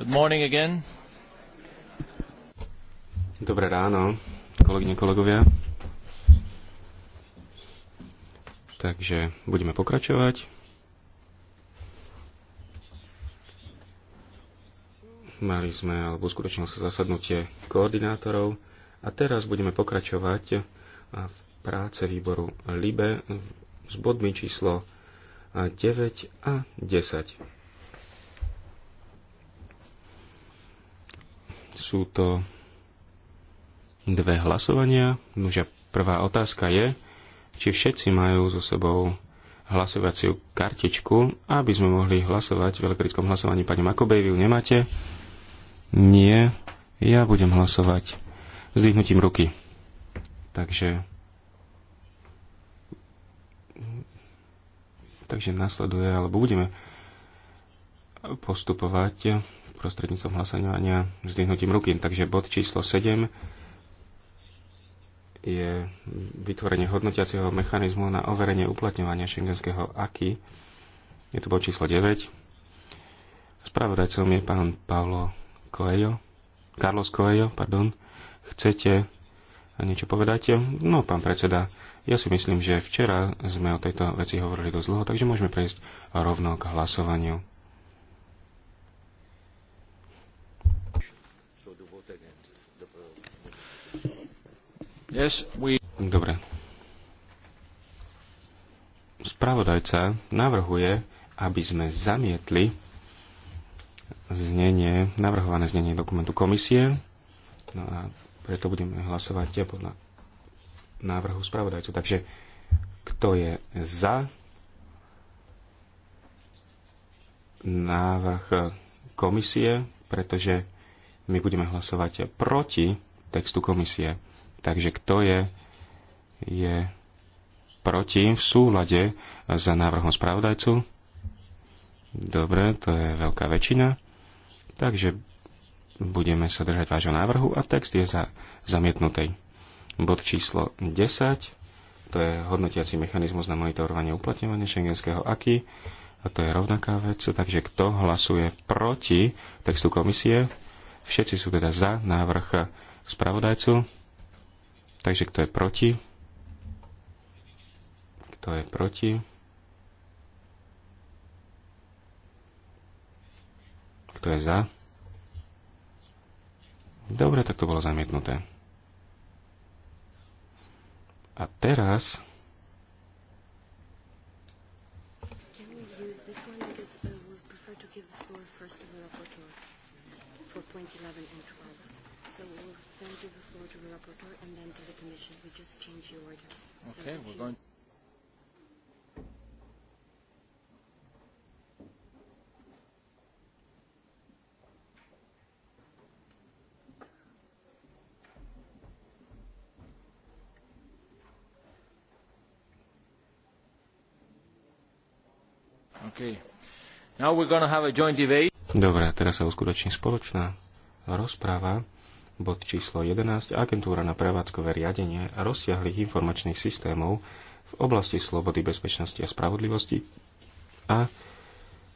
Good morning again. Dobré ráno, kolegyne, kolegovia. Takže budeme pokračovať. Mali sme, alebo uskutočnilo sa zasadnutie koordinátorov a teraz budeme pokračovať v práce výboru LIBE s bodmi číslo 9 a 10. Sú to dve hlasovania. Nože prvá otázka je, či všetci majú so sebou hlasovaciu kartičku, aby sme mohli hlasovať v elektrickom hlasovaní. Pani Makobej, vy ju nemáte? Nie. Ja budem hlasovať s dýchnutím ruky. Takže... Takže nasleduje, alebo budeme postupovať prostredníctvom hlasovania dýchnutím ruky. Takže bod číslo 7 je vytvorenie hodnotiaceho mechanizmu na overenie uplatňovania šengenského AKI. Je to bod číslo 9. Spravodajcom je pán Pavlo Coelho. Carlos Coelho, pardon. Chcete niečo povedať? No, pán predseda, ja si myslím, že včera sme o tejto veci hovorili dosť dlho, takže môžeme prejsť rovno k hlasovaniu. Yes, we... Dobre. Spravodajca navrhuje, aby sme zamietli znenie, navrhované znenie dokumentu komisie. No a preto budeme hlasovať podľa návrhu spravodajcu. Takže kto je za návrh komisie, pretože my budeme hlasovať proti textu komisie. Takže kto je, je proti v súlade za návrhom spravodajcu? Dobre, to je veľká väčšina. Takže budeme sa držať vášho návrhu a text je za, zamietnutý. Bod číslo 10, to je hodnotiaci mechanizmus na monitorovanie uplatňovania šengenského aky. A to je rovnaká vec, takže kto hlasuje proti textu komisie? Všetci sú teda za návrh spravodajcu. Takže kto je proti? Kto je proti? Kto je za? Dobre, tak to bolo zamietnuté. A teraz submission. We just changed the order. Okay, so we're going. Okay. Now we're going to have a joint debate. Dobre, teraz sa uskutoční spoločná rozpráva Bod číslo 11. Agentúra na prevádzkové riadenie rozsiahlých informačných systémov v oblasti slobody, bezpečnosti a spravodlivosti a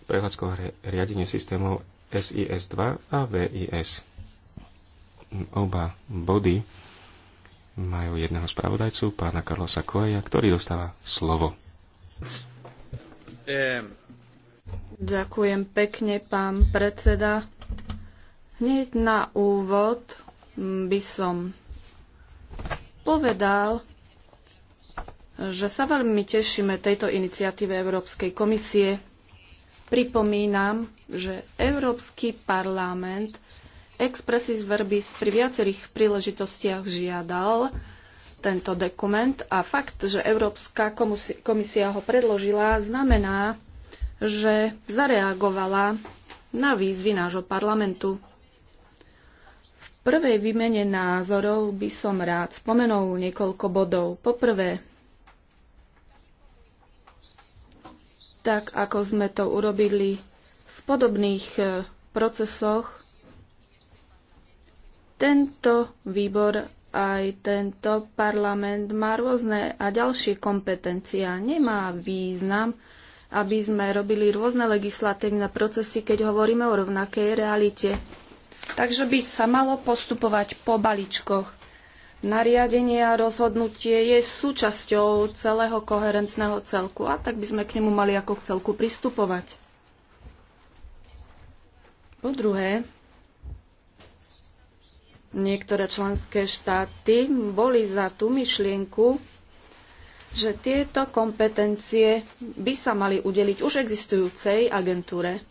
prevádzkové riadenie systémov SIS-2 a VIS. Oba body majú jedného spravodajcu, pána Karlosa Koeja, ktorý dostáva slovo. Ehm. Ďakujem pekne, pán predseda. Hneď na úvod by som povedal, že sa veľmi tešíme tejto iniciatíve Európskej komisie. Pripomínam, že Európsky parlament expressis verbis pri viacerých príležitostiach žiadal tento dokument a fakt, že Európska komisia ho predložila, znamená, že zareagovala na výzvy nášho parlamentu prvej výmene názorov by som rád spomenul niekoľko bodov. Poprvé, tak ako sme to urobili v podobných e, procesoch, tento výbor aj tento parlament má rôzne a ďalšie kompetencia. Nemá význam, aby sme robili rôzne legislatívne procesy, keď hovoríme o rovnakej realite. Takže by sa malo postupovať po balíčkoch. Nariadenie a rozhodnutie je súčasťou celého koherentného celku a tak by sme k nemu mali ako k celku pristupovať. Po druhé, niektoré členské štáty boli za tú myšlienku, že tieto kompetencie by sa mali udeliť už existujúcej agentúre.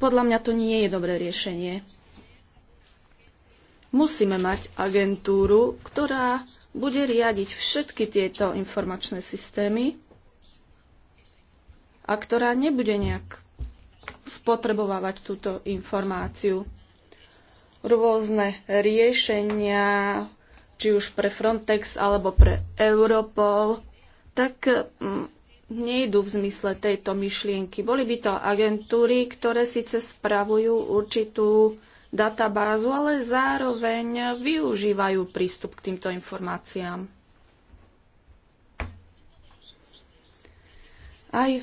Podľa mňa to nie je dobré riešenie. Musíme mať agentúru, ktorá bude riadiť všetky tieto informačné systémy a ktorá nebude nejak spotrebovávať túto informáciu. Rôzne riešenia, či už pre Frontex alebo pre Europol, tak mm, nejdu v zmysle tejto myšlienky. Boli by to agentúry, ktoré síce spravujú určitú databázu, ale zároveň využívajú prístup k týmto informáciám. Aj e,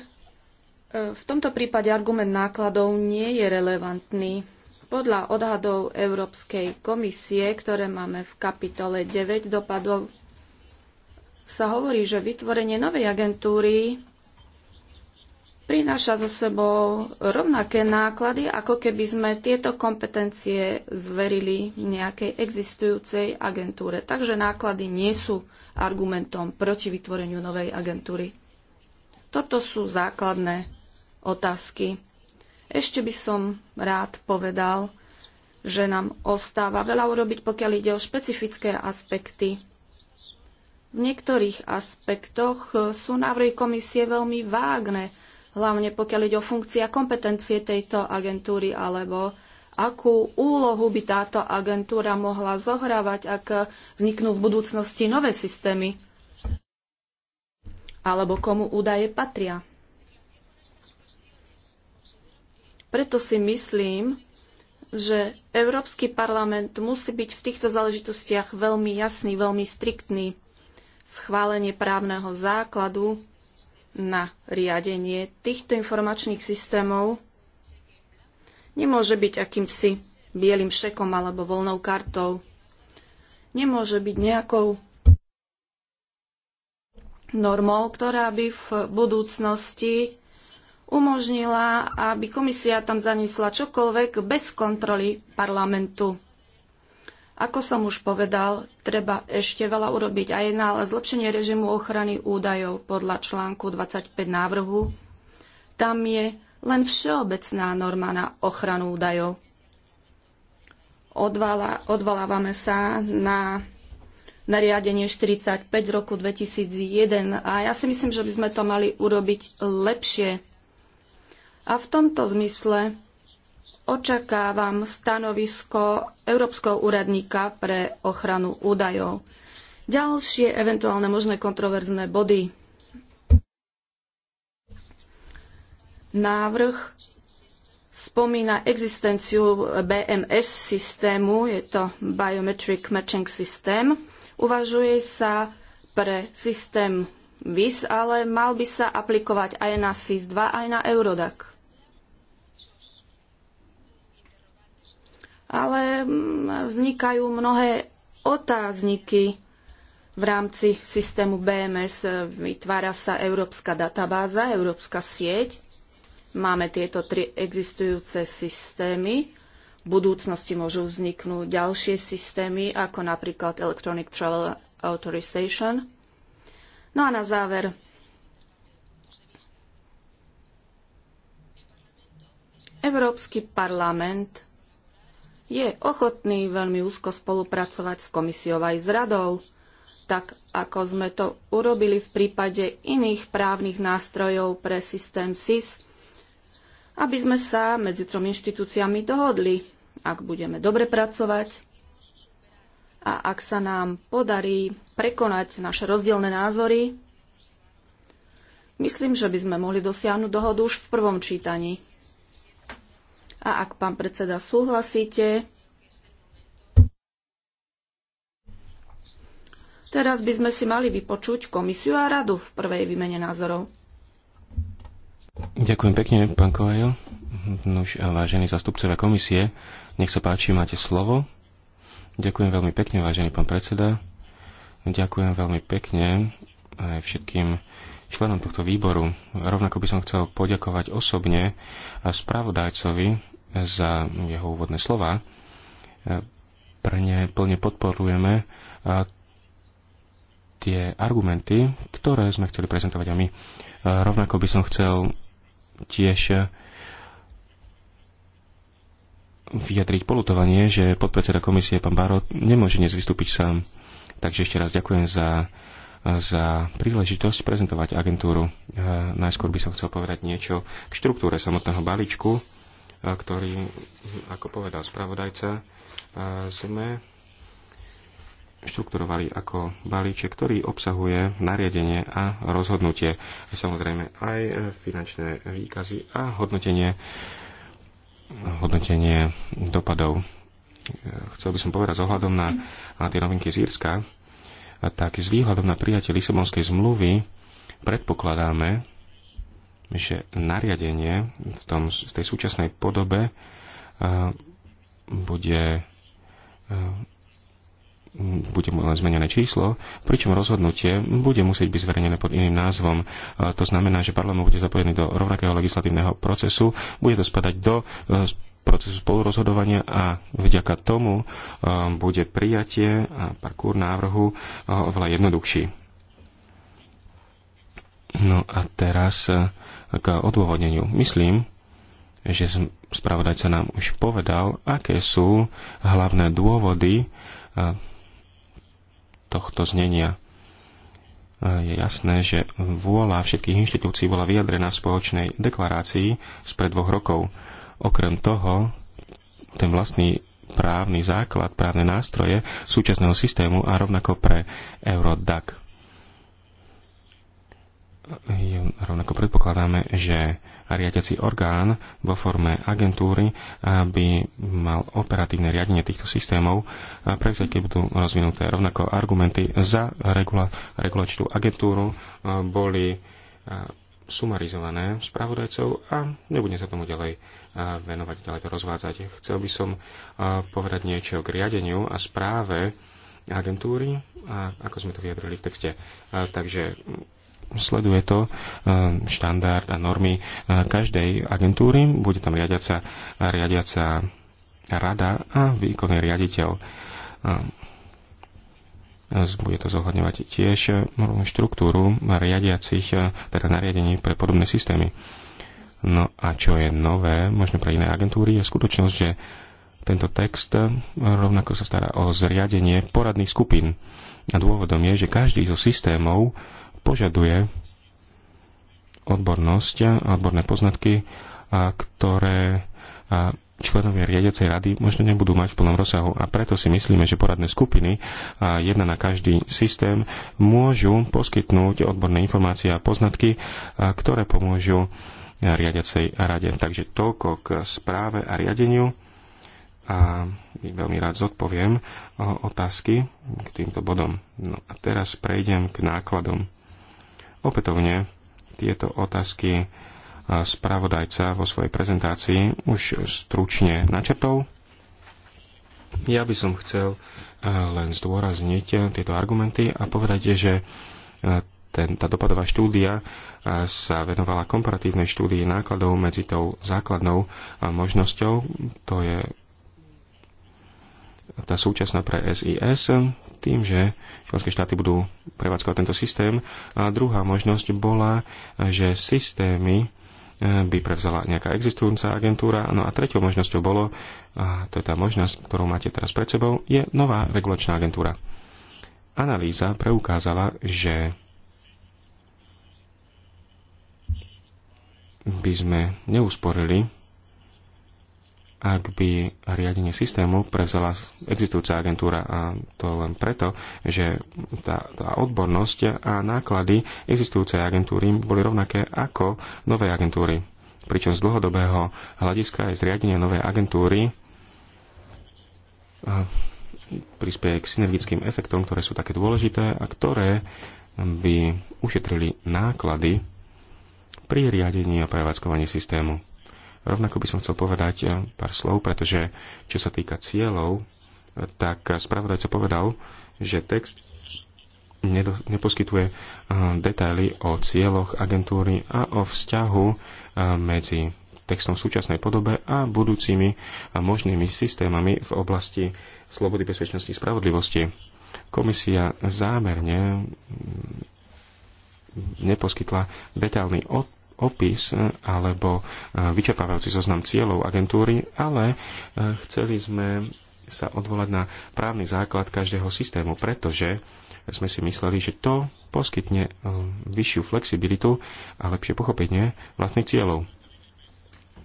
v tomto prípade argument nákladov nie je relevantný. Podľa odhadov Európskej komisie, ktoré máme v kapitole 9 dopadov sa hovorí, že vytvorenie novej agentúry prináša so sebou rovnaké náklady, ako keby sme tieto kompetencie zverili nejakej existujúcej agentúre. Takže náklady nie sú argumentom proti vytvoreniu novej agentúry. Toto sú základné otázky. Ešte by som rád povedal, že nám ostáva veľa urobiť, pokiaľ ide o špecifické aspekty v niektorých aspektoch e, sú návrhy komisie veľmi vágne, hlavne pokiaľ ide o funkcia kompetencie tejto agentúry alebo akú úlohu by táto agentúra mohla zohrávať, ak vzniknú v budúcnosti nové systémy alebo komu údaje patria. Preto si myslím, že Európsky parlament musí byť v týchto záležitostiach veľmi jasný, veľmi striktný schválenie právneho základu na riadenie týchto informačných systémov nemôže byť akýmsi bielým šekom alebo voľnou kartou. Nemôže byť nejakou normou, ktorá by v budúcnosti umožnila, aby komisia tam zaniesla čokoľvek bez kontroly parlamentu. Ako som už povedal, treba ešte veľa urobiť aj na zlepšenie režimu ochrany údajov podľa článku 25 návrhu. Tam je len všeobecná norma na ochranu údajov. Odvala, odvalávame sa na nariadenie 45 roku 2001 a ja si myslím, že by sme to mali urobiť lepšie. A v tomto zmysle očakávam stanovisko Európskeho úradníka pre ochranu údajov. Ďalšie eventuálne možné kontroverzné body. Návrh spomína existenciu BMS systému, je to Biometric Matching System. Uvažuje sa pre systém VIS, ale mal by sa aplikovať aj na SIS-2, aj na Eurodac. ale mm, vznikajú mnohé otázniky v rámci systému BMS. Vytvára sa európska databáza, európska sieť. Máme tieto tri existujúce systémy. V budúcnosti môžu vzniknúť ďalšie systémy, ako napríklad Electronic Travel Authorization. No a na záver Európsky parlament je ochotný veľmi úzko spolupracovať s komisiou aj s radou, tak ako sme to urobili v prípade iných právnych nástrojov pre systém SIS, aby sme sa medzi tromi inštitúciami dohodli, ak budeme dobre pracovať a ak sa nám podarí prekonať naše rozdielne názory, myslím, že by sme mohli dosiahnuť dohodu už v prvom čítaní. A ak pán predseda súhlasíte, teraz by sme si mali vypočuť komisiu a radu v prvej výmene názorov. Ďakujem pekne, pán Kovajo. Nož, vážení zastupcovia komisie, nech sa páči, máte slovo. Ďakujem veľmi pekne, vážený pán predseda. Ďakujem veľmi pekne aj všetkým členom tohto výboru. Rovnako by som chcel poďakovať osobne spravodajcovi za jeho úvodné slova. E, ne plne podporujeme e, tie argumenty, ktoré sme chceli prezentovať a my. E, rovnako by som chcel tiež vyjadriť polutovanie, že podpredseda komisie pán Baro nemôže dnes vystúpiť sám. Takže ešte raz ďakujem za, za príležitosť prezentovať agentúru. Najskôr by som chcel povedať niečo k štruktúre samotného balíčku ktorým, ako povedal spravodajca, sme štrukturovali ako balíček, ktorý obsahuje nariadenie a rozhodnutie, samozrejme aj finančné výkazy a hodnotenie, hodnotenie dopadov. Chcel by som povedať s ohľadom na, na tie novinky z Írska, tak s výhľadom na prijatie Lisabonskej zmluvy predpokladáme, že nariadenie v, tom, v tej súčasnej podobe e, bude e, bude len zmenené číslo, pričom rozhodnutie bude musieť byť zverejnené pod iným názvom. E, to znamená, že parlament bude zapojený do rovnakého legislatívneho procesu, bude to spadať do procesu spolurozhodovania a vďaka tomu bude prijatie a parkúr návrhu oveľa jednoduchší. No a teraz k odôvodneniu. Myslím, že spravodajca nám už povedal, aké sú hlavné dôvody e, tohto znenia. E, je jasné, že vôľa všetkých inštitúcií bola vyjadrená v spoločnej deklarácii spred dvoch rokov. Okrem toho, ten vlastný právny základ, právne nástroje súčasného systému a rovnako pre Eurodac rovnako predpokladáme, že riadiaci orgán vo forme agentúry by mal operatívne riadenie týchto systémov prevziať, keď budú rozvinuté. Rovnako argumenty za regula- regulačnú agentúru boli sumarizované spravodajcov a nebudem sa tomu ďalej venovať, ďalej to rozvádzať. Chcel by som povedať niečo k riadeniu a správe agentúry, a ako sme to vyjadrili v texte. Takže sleduje to e, štandard a normy e, každej agentúry. Bude tam riadiaca, riadiaca rada a výkonný riaditeľ. E, bude to zohľadňovať tiež štruktúru riadiacich, teda nariadení pre podobné systémy. No a čo je nové, možno pre iné agentúry, je skutočnosť, že tento text rovnako sa stará o zriadenie poradných skupín. A dôvodom je, že každý zo systémov požaduje odbornosť a odborné poznatky, a ktoré a členovia riadiacej rady možno nebudú mať v plnom rozsahu a preto si myslíme, že poradné skupiny, a jedna na každý systém, môžu poskytnúť odborné informácie a poznatky, a ktoré pomôžu riadiacej rade. Takže toľko k správe a riadeniu a veľmi rád zodpoviem otázky k týmto bodom. No a teraz prejdem k nákladom. Opätovne tieto otázky e, spravodajca vo svojej prezentácii už stručne načrtol. Ja by som chcel e, len zdôrazniť tieto argumenty a povedať, že e, ten, tá dopadová štúdia sa venovala komparatívnej štúdii nákladov medzi tou základnou možnosťou, to je tá súčasná pre SIS, tým, že členské štáty budú prevádzkovať tento systém. A druhá možnosť bola, že systémy e, by prevzala nejaká existujúca agentúra. No a tretou možnosťou bolo, a to je tá možnosť, ktorú máte teraz pred sebou, je nová regulačná agentúra. Analýza preukázala, že by sme neusporili ak by riadenie systému prevzala existujúca agentúra a to len preto, že tá, tá odbornosť a náklady existujúcej agentúry boli rovnaké ako novej agentúry. Pričom z dlhodobého hľadiska aj zriadenie novej agentúry prispieje k synergickým efektom, ktoré sú také dôležité a ktoré by ušetrili náklady pri riadení a prevádzkovaní systému. Rovnako by som chcel povedať eh, pár slov, pretože čo sa týka cieľov, eh, tak spravodajca povedal, že text neposkytuje eh, detaily o cieľoch agentúry a o vzťahu medzi textom v súčasnej podobe a budúcimi možnými systémami v oblasti slobody, bezpečnosti a spravodlivosti. Komisia zámerne mm, neposkytla detailný opis e, alebo e, vyčerpávajúci zoznam cieľov agentúry, ale e, chceli sme sa odvolať na právny základ každého systému, pretože sme si mysleli, že to poskytne vyššiu flexibilitu a lepšie pochopenie vlastných cieľov.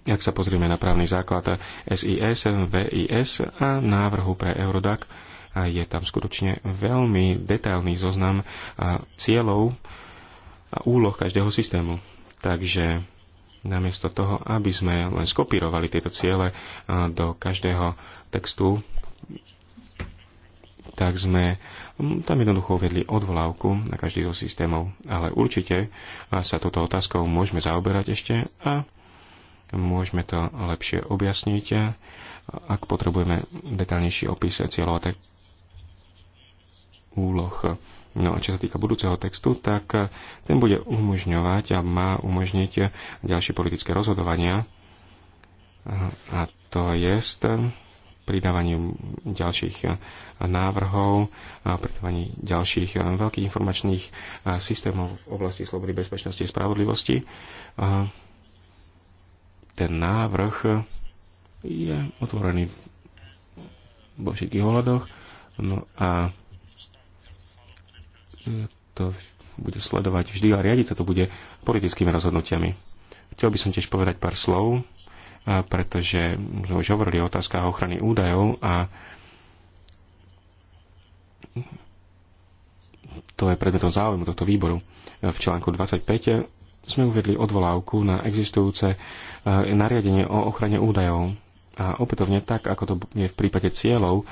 Ak sa pozrieme na právny základ SIS, VIS a návrhu pre Eurodac, je tam skutočne veľmi detailný zoznam cieľov a úloh každého systému. Takže namiesto toho, aby sme len skopírovali tieto ciele do každého textu, tak sme tam jednoducho uvedli odvolávku na každý zo systémov. Ale určite sa touto otázkou môžeme zaoberať ešte a môžeme to lepšie objasniť, ak potrebujeme detaľnejší opis cieľov a tak úloh No a čo sa týka budúceho textu, tak eh, ten bude umožňovať a má umožniť eh, ďalšie politické rozhodovania. Eh, a to je pridávanie ďalších návrhov, pridávanie ďalších veľkých informačných systémov v oblasti slobody, bezpečnosti a spravodlivosti. Ten návrh je otvorený vo všetkých ohľadoch. No a to bude sledovať vždy a riadiť sa to bude politickými rozhodnutiami. Chcel by som tiež povedať pár slov, pretože sme už hovorili o otázkach ochrany údajov a to je predmetom záujmu tohto výboru. V článku 25 sme uvedli odvolávku na existujúce e, nariadenie o ochrane údajov. A opätovne tak, ako to je v prípade cieľov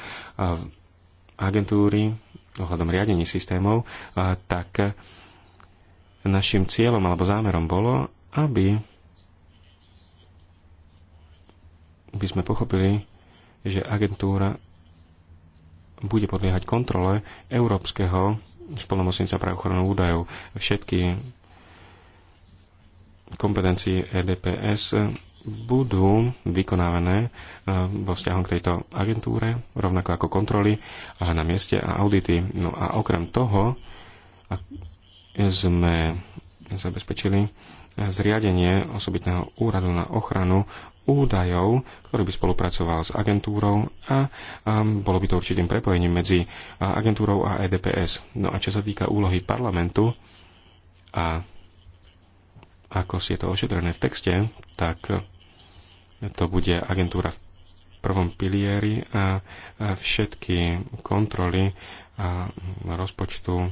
agentúry ohľadom riadení systémov, tak našim cieľom alebo zámerom bolo, aby by sme pochopili, že agentúra bude podliehať kontrole Európskeho spolnomocnica pre ochranu údajov. Všetky kompetencie EDPS budú vykonávané e, vo vzťahu k tejto agentúre, rovnako ako kontroly na mieste a audity. No a okrem toho sme zabezpečili zriadenie osobitného úradu na ochranu údajov, ktorý by spolupracoval s agentúrou a, a bolo by to určitým prepojením medzi agentúrou a EDPS. No a čo sa týka úlohy parlamentu a ako si je to ošetrené v texte, tak to bude agentúra v prvom pilieri a všetky kontroly a rozpočtu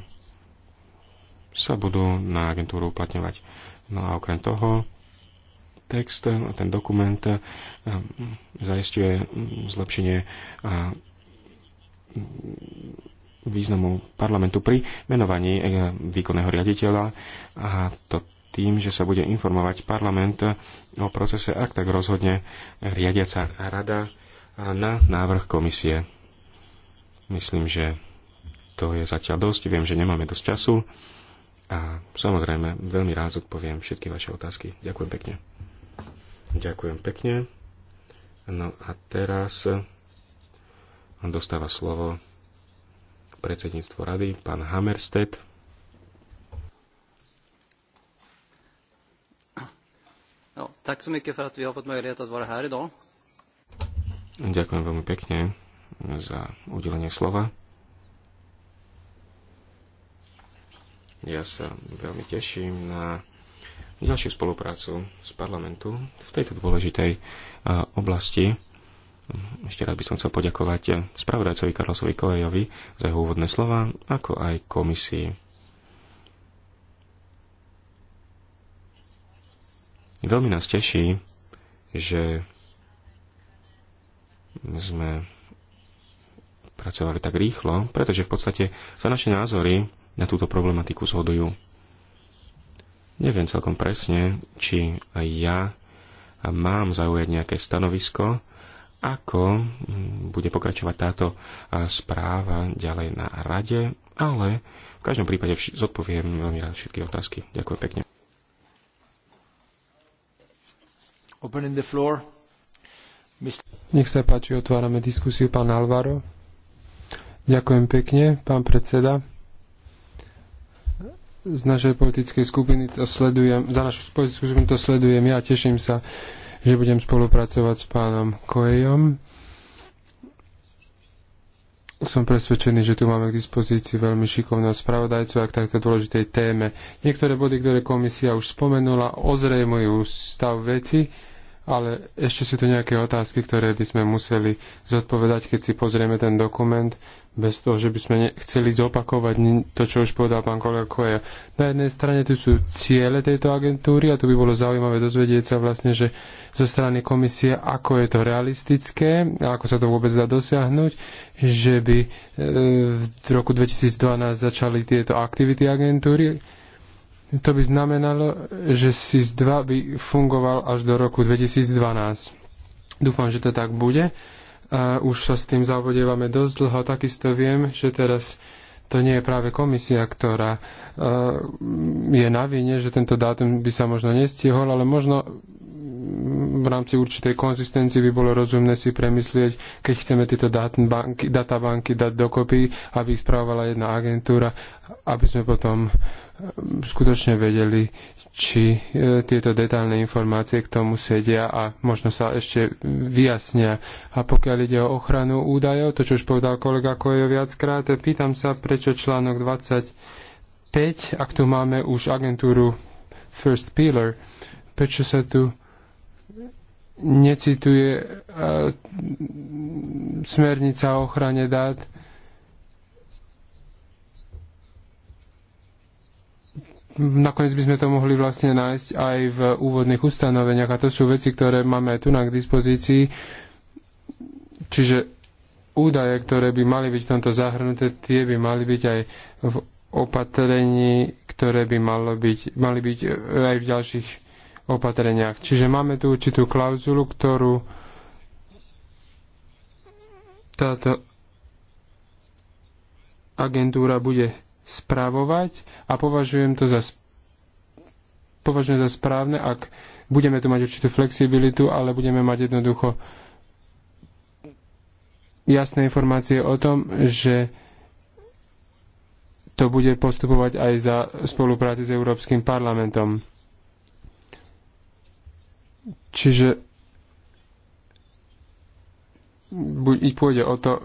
sa budú na agentúru uplatňovať. No a okrem toho text ten dokument zaistuje zlepšenie významu parlamentu pri menovaní e, výkonného riaditeľa a to tým, že sa bude informovať parlament o procese, ak tak rozhodne riadiaca rada na návrh komisie. Myslím, že to je zatiaľ dosť. Viem, že nemáme dosť času. A samozrejme, veľmi rád zodpoviem všetky vaše otázky. Ďakujem pekne. Ďakujem pekne. No a teraz dostáva slovo predsedníctvo rady, pán Hammerstedt. tak so mycket för att vi har fått möjlighet att vara här idag. Ďakujem veľmi pekne za udelenie slova. Ja sa veľmi teším na ďalšiu spoluprácu s parlamentu v tejto dôležitej oblasti. Ešte raz by som chcel poďakovať spravodajcovi Karlosovi Kolejovi za jeho úvodné slova, ako aj komisii. Veľmi nás teší, že sme pracovali tak rýchlo, pretože v podstate sa naše názory na túto problematiku zhodujú. Neviem celkom presne, či aj ja mám zaujať nejaké stanovisko, ako bude pokračovať táto správa ďalej na rade, ale v každom prípade zodpoviem veľmi rád všetky otázky. Ďakujem pekne. Opening the floor. Mr. Nech sa páči, otvárame diskusiu, pán Alvaro. Ďakujem pekne, pán predseda. Z našej politickej skupiny to sledujem, za našu politickú skupinu to sledujem ja, teším sa, že budem spolupracovať s pánom Koejom. Som presvedčený, že tu máme k dispozícii veľmi šikovného spravodajcu a k takto dôležitej téme. Niektoré body, ktoré komisia už spomenula, ozrejmujú stav veci ale ešte sú tu nejaké otázky, ktoré by sme museli zodpovedať, keď si pozrieme ten dokument, bez toho, že by sme chceli zopakovať to, čo už povedal pán kolega Koja. Na jednej strane tu sú ciele tejto agentúry a tu by bolo zaujímavé dozvedieť sa vlastne, že zo strany komisie, ako je to realistické a ako sa to vôbec dá dosiahnuť, že by e, v roku 2012 začali tieto aktivity agentúry to by znamenalo, že SIS-2 by fungoval až do roku 2012. Dúfam, že to tak bude. A už sa s tým zavodievame dosť dlho. Takisto viem, že teraz to nie je práve komisia, ktorá uh, je na vine, že tento dátum by sa možno nestihol, ale možno v rámci určitej konzistencie by bolo rozumné si premyslieť, keď chceme tieto databanky dať dokopy, aby ich správala jedna agentúra, aby sme potom skutočne vedeli, či e, tieto detailné informácie k tomu sedia a možno sa ešte vyjasnia. A pokiaľ ide o ochranu údajov, to čo už povedal kolega Kojo viackrát, pýtam sa, prečo článok 25, ak tu máme už agentúru First Pillar, prečo sa tu necituje e, smernica o ochrane dát, nakoniec by sme to mohli vlastne nájsť aj v úvodných ustanoveniach a to sú veci, ktoré máme aj tu na k dispozícii. Čiže údaje, ktoré by mali byť v tomto zahrnuté, tie by mali byť aj v opatrení, ktoré by malo byť, mali byť e, aj v ďalších opatreniach. Čiže máme tu určitú klauzulu, ktorú táto agentúra bude spravovať a považujem to za, považujem za správne, ak budeme tu mať určitú flexibilitu, ale budeme mať jednoducho jasné informácie o tom, že to bude postupovať aj za spolupráci s Európskym parlamentom. Čiže i pôjde o to,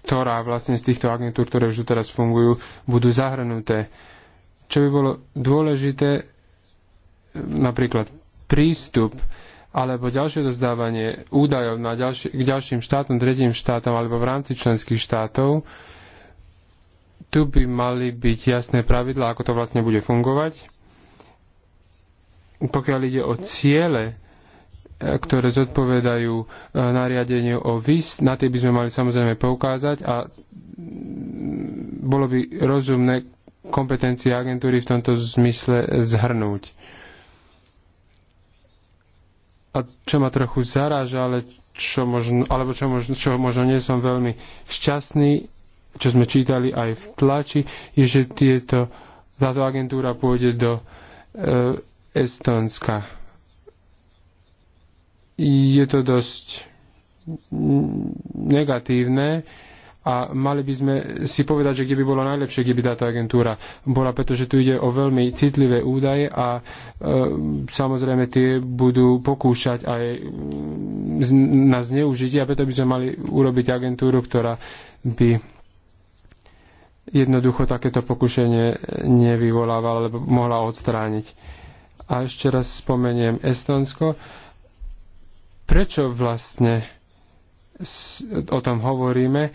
ktorá vlastne z týchto agentúr, ktoré už teraz fungujú, budú zahrnuté. Čo by bolo dôležité, napríklad prístup alebo ďalšie dozdávanie údajov na ďalši, k ďalším štátom, tretím štátom alebo v rámci členských štátov, tu by mali byť jasné pravidlá, ako to vlastne bude fungovať. Pokiaľ ide o ciele, ktoré zodpovedajú e, nariadeniu o VIS, na tie by sme mali samozrejme poukázať a mm, bolo by rozumné kompetencie agentúry v tomto zmysle zhrnúť. A čo ma trochu zaráža, ale čo možno, alebo čo možno, čo možno nie som veľmi šťastný, čo sme čítali aj v tlači, je, že tieto, táto agentúra pôjde do e, Estonska je to dosť negatívne a mali by sme si povedať, že keby by bolo najlepšie, keby táto agentúra bola, pretože tu ide o veľmi citlivé údaje a e, samozrejme tie budú pokúšať aj mm, na zneužitie a preto by sme mali urobiť agentúru, ktorá by jednoducho takéto pokušenie nevyvolávala, alebo mohla odstrániť. A ešte raz spomeniem Estonsko. Prečo vlastne o tom hovoríme?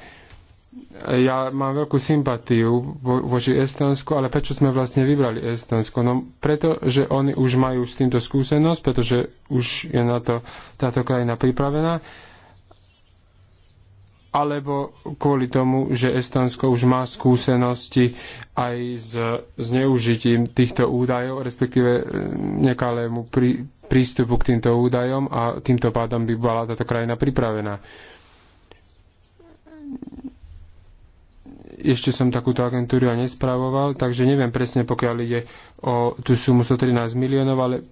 Ja mám veľkú sympatiu voči Estonsku, ale prečo sme vlastne vybrali Estonsko? No preto, že oni už majú s týmto skúsenosť, pretože už je na to táto krajina pripravená alebo kvôli tomu, že Estonsko už má skúsenosti aj s zneužitím týchto údajov, respektíve e, nekalému prí, prístupu k týmto údajom a týmto pádom by bola táto krajina pripravená. Ešte som takúto agentúru ja nespravoval, takže neviem presne, pokiaľ ide o tú sumu 113 miliónov, ale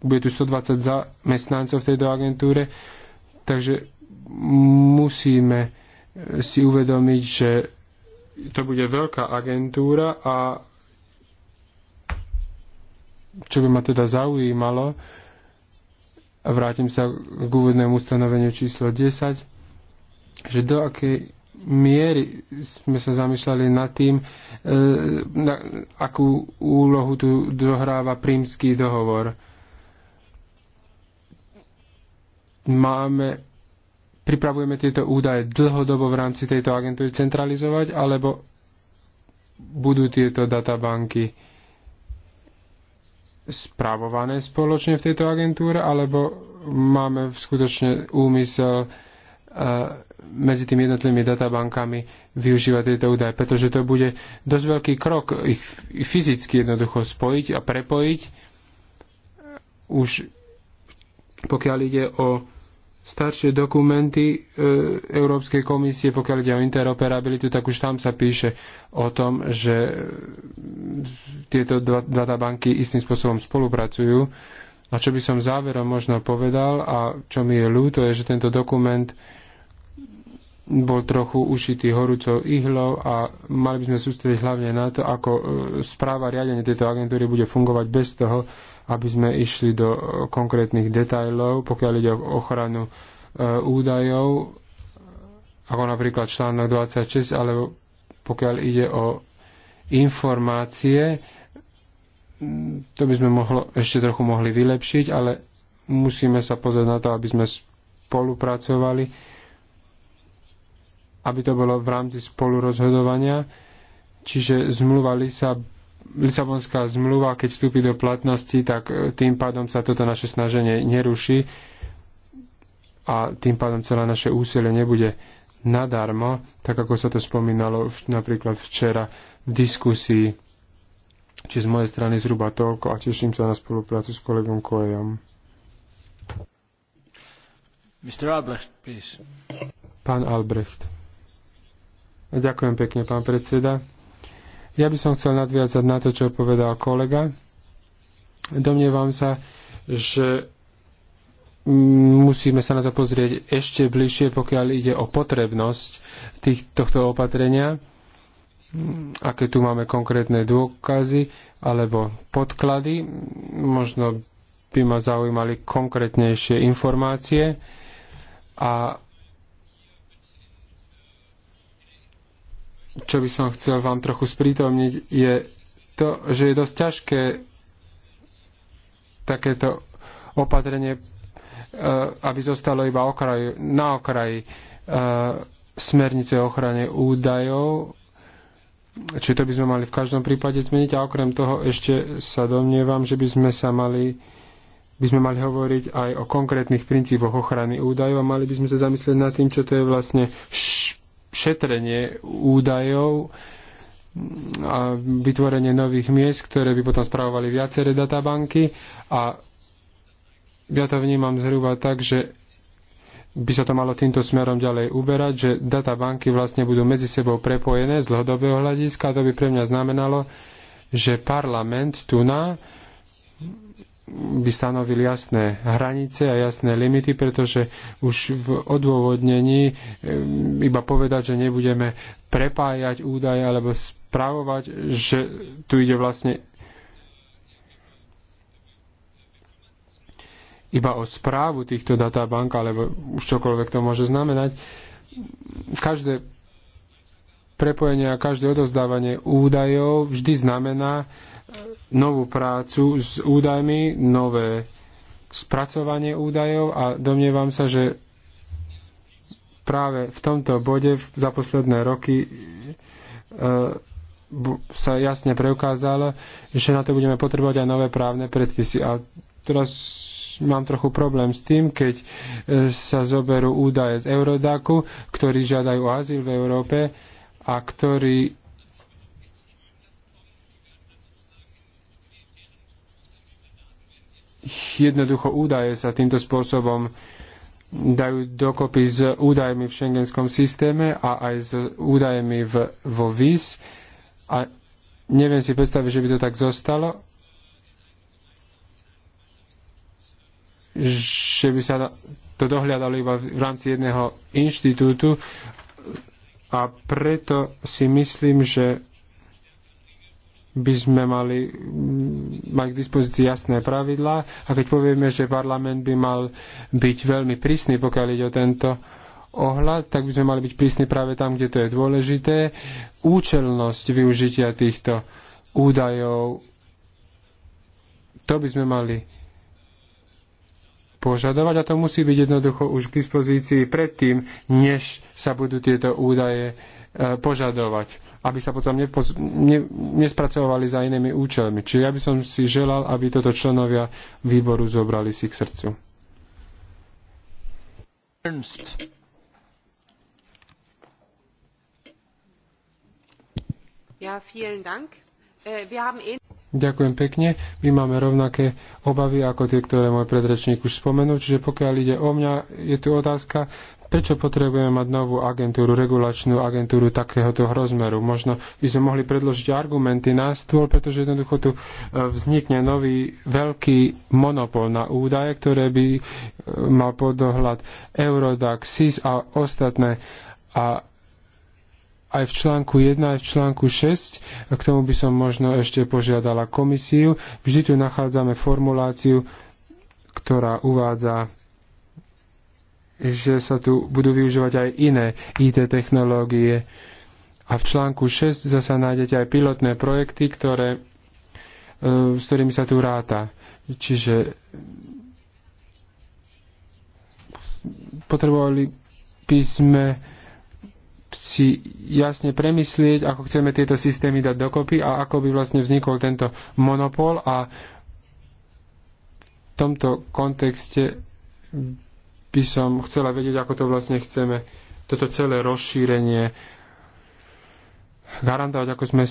bude tu 120 zamestnancov v tejto agentúre, takže musíme si uvedomiť, že to bude veľká agentúra a čo by ma teda zaujímalo, a vrátim sa k úvodnému ustanoveniu číslo 10, že do akej miery sme sa zamýšľali nad tým, e, na, akú úlohu tu dohráva prímsky dohovor. Máme pripravujeme tieto údaje dlhodobo v rámci tejto agentúry centralizovať, alebo budú tieto databanky správované spoločne v tejto agentúre, alebo máme skutočne úmysel e, medzi tými jednotlivými databankami využívať tieto údaje, pretože to bude dosť veľký krok ich fyzicky jednoducho spojiť a prepojiť. Už pokiaľ ide o staršie dokumenty e, Európskej komisie, pokiaľ ide o interoperabilitu, tak už tam sa píše o tom, že tieto dva databanky istým spôsobom spolupracujú. A čo by som záverom možno povedal a čo mi je ľúto, je, že tento dokument bol trochu ušitý horúcou ihlou a mali by sme sústrediť hlavne na to, ako e, správa riadenie tejto agentúry bude fungovať bez toho, aby sme išli do e, konkrétnych detajlov, pokiaľ ide o ochranu e, údajov, ako napríklad článok 26, alebo pokiaľ ide o informácie, to by sme mohlo, ešte trochu mohli vylepšiť, ale musíme sa pozrieť na to, aby sme spolupracovali, aby to bolo v rámci spolurozhodovania. Čiže zmluvali sa Lisabonská zmluva, keď vstúpi do platnosti, tak e, tým pádom sa toto naše snaženie neruší a tým pádom celé naše úsilie nebude nadarmo, tak ako sa to spomínalo napríklad včera v diskusii, či z mojej strany zhruba toľko a teším sa na spoluprácu s kolegom Koejom. Mr. Albrecht, please. Pán Albrecht. Ďakujem pekne, pán predseda. Ja by som chcel nadviazať na to, čo povedal kolega. Domnievam sa, že musíme sa na to pozrieť ešte bližšie, pokiaľ ide o potrebnosť tých, tohto opatrenia, aké tu máme konkrétne dôkazy alebo podklady. Možno by ma zaujímali konkrétnejšie informácie a čo by som chcel vám trochu sprítomniť, je to, že je dosť ťažké takéto opatrenie, e, aby zostalo iba okraj, na okraji e, smernice o ochrane údajov, či to by sme mali v každom prípade zmeniť a okrem toho ešte sa domnievam, že by sme sa mali by sme mali hovoriť aj o konkrétnych princípoch ochrany údajov a mali by sme sa zamyslieť nad tým, čo to je vlastne šetrenie údajov a vytvorenie nových miest, ktoré by potom spravovali viaceré databanky a ja to vnímam zhruba tak, že by sa to malo týmto smerom ďalej uberať, že databanky vlastne budú medzi sebou prepojené z dlhodobého hľadiska a to by pre mňa znamenalo, že parlament tu na by stanovil jasné hranice a jasné limity, pretože už v odôvodnení eh, iba povedať, že nebudeme prepájať údaje alebo spravovať, že tu ide vlastne iba o správu týchto databank, alebo už čokoľvek to môže znamenať. Každé prepojenie a každé odozdávanie údajov vždy znamená, novú prácu s údajmi, nové spracovanie údajov a domnievam sa, že práve v tomto bode za posledné roky e, sa jasne preukázalo, že na to budeme potrebovať aj nové právne predpisy. A teraz mám trochu problém s tým, keď e, sa zoberú údaje z Eurodaku, ktorí žiadajú azyl v Európe a ktorí jednoducho údaje sa týmto spôsobom dajú dokopy s údajmi v šengenskom systéme a aj s údajmi v, vo VIS a neviem si predstaviť, že by to tak zostalo, že by sa to dohľadalo iba v rámci jedného inštitútu a preto si myslím, že by sme mali mm, mať k dispozícii jasné pravidlá a keď povieme, že parlament by mal byť veľmi prísny, pokiaľ ide o tento ohľad, tak by sme mali byť prísni práve tam, kde to je dôležité. Účelnosť využitia týchto údajov, to by sme mali požadovať a to musí byť jednoducho už k dispozícii predtým, než sa budú tieto údaje uh, požadovať, aby sa potom nepoz- ne- nespracovali za inými účelmi. Čiže ja by som si želal, aby toto členovia výboru zobrali si k srdcu. Ernst. Ja, vielen Dank. Äh, wir haben eh- Ďakujem pekne. My máme rovnaké obavy ako tie, ktoré môj predrečník už spomenul. Čiže pokiaľ ide o mňa, je tu otázka, Prečo potrebujeme mať novú agentúru, regulačnú agentúru takéhoto rozmeru? Možno by sme mohli predložiť argumenty na stôl, pretože jednoducho tu e, vznikne nový veľký monopol na údaje, ktoré by e, mal podohľad Eurodax, SIS a ostatné. A aj v článku 1, aj v článku 6, e, k tomu by som možno ešte požiadala komisiu. Vždy tu nachádzame formuláciu, ktorá uvádza že sa tu budú využívať aj iné IT technológie. A v článku 6 zase nájdete aj pilotné projekty, ktoré, e, s ktorými sa tu ráta. Čiže potrebovali by sme si jasne premyslieť, ako chceme tieto systémy dať dokopy a ako by vlastne vznikol tento monopol a v tomto kontexte by som chcela vedieť, ako to vlastne chceme, toto celé rozšírenie garantovať, ako sme,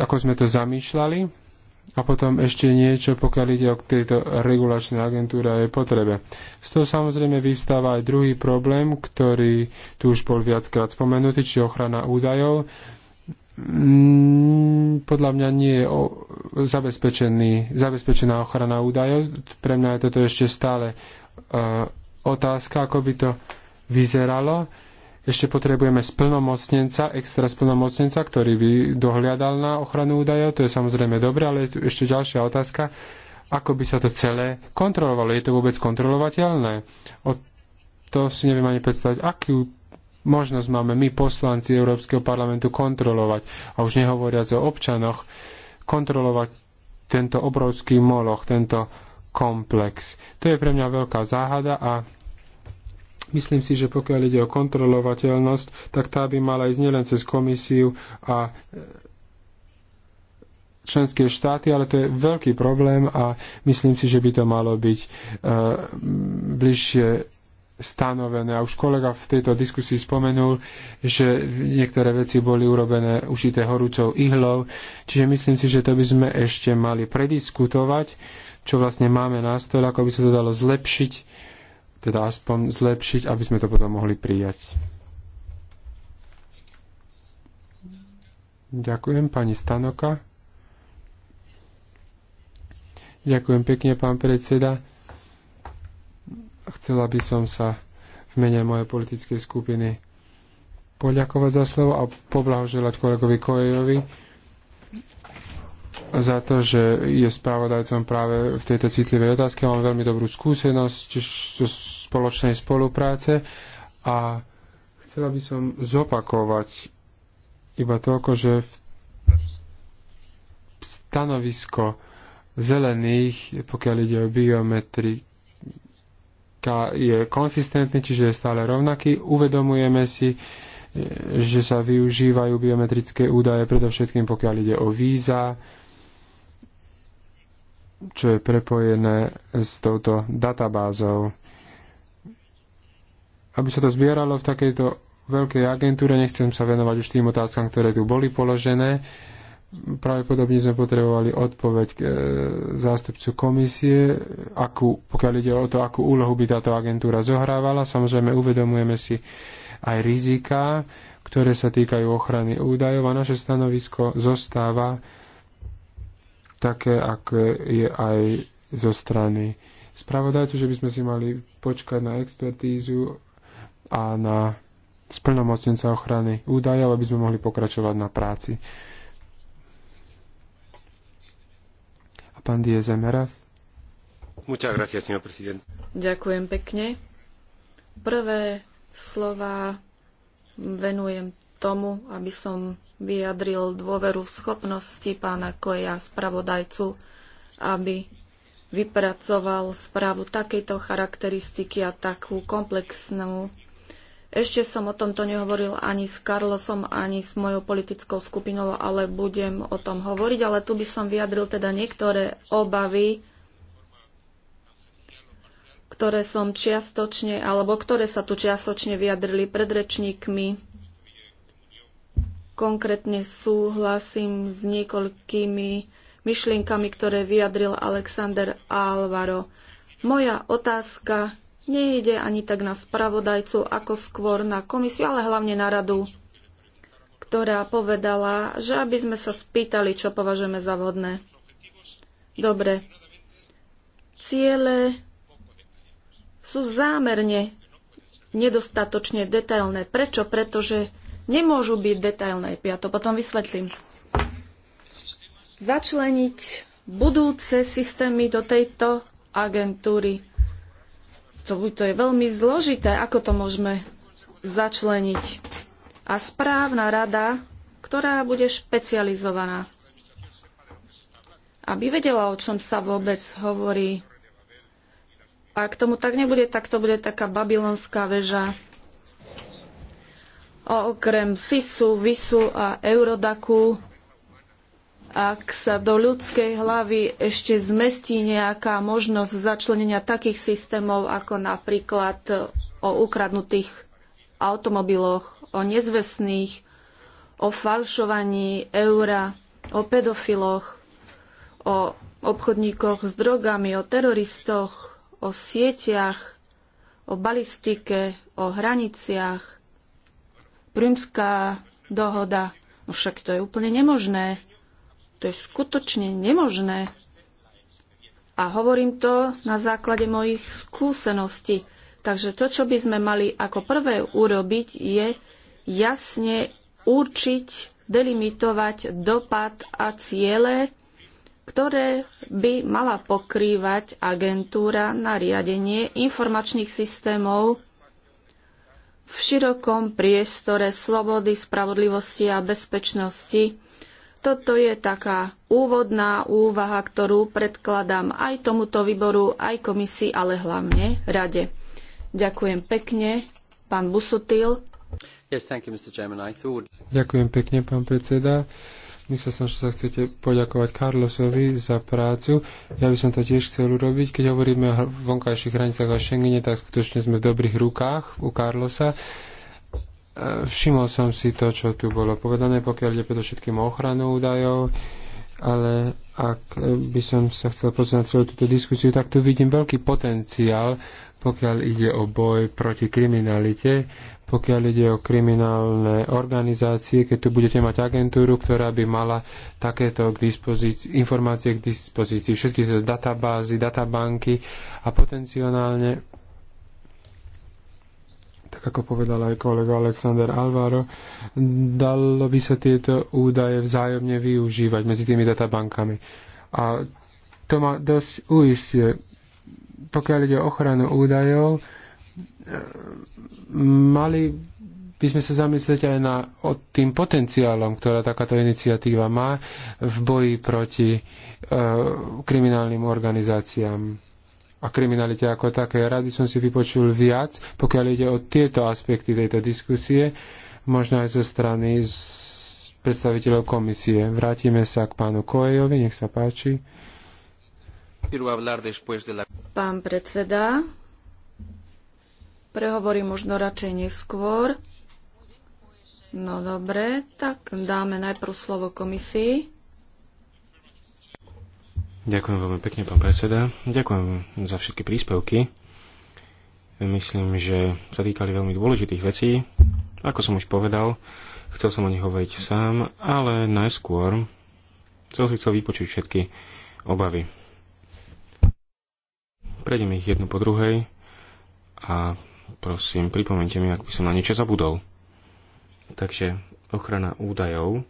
ako sme to zamýšľali. A potom ešte niečo, pokiaľ ide o tejto regulačnej agentúre a jej potrebe. Z toho samozrejme vyvstáva aj druhý problém, ktorý tu už bol viackrát spomenutý, či ochrana údajov. Mm, podľa mňa nie je zabezpečená ochrana údajov. Pre mňa je toto ešte stále eh, otázka, ako by to vyzeralo. Ešte potrebujeme splnomocnenca, extra splnomocnenca, ktorý by dohliadal na ochranu údajov. To je samozrejme dobré, ale je tu ešte ďalšia otázka. Ako by sa to celé kontrolovalo? Je to vôbec kontrolovateľné? O to si neviem ani predstaviť, akú možnosť máme my, poslanci Európskeho parlamentu, kontrolovať, a už nehovoriac o občanoch, kontrolovať tento obrovský moloch, tento komplex. To je pre mňa veľká záhada a Myslím si, že pokiaľ ide o kontrolovateľnosť, tak tá by mala ísť nielen cez komisiu a e, členské štáty, ale to je veľký problém a myslím si, že by to malo byť uh, bližšie stanovené. A už kolega v tejto diskusii spomenul, že niektoré veci boli urobené užité horúcou ihlou, čiže myslím si, že to by sme ešte mali prediskutovať, čo vlastne máme na stole, ako by sa to dalo zlepšiť teda aspoň zlepšiť, aby sme to potom mohli prijať. Ďakujem pani Stanoka. Ďakujem pekne, pán predseda. Chcela by som sa v mene mojej politickej skupiny poďakovať za slovo a poblahoželať kolegovi Kojejovi za to, že je správodajcom práve v tejto citlivej otázke. Mám veľmi dobrú skúsenosť so spoločnej spolupráce a chcela by som zopakovať iba toľko, že v stanovisko zelených, pokiaľ ide o biometri, je konsistentný, čiže je stále rovnaký. Uvedomujeme si, že sa využívajú biometrické údaje, predovšetkým pokiaľ ide o víza, čo je prepojené s touto databázou aby sa to zbieralo v takejto veľkej agentúre. Nechcem sa venovať už tým otázkam, ktoré tu boli položené. Pravdepodobne sme potrebovali odpoveď k e, zástupcu komisie, akú, pokiaľ ide o to, akú úlohu by táto agentúra zohrávala. Samozrejme, uvedomujeme si aj rizika, ktoré sa týkajú ochrany údajov a naše stanovisko zostáva také, ako je aj zo strany spravodajcu, že by sme si mali počkať na expertízu a na splnomocnenca ochrany údajov, aby sme mohli pokračovať na práci. A pán Diez Emeraz? Ďakujem pekne. Prvé slova venujem tomu, aby som vyjadril dôveru v schopnosti pána Koja, spravodajcu, aby vypracoval správu takejto charakteristiky a takú komplexnú, ešte som o tomto nehovoril ani s Carlosom, ani s mojou politickou skupinou, ale budem o tom hovoriť. Ale tu by som vyjadril teda niektoré obavy, ktoré som čiastočne, alebo ktoré sa tu čiastočne vyjadrili pred rečníkmi. Konkrétne súhlasím s niekoľkými myšlienkami, ktoré vyjadril Alexander Alvaro. Moja otázka Nejde ani tak na spravodajcu, ako skôr na komisiu, ale hlavne na radu, ktorá povedala, že aby sme sa spýtali, čo považujeme za vhodné. Dobre. Ciele sú zámerne nedostatočne detailné. Prečo? Pretože nemôžu byť detailné. Ja to potom vysvetlím. Začleniť budúce systémy do tejto agentúry to, to je veľmi zložité, ako to môžeme začleniť. A správna rada, ktorá bude špecializovaná, aby vedela, o čom sa vôbec hovorí. Ak tomu tak nebude, tak to bude taká babylonská väža. Okrem SISu, VISu a Eurodaku ak sa do ľudskej hlavy ešte zmestí nejaká možnosť začlenenia takých systémov ako napríklad e, o ukradnutých automobiloch, o nezvestných, o falšovaní eura, o pedofiloch, o obchodníkoch s drogami, o teroristoch, o sieťach, o balistike, o hraniciach. Prímská dohoda, no však to je úplne nemožné. To je skutočne nemožné. A hovorím to na základe mojich skúseností. Takže to, čo by sme mali ako prvé urobiť, je jasne určiť, delimitovať dopad a ciele, ktoré by mala pokrývať agentúra na riadenie informačných systémov v širokom priestore slobody, spravodlivosti a bezpečnosti toto je taká úvodná úvaha, ktorú predkladám aj tomuto výboru, aj komisii, ale hlavne rade. Ďakujem pekne, pán Busutil. Yes, you, thought... Ďakujem pekne, pán predseda. Myslel som, že sa chcete poďakovať Carlosovi za prácu. Ja by som to tiež chcel urobiť. Keď hovoríme o vonkajších hranicách a Schengene, tak skutočne sme v dobrých rukách u Carlosa. Všimol som si to, čo tu bolo povedané, pokiaľ ide predovšetkým o ochranu údajov, ale ak by som sa chcel pozrieť na celú túto diskusiu, tak tu vidím veľký potenciál, pokiaľ ide o boj proti kriminalite, pokiaľ ide o kriminálne organizácie, keď tu budete mať agentúru, ktorá by mala takéto k informácie k dispozícii, všetky tieto databázy, databanky a potenciálne ako povedal aj kolega Alexander Alvaro, dalo by sa tieto údaje vzájomne využívať medzi tými databankami. A to ma dosť uistie, Pokiaľ ide o ochranu údajov, mali by sme sa zamyslieť aj na, o tým potenciálom, ktorá takáto iniciatíva má v boji proti e, kriminálnym organizáciám a kriminalite ako také. Rád by som si vypočul viac, pokiaľ ide o tieto aspekty tejto diskusie, možno aj zo strany predstaviteľov komisie. Vrátime sa k pánu Koejovi, nech sa páči. Pán predseda, prehovorím možno radšej neskôr. No dobre, tak dáme najprv slovo komisii. Ďakujem veľmi pekne, pán predseda. Ďakujem za všetky príspevky. Myslím, že sa týkali veľmi dôležitých vecí. Ako som už povedal, chcel som o nich hovoriť sám, ale najskôr som si chcel vypočuť všetky obavy. Prejdem ich jednu po druhej a prosím, pripomente mi, ak by som na niečo zabudol. Takže ochrana údajov.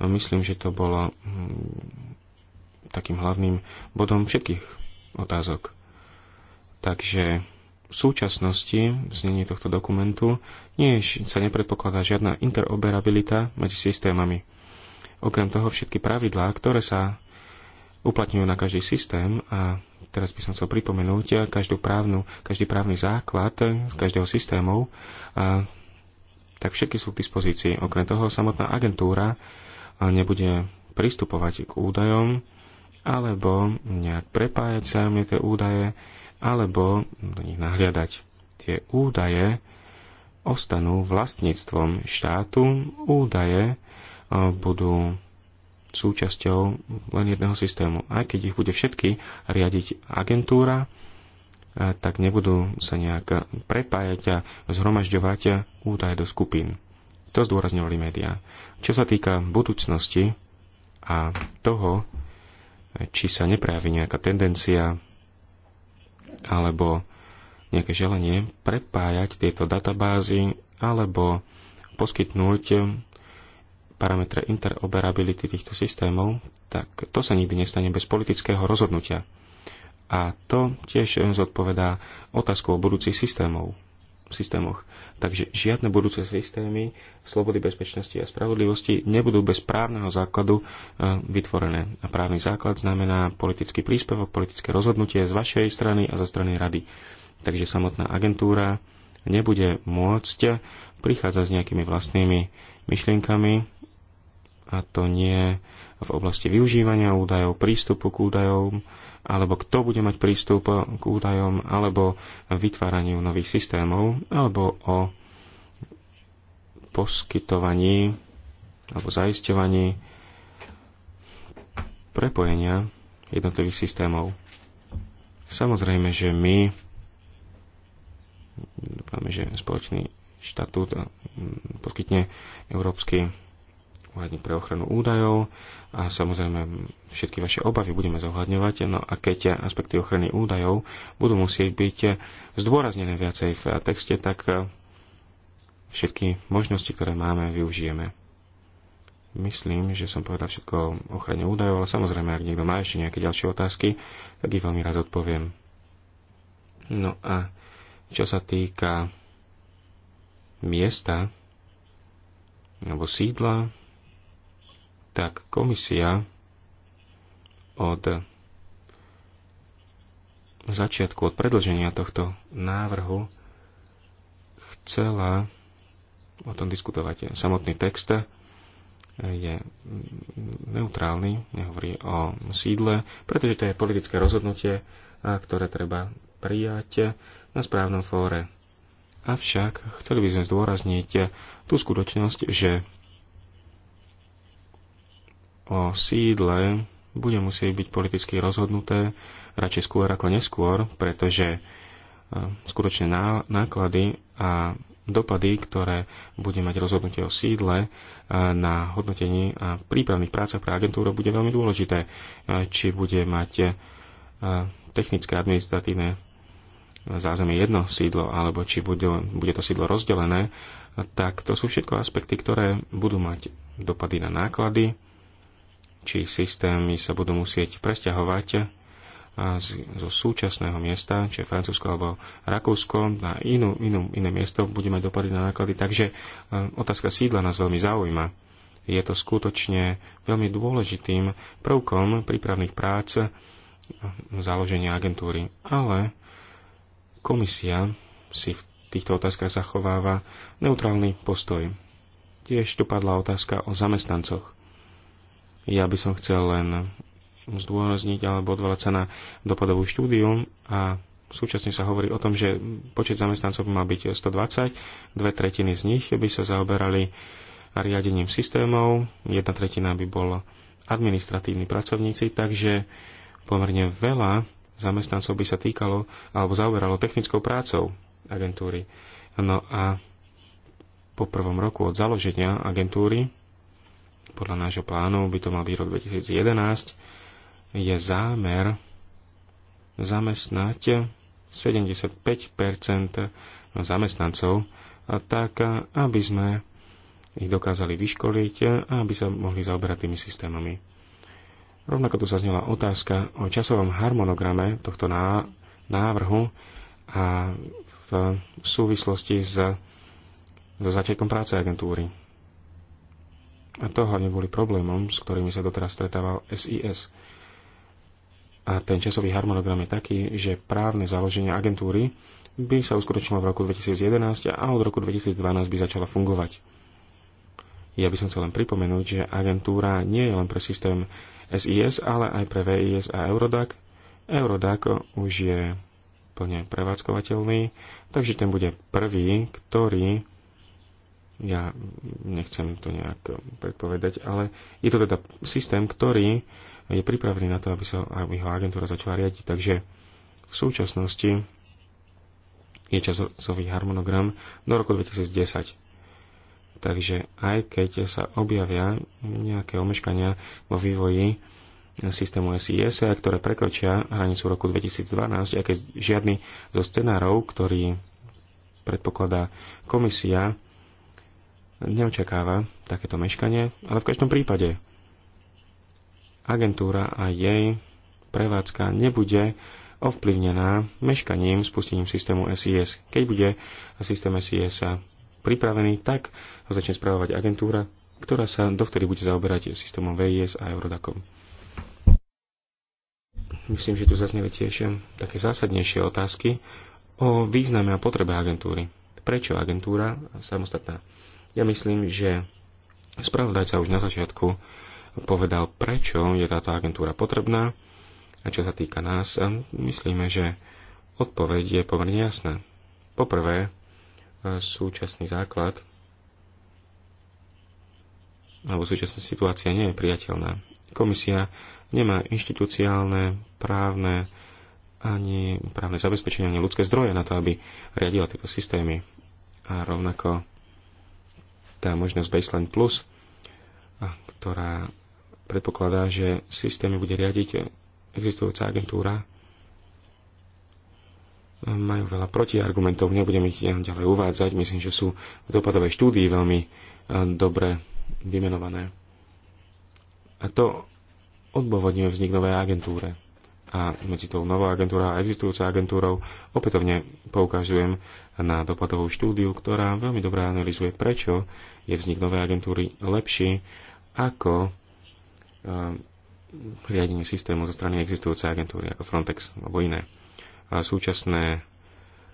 Myslím, že to bolo hm, takým hlavným bodom všetkých otázok. Takže v súčasnosti v znení tohto dokumentu nie, sa nepredpokladá žiadna interoperabilita medzi systémami. Okrem toho všetky pravidlá, ktoré sa uplatňujú na každý systém a teraz by som chcel pripomenúť každú právnu, každý právny základ z každého systému, a, tak všetky sú k dispozícii. Okrem toho samotná agentúra nebude pristupovať k údajom, alebo nejak prepájať vzájomne tie údaje, alebo do nich nahliadať. Tie údaje ostanú vlastníctvom štátu, údaje e, budú súčasťou len jedného systému. Aj keď ich bude všetky riadiť agentúra, e, tak nebudú sa nejak prepájať a zhromažďovať údaje do skupín. To zdôrazňovali médiá. Čo sa týka budúcnosti a toho, či sa neprejaví nejaká tendencia alebo nejaké želanie prepájať tieto databázy alebo poskytnúť parametre interoperability týchto systémov, tak to sa nikdy nestane bez politického rozhodnutia. A to tiež zodpovedá otázku o budúcich systémov systémoch. Takže žiadne budúce systémy slobody, bezpečnosti a spravodlivosti nebudú bez právneho základu e, vytvorené. A právny základ znamená politický príspevok, politické rozhodnutie z vašej strany a zo strany rady. Takže samotná agentúra nebude môcť prichádzať s nejakými vlastnými myšlienkami a to nie v oblasti využívania údajov, prístupu k údajom, alebo kto bude mať prístup k údajom, alebo vytváraniu nových systémov, alebo o poskytovaní alebo zaisťovaní prepojenia jednotlivých systémov. Samozrejme, že my dúfame, že spoločný štatút mm, poskytne Európsky úradník pre ochranu údajov a samozrejme všetky vaše obavy budeme zohľadňovať. No a keď aspekty ochrany údajov budú musieť byť zdôraznené viacej v texte, tak eh, všetky možnosti, ktoré máme, využijeme. Myslím, že som povedal všetko o ochrane údajov, ale samozrejme, ak niekto má ešte nejaké ďalšie otázky, tak ich veľmi rád odpoviem. No a čo sa týka miesta alebo sídla, tak komisia od začiatku, od predlženia tohto návrhu chcela o tom diskutovať. Samotný text je neutrálny, nehovorí o sídle, pretože to je politické rozhodnutie, ktoré treba prijať na správnom fóre. Avšak chceli by sme zdôrazniť tú skutočnosť, že o sídle bude musieť byť politicky rozhodnuté radšej skôr ako neskôr, pretože e, skutočné náklady a dopady, ktoré bude mať rozhodnutie o sídle e, na hodnotení a prípravných prácach pre agentúru, bude veľmi dôležité, e, či bude mať technické administratívne zázemie jedno sídlo, alebo či bude, bude to sídlo rozdelené, tak to sú všetko aspekty, ktoré budú mať dopady na náklady, či systémy sa budú musieť presťahovať eh, zo súčasného miesta, či Francúzsko alebo Rakúsko, na inú, inú, iné miesto, bude mať dopady na náklady. Takže eh, otázka sídla nás veľmi zaujíma. Je to skutočne veľmi dôležitým prvkom prípravných prác eh, založenia agentúry. Ale komisia si v týchto otázkach zachováva neutrálny postoj. Tiež tu padla otázka o zamestnancoch. Ja by som chcel len zdôrazniť alebo odvolať sa na dopadovú štúdiu a súčasne sa hovorí o tom, že počet zamestnancov by mal byť 120, dve tretiny z nich by sa zaoberali riadením systémov, jedna tretina by bola administratívni pracovníci, takže pomerne veľa zamestnancov by sa týkalo alebo zaoberalo technickou prácou agentúry. No a po prvom roku od založenia agentúry podľa nášho plánu by to mal byť rok 2011, je zámer zamestnať 75 zamestnancov, tak aby sme ich dokázali vyškoliť a aby sa mohli zaoberať tými systémami. Rovnako tu sa znela otázka o časovom harmonograme tohto návrhu a v súvislosti s, so začiatkom práce agentúry. A to hlavne boli problémom, s ktorými sa doteraz stretával SIS. A ten časový harmonogram je taký, že právne založenie agentúry by sa uskutočnilo v roku 2011 a od roku 2012 by začala fungovať. Ja by som chcel len pripomenúť, že agentúra nie je len pre systém SIS, ale aj pre VIS a Eurodac. Eurodac už je plne prevádzkovateľný, takže ten bude prvý, ktorý ja nechcem to nejak predpovedať, ale je to teda systém, ktorý je pripravený na to, aby, sa, aby ho agentúra začala riadiť. Takže v súčasnosti je časový harmonogram do roku 2010. Takže aj keď sa objavia nejaké omeškania vo vývoji systému SIS, ktoré prekročia hranicu roku 2012, aj keď žiadny zo scenárov, ktorý predpokladá komisia, neočakáva takéto meškanie, ale v každom prípade agentúra a jej prevádzka nebude ovplyvnená meškaním spustením systému SIS. Keď bude systém SIS pripravený, tak ho začne spravovať agentúra, ktorá sa dovtedy bude zaoberať systémom VIS a Eurodacom. Myslím, že tu zazneli tiež také zásadnejšie otázky o význame a potrebe agentúry. Prečo agentúra samostatná? Ja myslím, že spravodajca už na začiatku povedal, prečo je táto agentúra potrebná a čo sa týka nás, myslíme, že odpoveď je pomerne jasná. Poprvé, e, súčasný základ alebo súčasná situácia nie je priateľná. Komisia nemá inštitúciálne, právne ani právne zabezpečenie, ani ľudské zdroje na to, aby riadila tieto systémy. A rovnako tá možnosť Baseline Plus, ktorá predpokladá, že systémy bude riadiť existujúca agentúra, majú veľa protiargumentov, nebudem ich ďalej uvádzať, myslím, že sú v dopadovej štúdii veľmi e, dobre vymenované. A to odôvodňuje vznik novej agentúre a medzi tou novou agentúrou a existujúcou agentúrou opätovne poukazujem na dopadovú štúdiu, ktorá veľmi dobre analizuje, prečo je vznik novej agentúry lepší ako ehm, riadenie systému zo strany existujúcej agentúry ako Frontex alebo iné. A súčasné,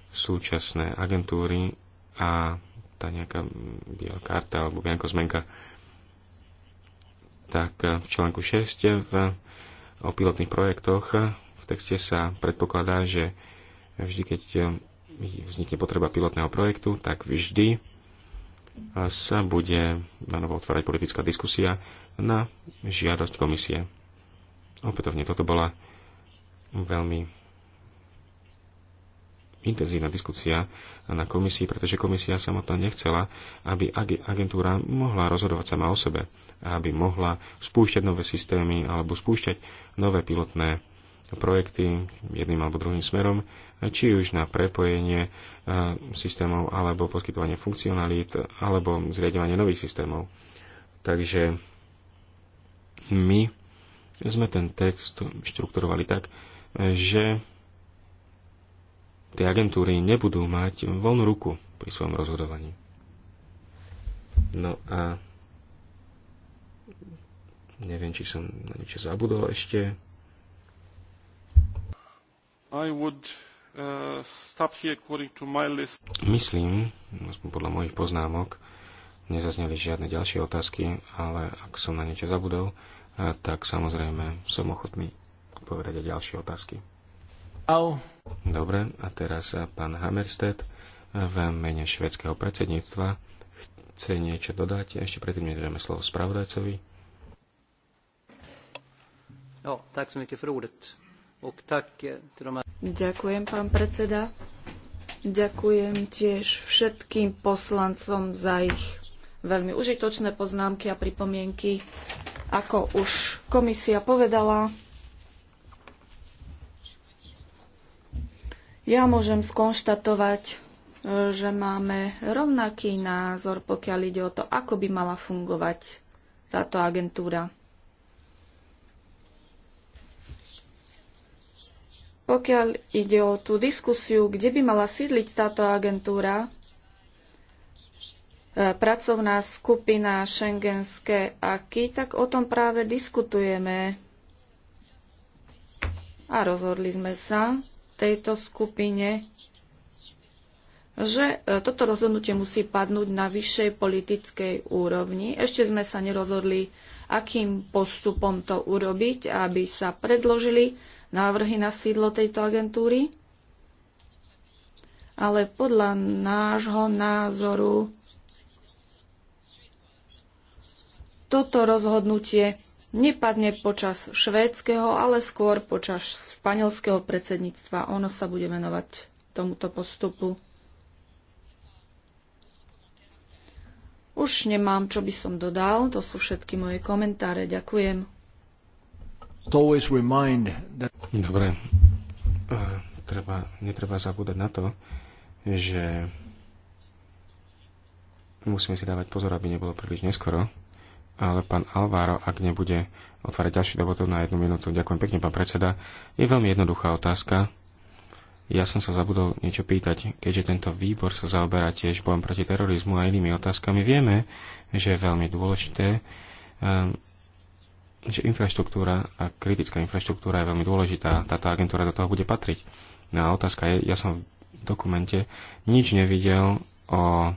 súčasné agentúry a tá nejaká biela karta alebo bianko zmenka tak v článku 6 v o pilotných projektoch. V texte sa predpokladá, že vždy, keď e, vznikne potreba pilotného projektu, tak vždy e, sa bude na novo otvárať politická diskusia na žiadosť komisie. Opätovne toto bola veľmi intenzívna diskusia na komisii, pretože komisia samotná nechcela, aby agentúra mohla rozhodovať sama o sebe aby mohla spúšťať nové systémy alebo spúšťať nové pilotné projekty jedným alebo druhým smerom, či už na prepojenie eh, systémov alebo poskytovanie funkcionalít alebo zriadovanie nových systémov. Takže my sme ten text štrukturovali tak, eh, že tie agentúry nebudú mať voľnú ruku pri svojom rozhodovaní. No a neviem, či som na niečo zabudol ešte. I would, uh, stop here to my list. Myslím, aspoň podľa mojich poznámok, nezazneli žiadne ďalšie otázky, ale ak som na niečo zabudol, eh, tak samozrejme som ochotný povedať aj ďalšie otázky. Au. Dobre, a teraz eh, pán Hammerstedt eh, v mene švedského predsedníctva chce niečo dodať. Ešte predtým nedáme slovo spravodajcovi. No, tak som eh, Ďakujem, pán predseda. Ďakujem tiež všetkým poslancom za ich veľmi užitočné poznámky a pripomienky. Ako už komisia povedala, Ja môžem skonštatovať, e, že máme rovnaký názor, pokiaľ ide o to, ako by mala fungovať táto agentúra. Pokiaľ ide o tú diskusiu, kde by mala sídliť táto agentúra, e, pracovná skupina Schengenské aky, tak o tom práve diskutujeme. A rozhodli sme sa, tejto skupine, že e, toto rozhodnutie musí padnúť na vyššej politickej úrovni. Ešte sme sa nerozhodli, akým postupom to urobiť, aby sa predložili návrhy na sídlo tejto agentúry. Ale podľa nášho názoru toto rozhodnutie nepadne počas švédskeho, ale skôr počas španielského predsedníctva. Ono sa bude venovať tomuto postupu. Už nemám, čo by som dodal. To sú všetky moje komentáre. Ďakujem. Dobre. E, treba, netreba zabúdať na to, že musíme si dávať pozor, aby nebolo príliš neskoro ale pán Alvaro, ak nebude otvárať ďalší debatu na jednu minútu. Ďakujem pekne, pán predseda. Je veľmi jednoduchá otázka. Ja som sa zabudol niečo pýtať, keďže tento výbor sa zaoberá tiež bojom proti terorizmu a inými otázkami. Vieme, že je veľmi dôležité, ehm, že infraštruktúra a kritická infraštruktúra je veľmi dôležitá. Táto agentúra do toho bude patriť. No a otázka je, ja som v dokumente nič nevidel o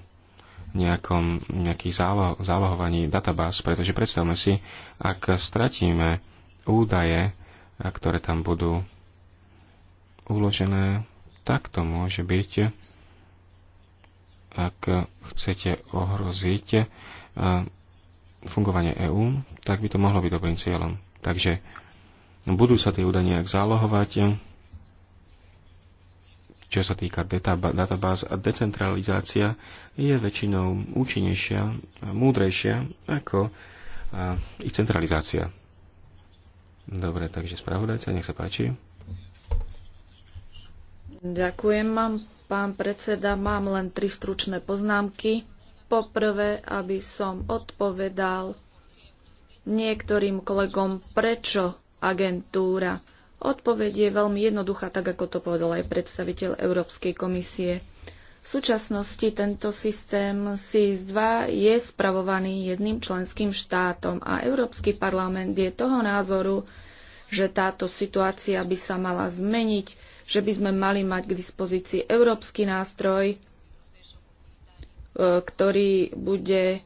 nejakom, nejakých záloh, zálohovaní databáz, pretože predstavme si, ak stratíme údaje, ktoré tam budú uložené, tak to môže byť, ak chcete ohroziť fungovanie EÚ, tak by to mohlo byť dobrým cieľom. Takže budú sa tie údaje nejak zálohovať, čo sa týka databáz a decentralizácia, je väčšinou účinnejšia a múdrejšia ako ich centralizácia. Dobre, takže spravodajca, nech sa páči. Ďakujem, vám, pán predseda. Mám len tri stručné poznámky. Poprvé, aby som odpovedal niektorým kolegom, prečo agentúra. Odpoveď je veľmi jednoduchá, tak ako to povedal aj predstaviteľ Európskej komisie. V súčasnosti tento systém SIS-2 je spravovaný jedným členským štátom a Európsky parlament je toho názoru, že táto situácia by sa mala zmeniť, že by sme mali mať k dispozícii európsky nástroj, e, ktorý bude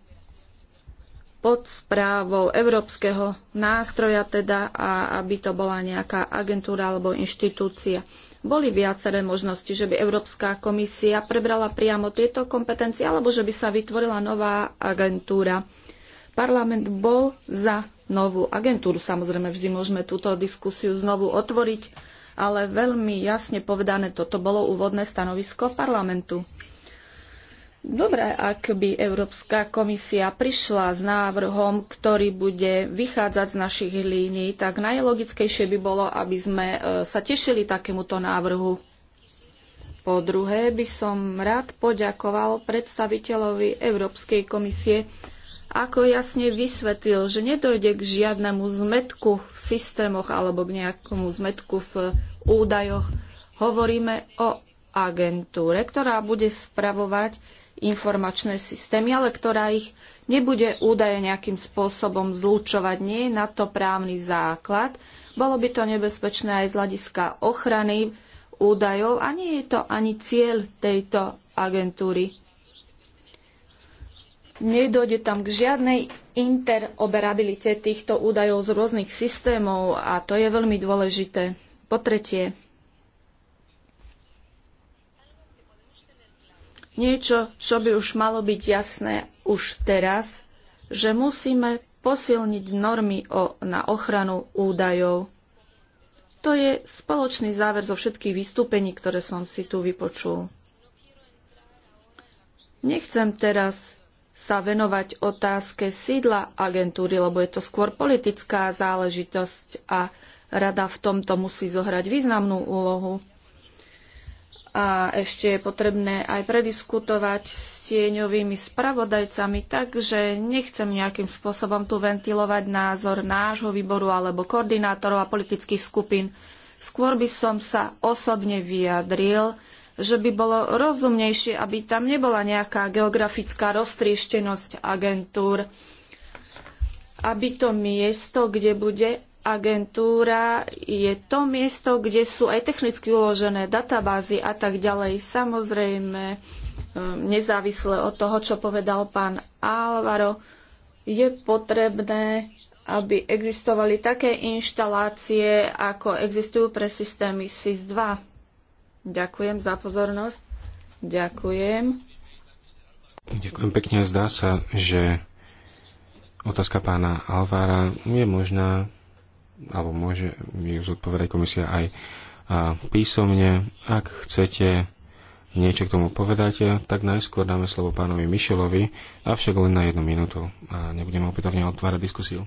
pod správou európskeho nástroja teda a aby to bola nejaká agentúra alebo inštitúcia. Boli viaceré možnosti, že by Európska komisia prebrala priamo tieto kompetencie alebo že by sa vytvorila nová agentúra. Parlament bol za novú agentúru. Samozrejme, vždy môžeme túto diskusiu znovu otvoriť, ale veľmi jasne povedané, toto bolo úvodné stanovisko parlamentu. Dobré, ak by Európska komisia prišla s návrhom, ktorý bude vychádzať z našich línií, tak najlogickejšie by bolo, aby sme e, sa tešili takémuto návrhu. Po druhé by som rád poďakoval predstaviteľovi Európskej komisie, ako jasne vysvetlil, že nedojde k žiadnemu zmetku v systémoch alebo k nejakomu zmetku v údajoch. Hovoríme o agentúre, ktorá bude spravovať informačné systémy, ale ktorá ich nebude údaje nejakým spôsobom zlučovať. Nie je na to právny základ. Bolo by to nebezpečné aj z hľadiska ochrany údajov a nie je to ani cieľ tejto agentúry. Nedojde tam k žiadnej interoperabilite týchto údajov z rôznych systémov a to je veľmi dôležité. Po tretie, niečo, čo by už malo byť jasné už teraz, že musíme posilniť normy o, na ochranu údajov. To je spoločný záver zo všetkých vystúpení, ktoré som si tu vypočul. Nechcem teraz sa venovať otázke sídla agentúry, lebo je to skôr politická záležitosť a rada v tomto musí zohrať významnú úlohu a ešte je potrebné aj prediskutovať s tieňovými spravodajcami, takže nechcem nejakým spôsobom tu ventilovať názor nášho výboru alebo koordinátorov a politických skupín. Skôr by som sa osobne vyjadril, že by bolo rozumnejšie, aby tam nebola nejaká geografická roztrieštenosť agentúr, aby to miesto, kde bude agentúra je to miesto, kde sú aj technicky uložené databázy a tak ďalej. Samozrejme, um, nezávisle od toho, čo povedal pán Alvaro, je potrebné, aby existovali také inštalácie, ako existujú pre systémy SIS-2. Ďakujem za pozornosť. Ďakujem. Ďakujem pekne. Zdá sa, že otázka pána Alvára je možná alebo môže ju zodpovedať komisia aj a písomne. Ak chcete niečo k tomu povedať, tak najskôr dáme slovo pánovi Mišelovi, avšak len na jednu minútu a nebudeme opätovne otvárať diskusiu.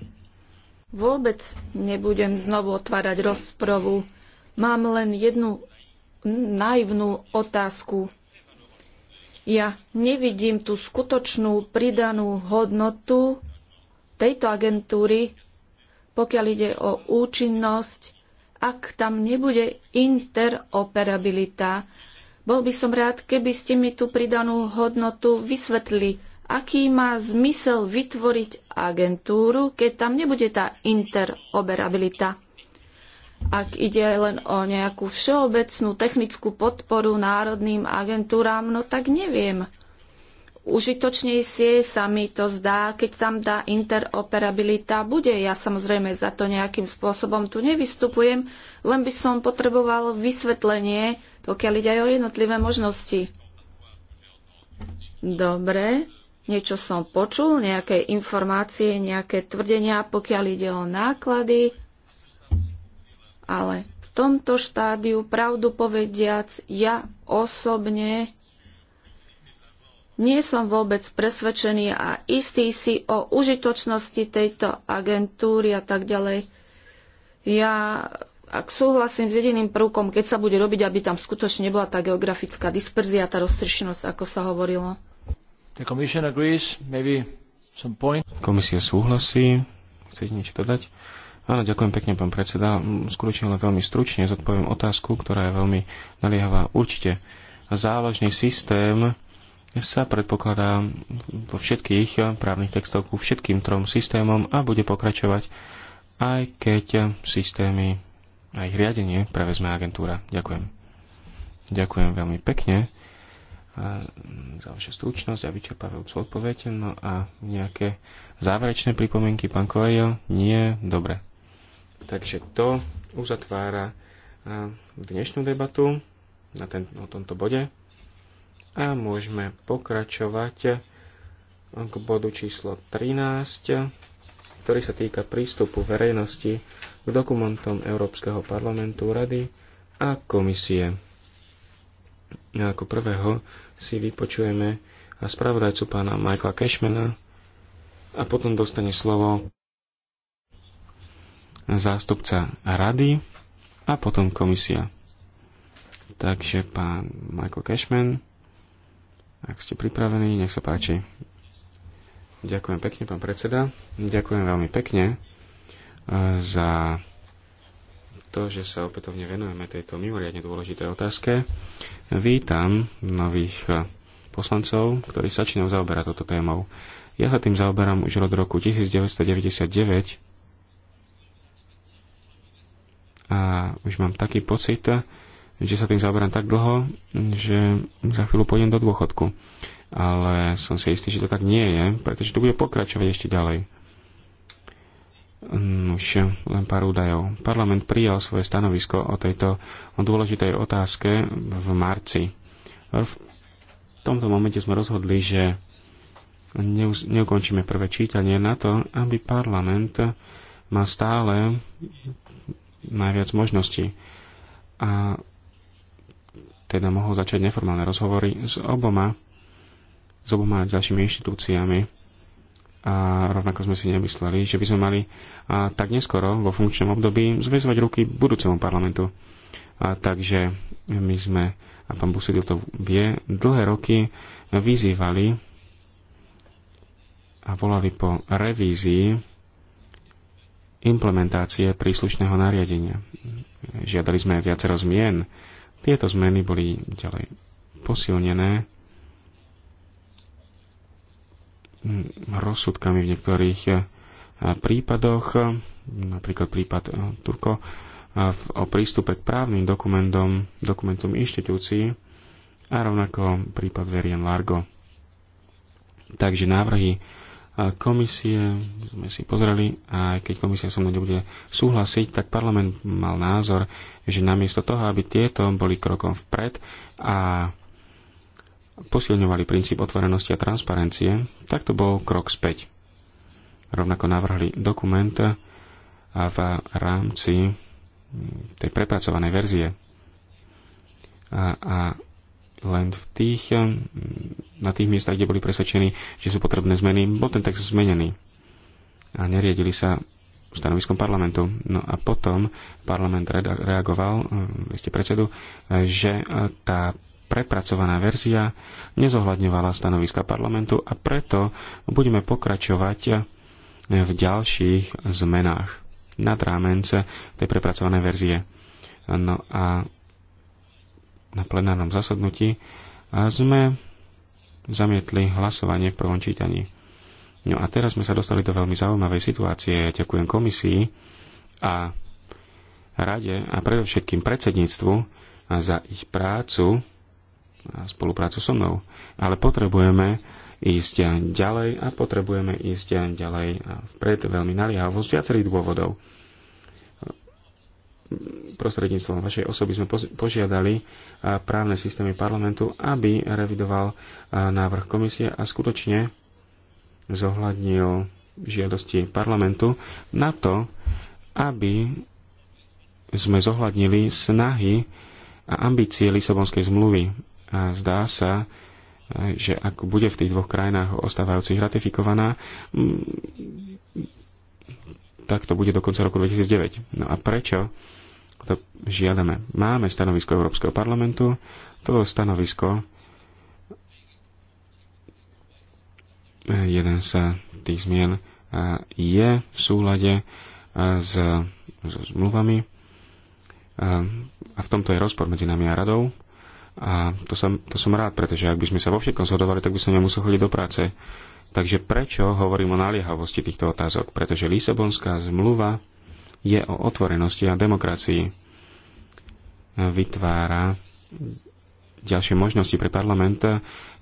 Vôbec nebudem znovu otvárať rozprovu. Mám len jednu naivnú otázku. Ja nevidím tú skutočnú pridanú hodnotu tejto agentúry pokiaľ ide o účinnosť, ak tam nebude interoperabilita. Bol by som rád, keby ste mi tú pridanú hodnotu vysvetli, aký má zmysel vytvoriť agentúru, keď tam nebude tá interoperabilita. Ak ide len o nejakú všeobecnú technickú podporu národným agentúram, no tak neviem užitočnejšie sa mi to zdá, keď tam tá interoperabilita bude. Ja samozrejme za to nejakým spôsobom tu nevystupujem, len by som potreboval vysvetlenie, pokiaľ ide aj o jednotlivé možnosti. Dobre, niečo som počul, nejaké informácie, nejaké tvrdenia, pokiaľ ide o náklady, ale v tomto štádiu, pravdu povediac, ja osobne nie som vôbec presvedčený a istý si o užitočnosti tejto agentúry a tak ďalej. Ja ak súhlasím s jediným prvkom, keď sa bude robiť, aby tam skutočne nebola tá geografická disperzia, tá roztrišnosť, ako sa hovorilo. Agrees, Komisia súhlasí. Chcete niečo dodať? Áno, ďakujem pekne, pán predseda. Mm, skutočne len veľmi stručne zodpoviem otázku, ktorá je veľmi naliehavá. Určite záložný systém sa predpokladá vo všetkých právnych textov ku všetkým trom systémom a bude pokračovať aj keď systémy a ich riadenie prevezme agentúra. Ďakujem. Ďakujem veľmi pekne za vašu stručnosť a vyčerpávajúcu odpoveď. No a nejaké záverečné pripomienky, pán Kovejo? Nie? Dobre. Takže to uzatvára dnešnú debatu na ten, o tomto bode. A môžeme pokračovať k bodu číslo 13, ktorý sa týka prístupu verejnosti k dokumentom Európskeho parlamentu, Rady a Komisie. A ako prvého si vypočujeme spravodajcu pána Michaela Cashmana a potom dostane slovo zástupca Rady a potom komisia. Takže pán Michael Cashman, ak ste pripravení, nech sa páči. Ďakujem pekne, pán predseda. Ďakujem veľmi pekne e, za to, že sa opätovne venujeme tejto mimoriadne dôležitej otázke. Vítam nových e, poslancov, ktorí začínajú zaoberať toto témou. Ja sa tým zaoberám už od roku 1999 a už mám taký pocit, že sa tým zaoberám tak dlho, že za chvíľu pôjdem do dôchodku. Ale som si istý, že to tak nie je, pretože to bude pokračovať ešte ďalej. Už len pár údajov. Parlament prijal svoje stanovisko o tejto o dôležitej otázke v marci. V tomto momente sme rozhodli, že neukončíme prvé čítanie na to, aby parlament má stále najviac možností. A teda mohol začať neformálne rozhovory s oboma, s oboma ďalšími inštitúciami a rovnako sme si nemysleli, že by sme mali a tak neskoro vo funkčnom období zväzovať ruky budúcemu parlamentu. A takže my sme, a pán Busidil to vie, dlhé roky vyzývali a volali po revízii implementácie príslušného nariadenia. Žiadali sme viacero zmien tieto zmeny boli ďalej posilnené rozsudkami v niektorých eh, prípadoch, napríklad prípad eh, Turko, eh, o prístupe k právnym dokumentom, dokumentom inštitúcií a rovnako prípad Verien Largo. Takže návrhy komisie sme si pozreli a keď komisia so mnou nebude súhlasiť, tak parlament mal názor, že namiesto toho, aby tieto boli krokom vpred a posilňovali princíp otvorenosti a transparencie, tak to bol krok späť. Rovnako navrhli dokument v rámci tej prepracovanej verzie. A, a len v tých, na tých miestach, kde boli presvedčení, že sú potrebné zmeny, bol ten text zmenený. A neriadili sa stanoviskom parlamentu. No a potom parlament reagoval, ste predsedu, e, že e, tá prepracovaná verzia nezohľadňovala stanoviska parlamentu a preto budeme pokračovať e, v ďalších zmenách nad rámence tej prepracované verzie. No a na plenárnom zasadnutí a sme zamietli hlasovanie v prvom čítaní. No a teraz sme sa dostali do veľmi zaujímavej situácie. Ďakujem komisii a rade a predovšetkým predsedníctvu za ich prácu a spoluprácu so mnou. Ale potrebujeme ísť ďalej a potrebujeme ísť ďalej a vpred veľmi naliehavo z viacerých dôvodov prostredníctvom vašej osoby sme požiadali právne systémy parlamentu, aby revidoval návrh komisie a skutočne zohľadnil žiadosti parlamentu na to, aby sme zohľadnili snahy a ambície Lisabonskej zmluvy. A zdá sa, že ak bude v tých dvoch krajinách ostávajúcich ratifikovaná, tak to bude do konca roku 2009. No a prečo to žiadame. Máme stanovisko Európskeho parlamentu, toto stanovisko eh, jeden sa tých zmien eh, je v súlade eh, s, s zmluvami a v tomto je rozpor medzi nami a radou a to som, to som rád, pretože ak by sme sa vo všetkom zhodovali, tak by som nemusel chodiť do práce. Takže prečo hovorím o naliehavosti týchto otázok? Pretože Lisabonská zmluva je o otvorenosti a demokracii. Vytvára ďalšie možnosti pre parlament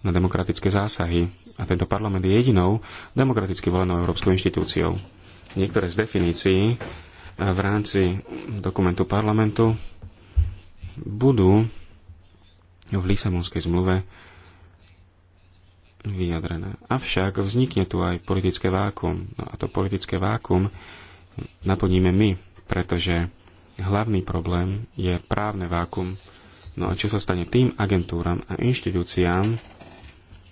na demokratické zásahy. A tento parlament je jedinou demokraticky volenou európskou inštitúciou. Niektoré z definícií eh, v rámci dokumentu parlamentu budú v Lisabonskej zmluve vyjadrené. Avšak vznikne tu aj politické vákum. No a to politické vákum naplníme my, pretože hlavný problém je právne vákum. No a čo sa stane tým agentúram a inštitúciám,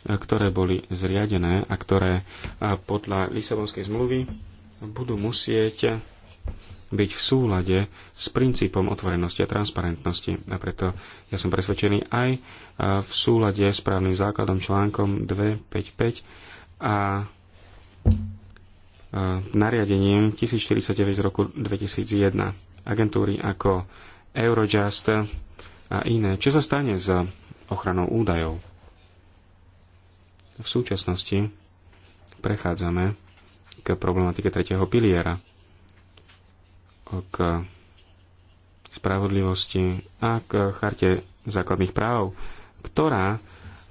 ktoré boli zriadené a ktoré podľa Lisabonskej zmluvy budú musieť byť v súlade s princípom otvorenosti a transparentnosti. A preto ja som presvedčený aj v súlade s právnym základom článkom 255 a Eh, nariadením 1049 z roku 2001 agentúry ako Eurojust a iné. Čo sa stane s ochranou údajov? V súčasnosti prechádzame k problematike tretieho piliera, k spravodlivosti a k charte základných práv, ktorá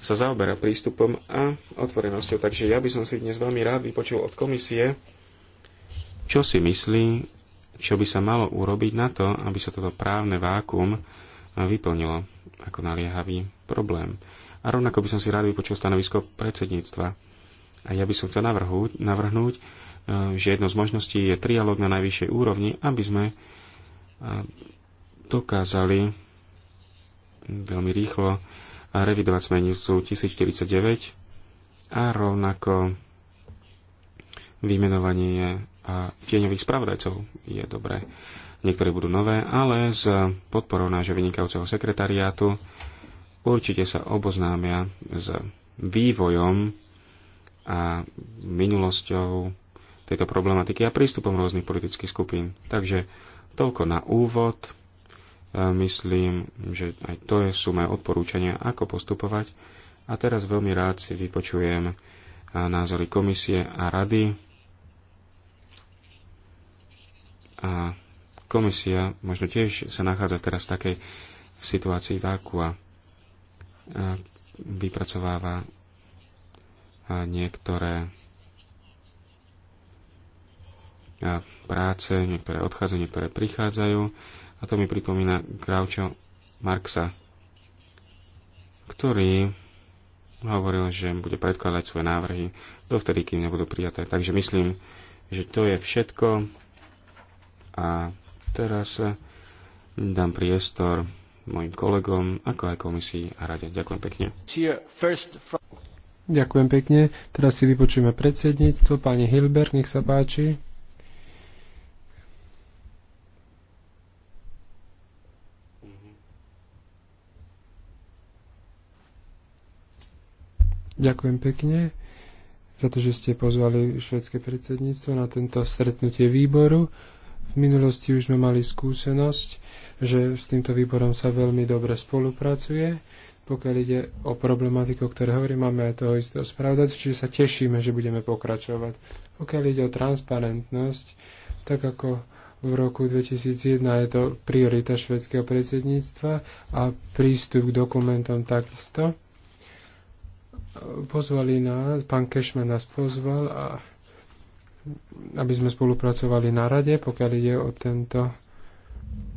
sa zaoberá prístupom a otvorenosťou. Takže ja by som si dnes veľmi rád vypočul od komisie, čo si myslí, čo by sa malo urobiť na to, aby sa toto právne vákum eh, vyplnilo ako naliehavý problém. A rovnako by som si rád vypočul stanovisko predsedníctva. A ja by som chcel navrhnúť, navrhnúť eh, že jedno z možností je trialog na najvyššej úrovni, aby sme eh, dokázali veľmi rýchlo revidovať smernicu 1049 a rovnako vymenovanie a tieňových spravodajcov je dobré. Niektoré budú nové, ale s podporou nášho vynikajúceho sekretariátu určite sa oboznámia s vývojom a minulosťou tejto problematiky a prístupom rôznych politických skupín. Takže toľko na úvod. E, myslím, že aj to sú moje odporúčania, ako postupovať. A teraz veľmi rád si vypočujem e, názory komisie a rady A komisia možno tiež sa nachádza teraz v takej situácii vákua. A vypracováva niektoré práce, niektoré odchádzajú, niektoré prichádzajú. A to mi pripomína Graučo Marxa, ktorý hovoril, že bude predkladať svoje návrhy dovtedy, kým nebudú prijaté. Takže myslím, že to je všetko. A teraz dám priestor mojim kolegom, ako aj komisii a rade. Ďakujem pekne. Ďakujem pekne. Teraz si vypočujeme predsedníctvo. Pani Hilbert, nech sa páči. Ďakujem pekne za to, že ste pozvali švedské predsedníctvo na tento stretnutie výboru. V minulosti už sme mali skúsenosť, že s týmto výborom sa veľmi dobre spolupracuje. Pokiaľ ide o problematiku, o ktorej hovorím, máme aj toho istého spravodajcu, čiže sa tešíme, že budeme pokračovať. Pokiaľ ide o transparentnosť, tak ako v roku 2001 je to priorita švedského predsedníctva a prístup k dokumentom takisto. Pozvali nás, pán Kešman nás pozval a aby sme spolupracovali na rade, pokiaľ ide o tento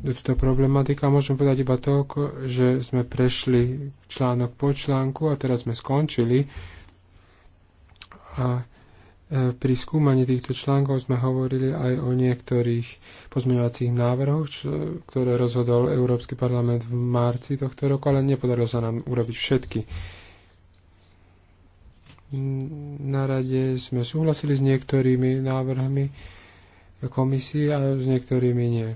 do túto problematika. Môžem povedať iba toľko, že sme prešli článok po článku a teraz sme skončili. A e, pri skúmaní týchto článkov sme hovorili aj o niektorých pozmeňovacích návrhoch, čo, ktoré rozhodol Európsky parlament v marci tohto roku, ale nepodarilo sa nám urobiť všetky na rade sme súhlasili s niektorými návrhmi komisie a s niektorými nie.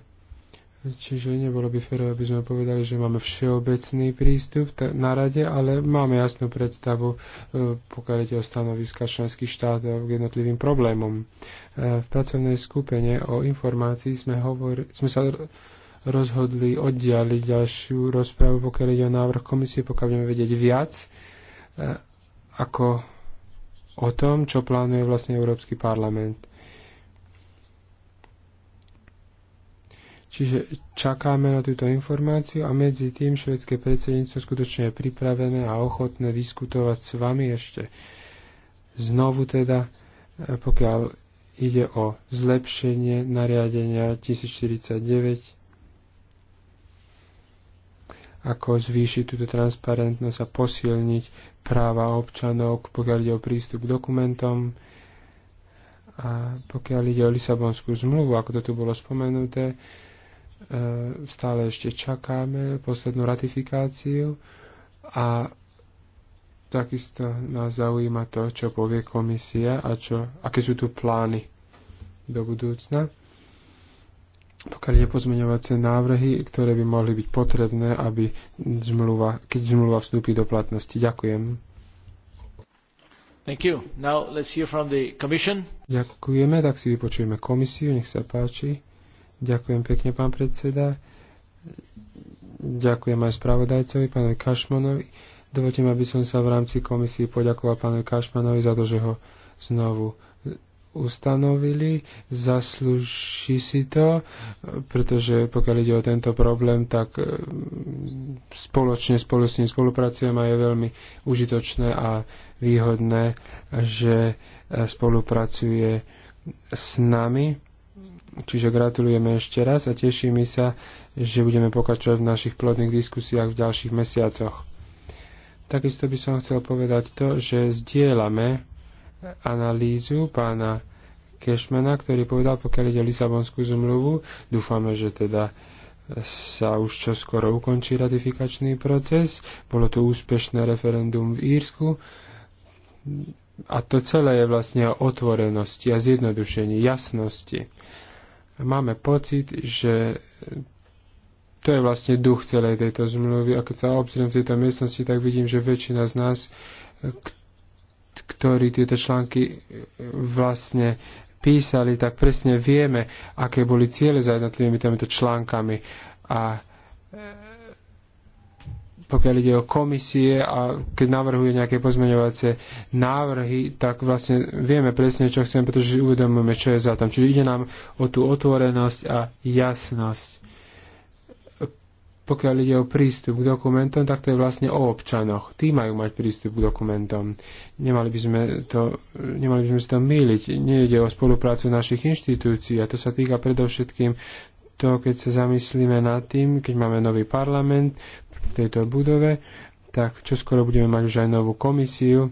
Čiže nebolo by férové, aby sme povedali, že máme všeobecný prístup na rade, ale máme jasnú predstavu, e, pokiaľ ide o stanoviska členských štátov k jednotlivým problémom. E, v pracovnej skupine o informácii sme, hovor, sme sa rozhodli oddialiť ďalšiu rozprávu, pokiaľ ide o návrh komisie, pokiaľ budeme vedieť viac, e, ako o tom, čo plánuje vlastne Európsky parlament. Čiže čakáme na túto informáciu a medzi tým švedské predsedníctvo skutočne je pripravené a ochotné diskutovať s vami ešte znovu teda, e, pokiaľ ide o zlepšenie nariadenia 1049 ako zvýšiť túto transparentnosť a posilniť práva občanov, pokiaľ ide o prístup k dokumentom a pokiaľ ide o Lisabonskú zmluvu, ako to tu bolo spomenuté, e, stále ešte čakáme poslednú ratifikáciu a takisto nás zaujíma to, čo povie komisia a čo, aké sú tu plány do budúcna pokiaľ je pozmeňovacie návrhy, ktoré by mohli byť potrebné, aby zmluva, keď zmluva vstúpi do platnosti. Ďakujem. Thank you. Now let's hear from the commission. Ďakujeme, tak si vypočujeme komisiu, nech sa páči. Ďakujem pekne, pán predseda. Ďakujem aj spravodajcovi, pánovi Kašmanovi. Dovolte mi, aby som sa v rámci komisii poďakoval pánovi Kašmanovi za to, že ho znovu ustanovili, zaslúži si to, pretože pokiaľ ide o tento problém, tak e, spoločne spolu s ním spolupracujeme a je veľmi užitočné a výhodné, že e, spolupracuje s nami. Čiže gratulujeme ešte raz a tešíme sa, že budeme pokračovať v našich plodných diskusiách v ďalších mesiacoch. Takisto by som chcel povedať to, že zdieľame analýzu pána Kešmana, ktorý povedal, pokiaľ ide o Lisabonskú zmluvu, dúfame, že teda sa už čoskoro ukončí ratifikačný proces. Bolo to úspešné referendum v Írsku a to celé je vlastne o otvorenosti a zjednodušení, jasnosti. Máme pocit, že to je vlastne duch celej tejto zmluvy a keď sa obzriem v tejto miestnosti, tak vidím, že väčšina z nás, ktorí tieto články e, vlastne písali, tak presne vieme, aké boli ciele za jednotlivými týmito článkami. A e, pokiaľ ide o komisie a keď navrhuje nejaké pozmeňovacie návrhy, tak vlastne vieme presne, čo chceme, pretože uvedomujeme, čo je za tam. Čiže ide nám o tú otvorenosť a jasnosť pokiaľ ide o prístup k dokumentom, tak to je vlastne o občanoch. Tí majú mať prístup k dokumentom. Nemali by sme, to, nemali by sme si to míliť. Nejde o spoluprácu našich inštitúcií a to sa týka predovšetkým to, keď sa zamyslíme nad tým, keď máme nový parlament v tejto budove, tak čo skoro budeme mať už aj novú komisiu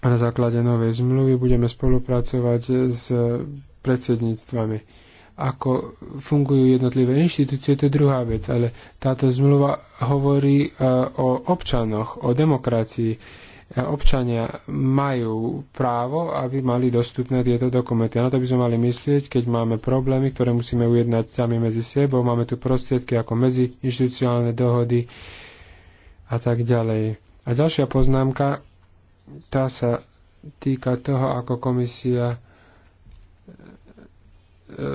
a na základe novej zmluvy budeme spolupracovať s predsedníctvami ako fungujú jednotlivé inštitúcie, to je druhá vec, ale táto zmluva hovorí e, o občanoch, o demokracii. E, občania majú právo, aby mali dostupné tieto dokumenty. A na to by sme mali myslieť, keď máme problémy, ktoré musíme ujednať sami medzi sebou. Máme tu prostriedky ako medzi inštitucionálne dohody a tak ďalej. A ďalšia poznámka, tá sa týka toho, ako komisia E,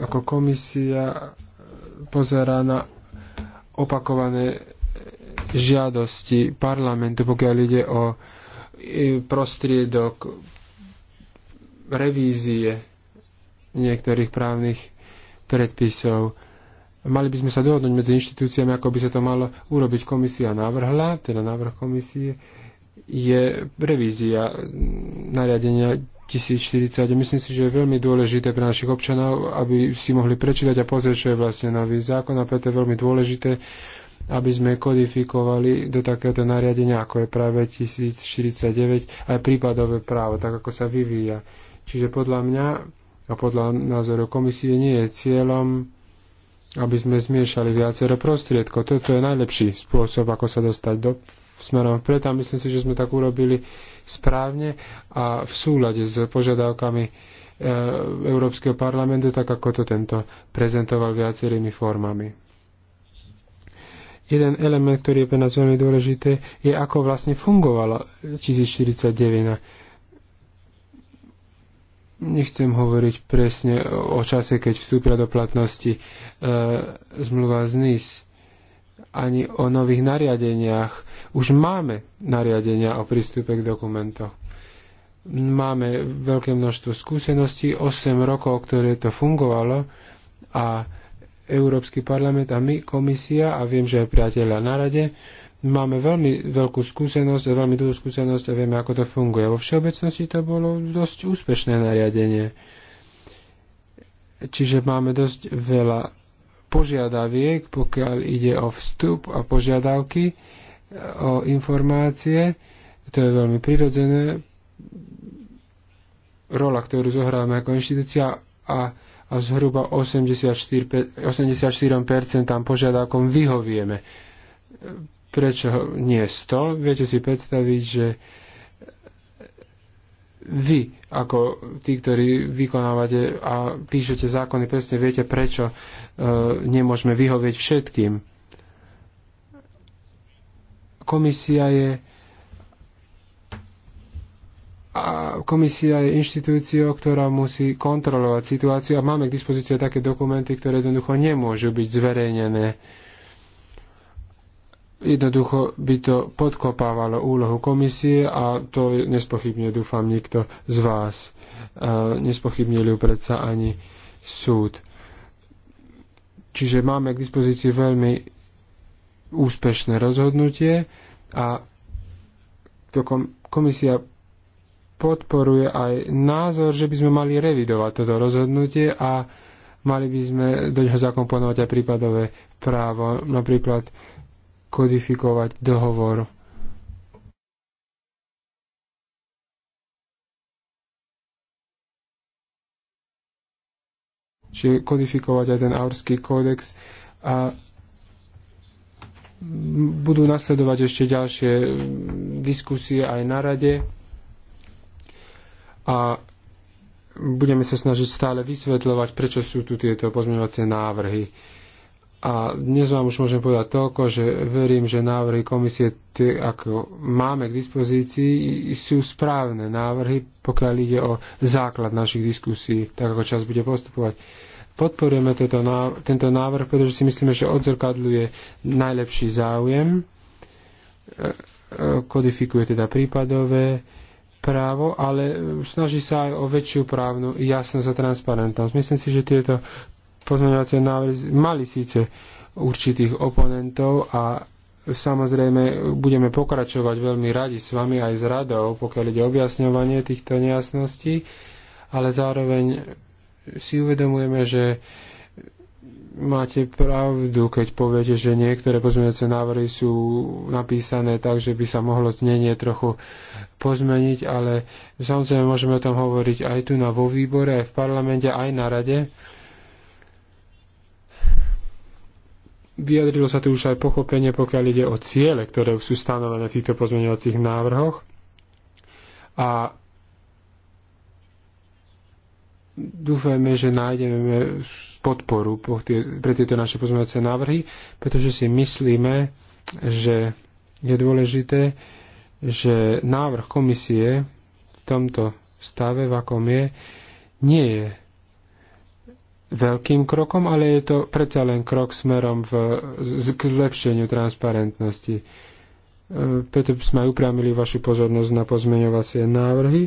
ako komisia pozerá na opakované žiadosti parlamentu, pokiaľ ide o e, prostriedok revízie niektorých právnych predpisov. Mali by sme sa dohodnúť medzi inštitúciami, ako by sa to malo urobiť. Komisia navrhla, teda návrh komisie, je revízia nariadenia 1040. Myslím si, že je veľmi dôležité pre našich občanov, aby si mohli prečítať a pozrieť, čo je vlastne nový zákon a preto je veľmi dôležité, aby sme kodifikovali do takéhoto nariadenia, ako je práve 1049, aj prípadové právo, tak ako sa vyvíja. Čiže podľa mňa a podľa názoru komisie nie je cieľom aby sme zmiešali viacero prostriedkov. Toto je najlepší spôsob, ako sa dostať do smerom vpred a myslím si, že sme tak urobili správne a v súlade s požiadavkami e, Európskeho parlamentu, tak ako to tento prezentoval viacerými formami. Jeden element, ktorý je pre nás veľmi dôležité, je ako vlastne fungovala 1049 Nechcem hovoriť presne o čase, keď vstúpila do platnosti e, zmluva z NIS, ani o nových nariadeniach. Už máme nariadenia o prístupe k dokumentoch. Máme veľké množstvo skúseností, 8 rokov, ktoré to fungovalo a Európsky parlament a my, komisia a viem, že aj priateľa na rade, e, máme veľmi veľkú skúsenosť a veľmi dlhú skúsenosť a vieme, ako to funguje. Vo všeobecnosti to bolo dosť úspešné nariadenie. Čiže máme dosť veľa požiadaviek, pokiaľ ide o vstup a požiadavky, e, o informácie. To je veľmi prirodzené. Rola, ktorú zohráme ako inštitúcia a a zhruba 84, 84% požiadavkom vyhovieme. Prečo nie 100? Viete si predstaviť, že vy, ako tí, ktorí vykonávate a píšete zákony, presne viete, prečo e, nemôžeme vyhovieť všetkým. Komisia je a komisia je inštitúciou, ktorá musí kontrolovať situáciu a máme k dispozícii také dokumenty, ktoré jednoducho nemôžu byť zverejnené. E, Jednoducho by to podkopávalo úlohu komisie a to nespochybne, dúfam, nikto z vás nespochybnili predsa ani súd. Čiže máme k dispozícii veľmi úspešné rozhodnutie a to komisia podporuje aj názor, že by sme mali revidovať toto rozhodnutie a mali by sme do ňoho zakomponovať aj prípadové právo. Napríklad kodifikovať dohovor čiže kodifikovať aj ten aurský kódex a budú nasledovať ešte ďalšie mm, diskusie aj na rade a budeme sa snažiť stále vysvetľovať, prečo sú tu tieto pozmeňovacie návrhy. A dnes vám už môžem povedať toľko, že verím, že návrhy komisie, tie, ako máme k dispozícii, sú správne návrhy, pokiaľ ide o základ našich diskusí, tak ako čas bude postupovať. Podporujeme tento návrh, tento návrh pretože si myslíme, že odzrkadľuje najlepší záujem, e, e, kodifikuje teda prípadové právo, ale snaží sa aj o väčšiu právnu jasnosť a transparentnosť. Myslím si, že tieto pozmeňovacie návrhy mali síce určitých oponentov a samozrejme budeme pokračovať veľmi radi s vami aj s radou, pokiaľ ide objasňovanie týchto nejasností, ale zároveň si uvedomujeme, že máte pravdu, keď poviete, že niektoré pozmeňujúce návrhy sú napísané tak, že by sa mohlo znenie trochu pozmeniť, ale samozrejme môžeme o tom hovoriť aj tu na vo výbore, aj v parlamente, aj na rade. Vyjadrilo sa tu už aj pochopenie, pokiaľ ide o ciele, ktoré sú stanovené v týchto pozmeňovacích návrhoch. A dúfajme, že nájdeme podporu pre tieto naše pozmeňovacie návrhy, pretože si myslíme, že je dôležité, že návrh komisie v tomto stave, v akom je, nie je veľkým krokom, ale je to predsa len krok smerom v, k zlepšeniu transparentnosti. E, preto sme aj upriamili vašu pozornosť na pozmeňovacie návrhy.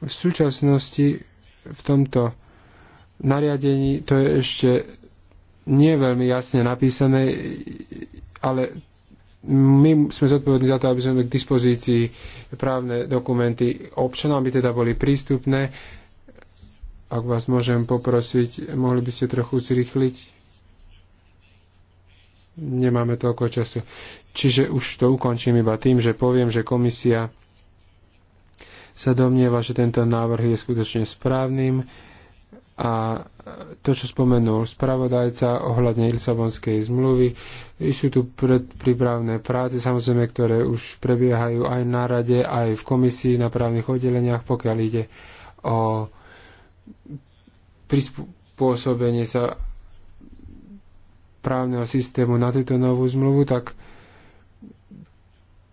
V súčasnosti v tomto nariadení to je ešte nie veľmi jasne napísané, ale my sme zodpovední za to, aby sme k dispozícii právne dokumenty občanom, aby teda boli prístupné. Ak vás môžem poprosiť, mohli by ste trochu zrýchliť? Nemáme toľko času. Čiže už to ukončím iba tým, že poviem, že komisia sa domnieva, že tento návrh je skutočne správnym a to, čo spomenul spravodajca ohľadne Lisabonskej zmluvy, sú tu predpripravné práce, samozrejme, ktoré už prebiehajú aj na rade, aj v komisii na právnych oddeleniach, pokiaľ ide o prispôsobenie sa právneho systému na túto novú zmluvu, tak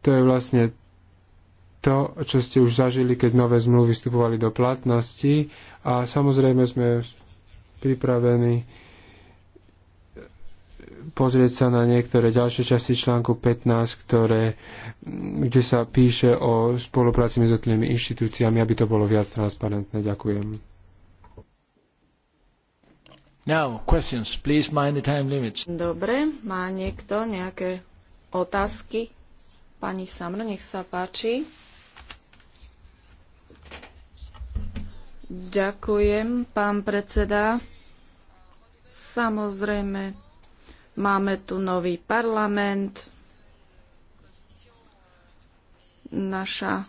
to je vlastne to, čo ste už zažili, keď nové zmluvy vstupovali do platnosti a samozrejme sme pripravení pozrieť sa na niektoré ďalšie časti článku 15, ktoré, kde sa píše o spolupráci medzi jednotlivými inštitúciami, aby to bolo viac transparentné. Ďakujem. Now, questions. Please mind the time limits. Dobre, má niekto nejaké otázky? Pani Samr, nech sa páči. Ďakujem, pán predseda. Samozrejme, máme tu nový parlament. Naša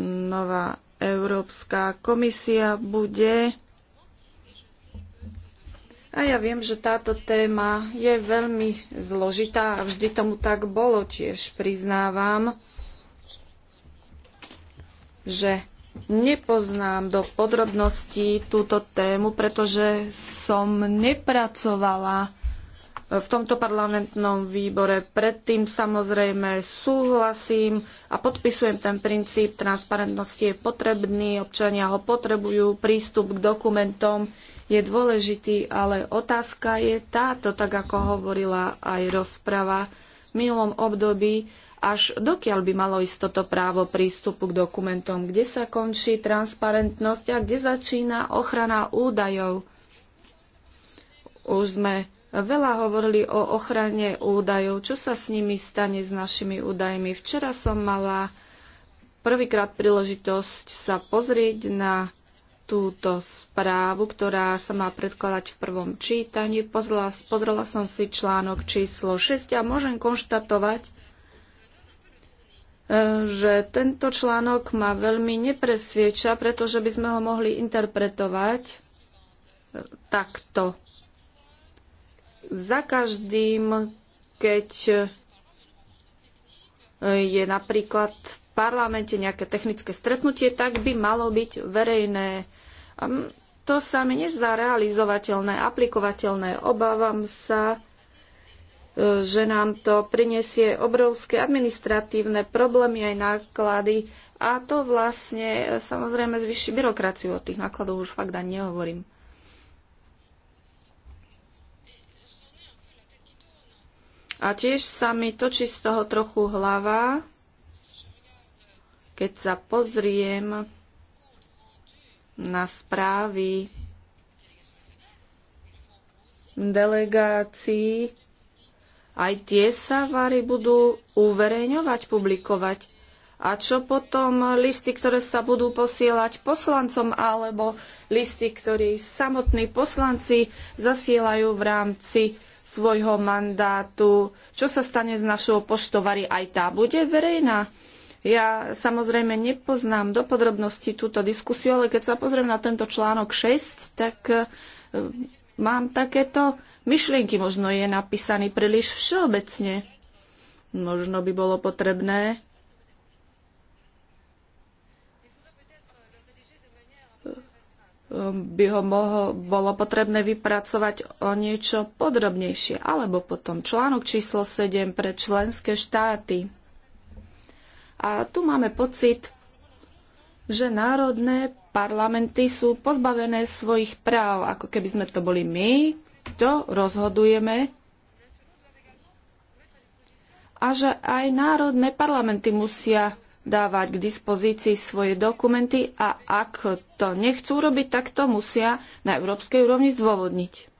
nová Európska komisia bude. A ja viem, že táto téma je veľmi zložitá a vždy tomu tak bolo, tiež priznávam, že Nepoznám do podrobností túto tému, pretože som nepracovala v tomto parlamentnom výbore. Predtým samozrejme súhlasím a podpisujem ten princíp transparentnosti je potrebný, občania ho potrebujú, prístup k dokumentom je dôležitý, ale otázka je táto, tak ako hovorila aj rozprava v minulom období až dokiaľ by malo ísť toto právo prístupu k dokumentom, kde sa končí transparentnosť a kde začína ochrana údajov. Už sme veľa hovorili o ochrane údajov, čo sa s nimi stane s našimi údajmi. Včera som mala prvýkrát príležitosť sa pozrieť na túto správu, ktorá sa má predkladať v prvom čítaní. Pozrela, pozrela som si článok číslo 6 a môžem konštatovať, že tento článok ma veľmi nepresvieča, pretože by sme ho mohli interpretovať e, takto. Za každým, keď e, je napríklad v parlamente nejaké technické stretnutie, tak by malo byť verejné. To sa mi nezdá realizovateľné, aplikovateľné. Obávam sa, že nám to prinesie obrovské administratívne problémy aj náklady a to vlastne e, samozrejme zvyši byrokraciu. O tých nákladov už fakt ani nehovorím. A tiež sa mi točí z toho trochu hlava, keď sa pozriem na správy delegácií aj tie sa vary budú uverejňovať, publikovať. A čo potom listy, ktoré sa budú posielať poslancom alebo listy, ktorí samotní poslanci zasielajú v rámci svojho mandátu? Čo sa stane s našou poštovary? Aj tá bude verejná? Ja samozrejme nepoznám do podrobnosti túto diskusiu, ale keď sa pozriem na tento článok 6, tak mám takéto myšlienky. Možno je napísaný príliš všeobecne. Možno by bolo potrebné by ho moho, bolo potrebné vypracovať o niečo podrobnejšie, alebo potom článok číslo 7 pre členské štáty. A tu máme pocit, že národné parlamenty sú pozbavené svojich práv, ako keby sme to boli my, kto rozhodujeme a že aj národné parlamenty musia dávať k dispozícii svoje dokumenty a ak to nechcú robiť, tak to musia na európskej úrovni zdôvodniť.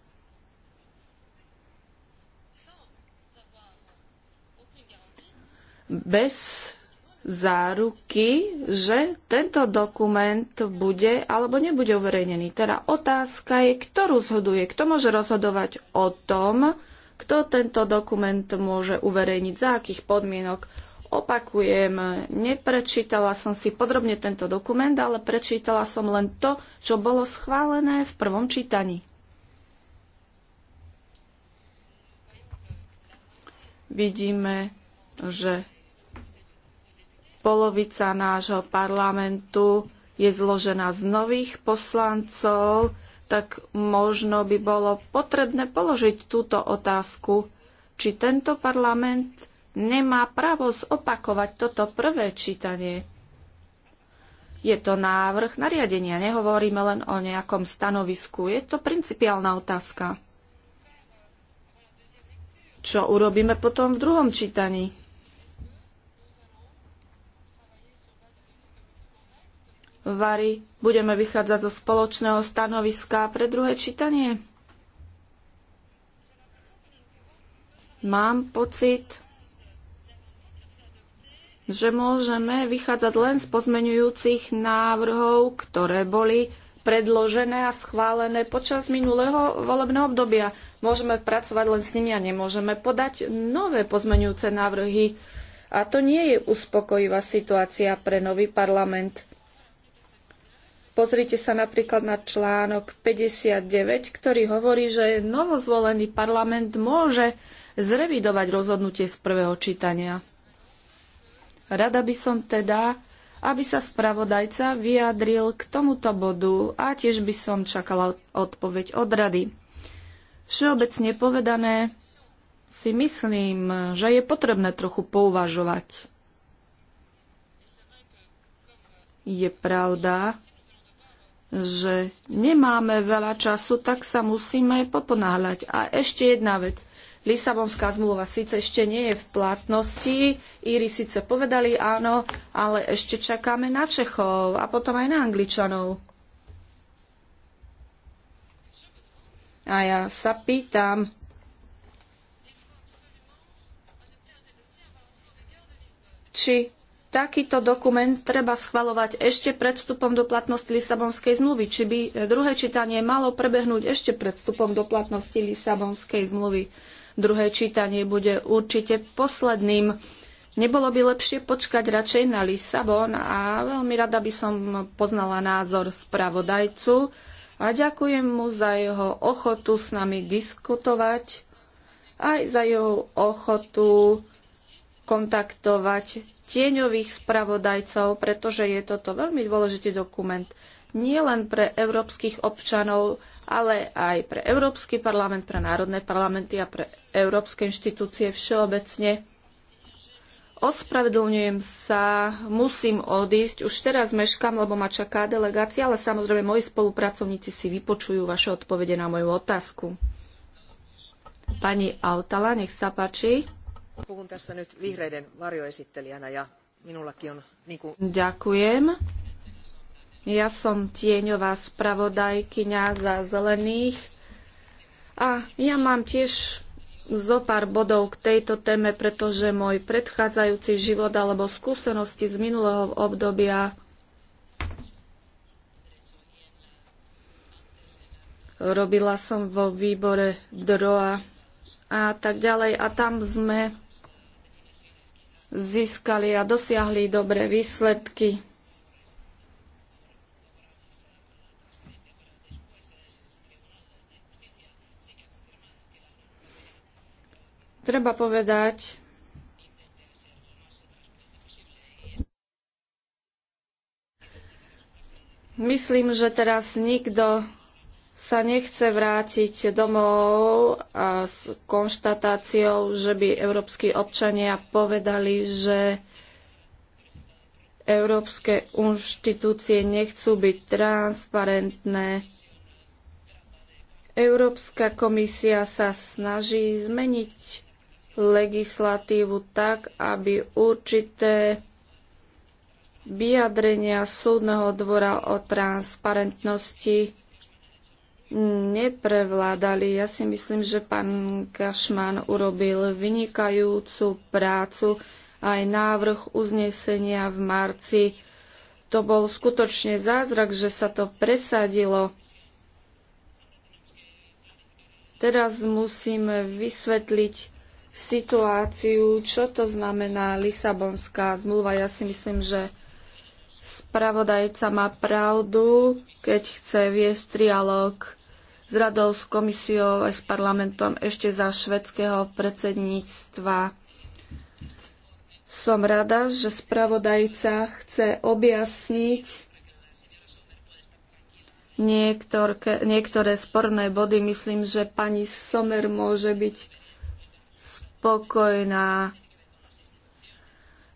Bez záruky, že tento dokument bude alebo nebude uverejnený. Teda otázka je, kto rozhoduje, kto môže rozhodovať o tom, kto tento dokument môže uverejniť, za akých podmienok. Opakujem, neprečítala som si podrobne tento dokument, ale prečítala som len to, čo bolo schválené v prvom čítaní. Vidíme, že Polovica nášho parlamentu je zložená z nových poslancov, tak možno by bolo potrebné položiť túto otázku, či tento parlament nemá právo zopakovať toto prvé čítanie. Je to návrh nariadenia, nehovoríme len o nejakom stanovisku. Je to principiálna otázka. Čo urobíme potom v druhom čítaní? Vary budeme vychádzať zo spoločného stanoviska pre druhé čítanie? Mám pocit, že môžeme vychádzať len z pozmenujúcich návrhov, ktoré boli predložené a schválené počas minulého volebného obdobia. Môžeme pracovať len s nimi a nemôžeme podať nové pozmenujúce návrhy. A to nie je uspokojivá situácia pre nový parlament. Pozrite sa napríklad na článok 59, ktorý hovorí, že novozvolený parlament môže zrevidovať rozhodnutie z prvého čítania. Rada by som teda, aby sa spravodajca vyjadril k tomuto bodu a tiež by som čakala odpoveď od rady. Všeobecne povedané si myslím, že je potrebné trochu pouvažovať. Je pravda, že nemáme veľa času, tak sa musíme poponáhľať. A ešte jedna vec. Lisabonská zmluva síce ešte nie je v platnosti, Íri síce povedali áno, ale ešte čakáme na Čechov a potom aj na Angličanov. A ja sa pýtam, či takýto dokument treba schvalovať ešte pred vstupom do platnosti Lisabonskej zmluvy? Či by druhé čítanie malo prebehnúť ešte pred vstupom do platnosti Lisabonskej zmluvy? Druhé čítanie bude určite posledným. Nebolo by lepšie počkať radšej na Lisabon a veľmi rada by som poznala názor spravodajcu a ďakujem mu za jeho ochotu s nami diskutovať, aj za jeho ochotu kontaktovať tieňových spravodajcov, pretože je toto veľmi dôležitý dokument nie len pre európskych občanov, ale aj pre Európsky parlament, pre národné parlamenty a pre európske inštitúcie všeobecne. Ospravedlňujem sa, musím odísť. Už teraz meškam, lebo ma čaká delegácia, ale samozrejme moji spolupracovníci si vypočujú vaše odpovede na moju otázku. Pani Autala, nech sa páči. Puhun tässä nyt vihreiden varjoesittelijänä ja minullakin on... Niin kuin... Ďakujem. Ja som tieňová spravodajkyňa za zelených a ja mám tiež zo pár bodov k tejto téme, pretože môj predchádzajúci život alebo skúsenosti z minulého obdobia robila som vo výbore DROA a tak ďalej. A tam sme získali a dosiahli dobré výsledky. Treba povedať, myslím, že teraz nikto sa nechce vrátiť domov a s konštatáciou, že by európsky občania povedali, že európske inštitúcie nechcú byť transparentné. Európska komisia sa snaží zmeniť legislatívu tak, aby určité vyjadrenia súdneho dvora o transparentnosti neprevládali. Ja si myslím, že pán Kašman urobil vynikajúcu prácu aj návrh uznesenia v marci. To bol skutočne zázrak, že sa to presadilo. Teraz musím vysvetliť situáciu, čo to znamená Lisabonská zmluva. Ja si myslím, že spravodajca má pravdu, keď chce viesť trialóg s radou, s komisiou aj s parlamentom ešte za švedského predsedníctva. Som rada, že spravodajca chce objasniť niektorke, niektoré sporné body. Myslím, že pani Somer môže byť spokojná.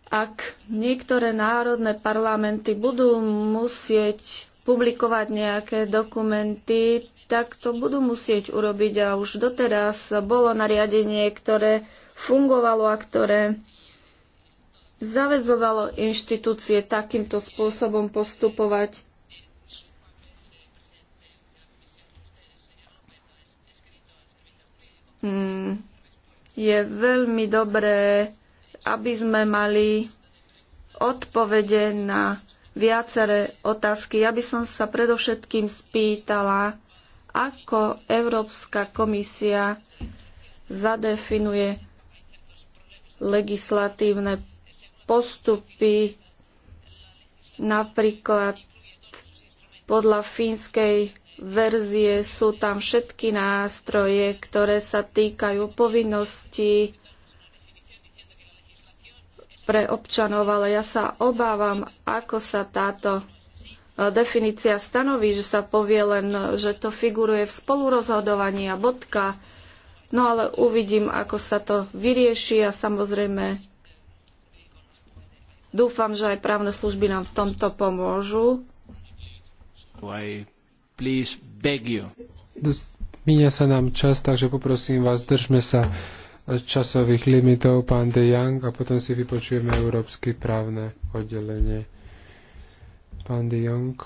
Ak niektoré národné parlamenty budú musieť publikovať nejaké dokumenty, tak to budú musieť urobiť. A už doteraz bolo nariadenie, ktoré fungovalo a ktoré zavezovalo inštitúcie takýmto spôsobom postupovať. Hmm. Je veľmi dobré, aby sme mali odpovede na viaceré otázky. Ja by som sa predovšetkým spýtala, ako Európska komisia zadefinuje legislatívne postupy, napríklad podľa fínskej verzie sú tam všetky nástroje, ktoré sa týkajú povinností pre občanov, ale ja sa obávam, ako sa táto E, definícia stanoví, že sa povie len, že to figuruje v spolurozhodovaní a bodka. No ale uvidím, ako sa to vyrieši a samozrejme dúfam, že aj právne služby nám v tomto pomôžu. please beg you. Míňa sa nám čas, takže poprosím vás, držme sa časových limitov, pán De Young, a potom si vypočujeme Európsky právne oddelenie. Pán De Jong,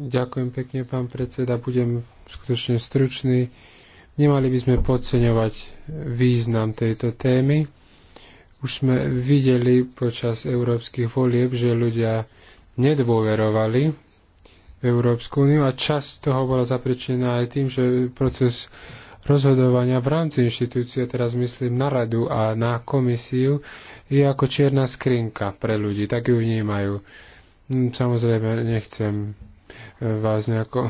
ďakujem pekne, pán predseda. Budem skutočne stručný. Nemali by sme podceňovať význam tejto témy. Už sme videli počas európskych volieb, že ľudia nedôverovali v Európsku úniu a časť toho bola zapričená aj tým, že proces rozhodovania v rámci inštitúcie, teraz myslím na radu a na komisiu, je ako čierna skrinka pre ľudí, tak ju vnímajú. Hm, samozrejme, nechcem eh, vás nejako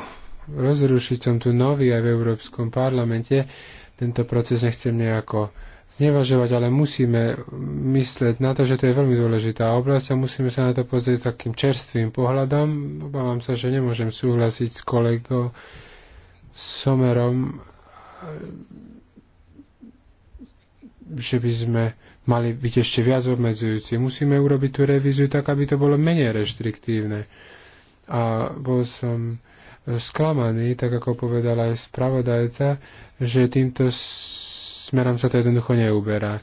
rozrušiť, som tu nový aj v Európskom parlamente. Tento proces nechcem nejako znevažovať, ale musíme myslieť na to, že to je veľmi dôležitá oblasť a musíme sa na to pozrieť takým čerstvým pohľadom. Obávam sa, že nemôžem súhlasiť s kolegou Somerom, eh, že by sme mali byť ešte viac obmedzujúci. Musíme urobiť tú revíziu tak, aby to bolo menej reštriktívne. A bol som sklamaný, tak ako povedal aj spravodajca, že týmto smerom sa to jednoducho neuberá.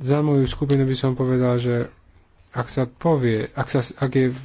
za moju skupinu by som povedal, že ak sa povie, ak, sa, ak je v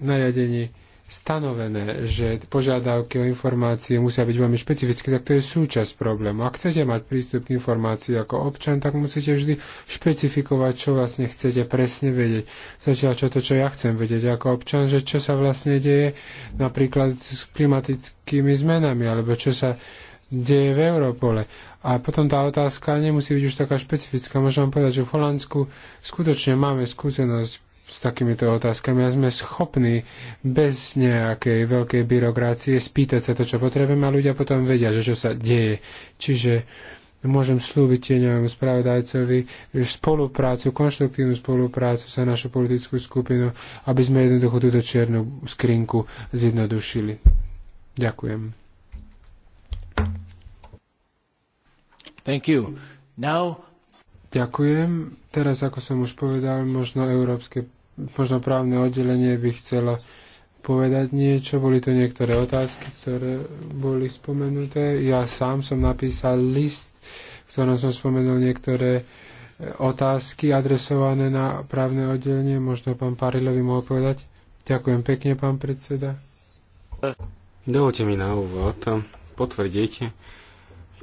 nariadení stanovené, že požiadavky o informácie musia byť veľmi špecifické, tak to je súčasť problému. Ak chcete mať prístup k informácii ako občan, tak musíte vždy špecifikovať, čo vlastne chcete presne vedieť. Zatiaľ čo to, čo ja chcem vedieť ako občan, že čo sa vlastne deje napríklad s klimatickými zmenami, alebo čo sa deje v Európole. A potom tá otázka nemusí byť už taká špecifická. Môžem vám povedať, že v Holandsku skutočne máme skúsenosť s takýmito otázkami a sme schopní bez nejakej veľkej byrokracie spýtať sa to, čo potrebujeme a ľudia potom vedia, že čo sa deje. Čiže môžem slúbiť tieňovému spravodajcovi spoluprácu, konštruktívnu spoluprácu sa našu politickú skupinu, aby sme jednoducho túto čiernu skrinku zjednodušili. Ďakujem. Thank you. Now... Ďakujem. Teraz, ako som už povedal, možno Európske možno právne oddelenie by chcelo povedať niečo. Boli to niektoré otázky, ktoré boli spomenuté. Ja sám som napísal list, v ktorom som spomenul niektoré e, otázky adresované na právne oddelenie. Možno pán Parilovi mohol povedať. Ďakujem pekne, pán predseda. Dovolte mi na úvod potvrdiť,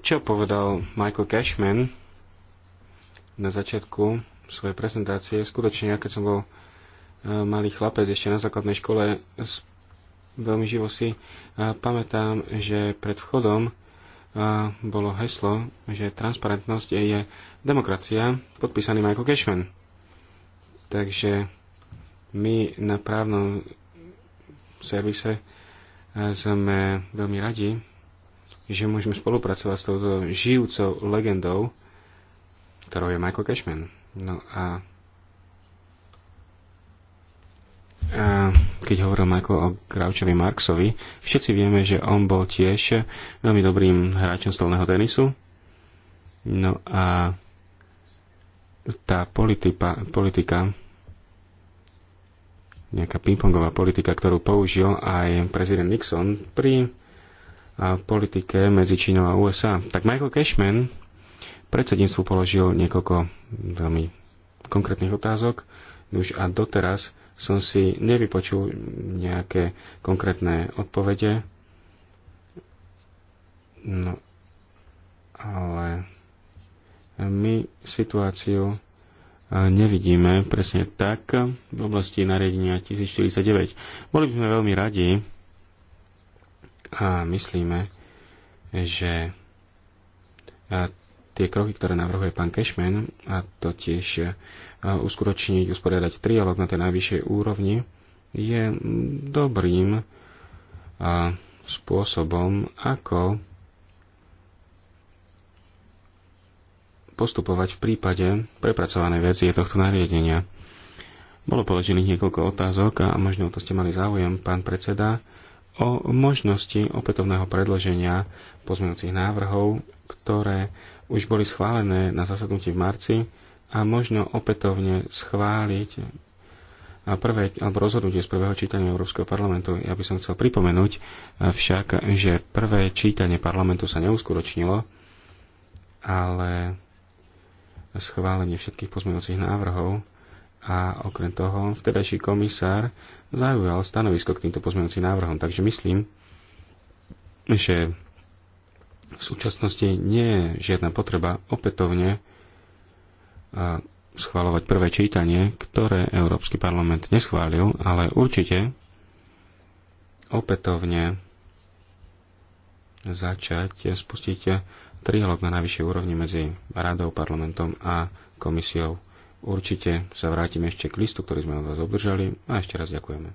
čo povedal Michael Cashman na začiatku svojej prezentácie. Skutočne, ja keď som bol Eh, malý chlapec ešte na základnej škole veľmi živo si eh, pamätám, že pred vchodom eh, bolo heslo, že transparentnosť je demokracia, podpísaný Michael Cashman. Takže my na právnom servise sme veľmi radi, že môžeme spolupracovať s touto žijúcou legendou, ktorou je Michael Cashman. No a A keď hovoril Michael o Grouchovi Marksovi, všetci vieme, že on bol tiež veľmi dobrým hráčom stolného tenisu. No a tá politika, politika nejaká pingpongová politika, ktorú použil aj prezident Nixon pri politike medzi Čínou a USA. Tak Michael Cashman predsedníctvu položil niekoľko veľmi konkrétnych otázok. Už a doteraz som si nevypočul nejaké konkrétne odpovede. No, ale my situáciu e, nevidíme presne tak v oblasti nariadenia 1049. Boli by sme veľmi radi a myslíme, že e, tie kroky, ktoré navrhuje pán Cashman, a to tiež e, uskutočniť, usporiadať trialog na tej najvyššej úrovni, je dobrým spôsobom, ako postupovať v prípade prepracovanej verzie tohto nariadenia. Bolo položených niekoľko otázok a možno to ste mali záujem, pán predseda, o možnosti opätovného predloženia pozmeňujúcich návrhov, ktoré už boli schválené na zasadnutí v marci a možno opätovne schváliť prvé, alebo rozhodnutie z prvého čítania Európskeho parlamentu. Ja by som chcel pripomenúť eh, však, že prvé čítanie parlamentu sa neuskutočnilo, ale schválenie všetkých pozmeňujúcich návrhov a okrem toho vtedajší komisár zaujal stanovisko k týmto pozmeňujúcim návrhom. Takže myslím, že v súčasnosti nie je žiadna potreba opätovne schváľovať prvé čítanie, ktoré Európsky parlament neschválil, ale určite opätovne začať, spustiť trialog na najvyššej úrovni medzi Radou, parlamentom a komisiou. Určite sa vrátime ešte k listu, ktorý sme od vás obdržali a ešte raz ďakujeme.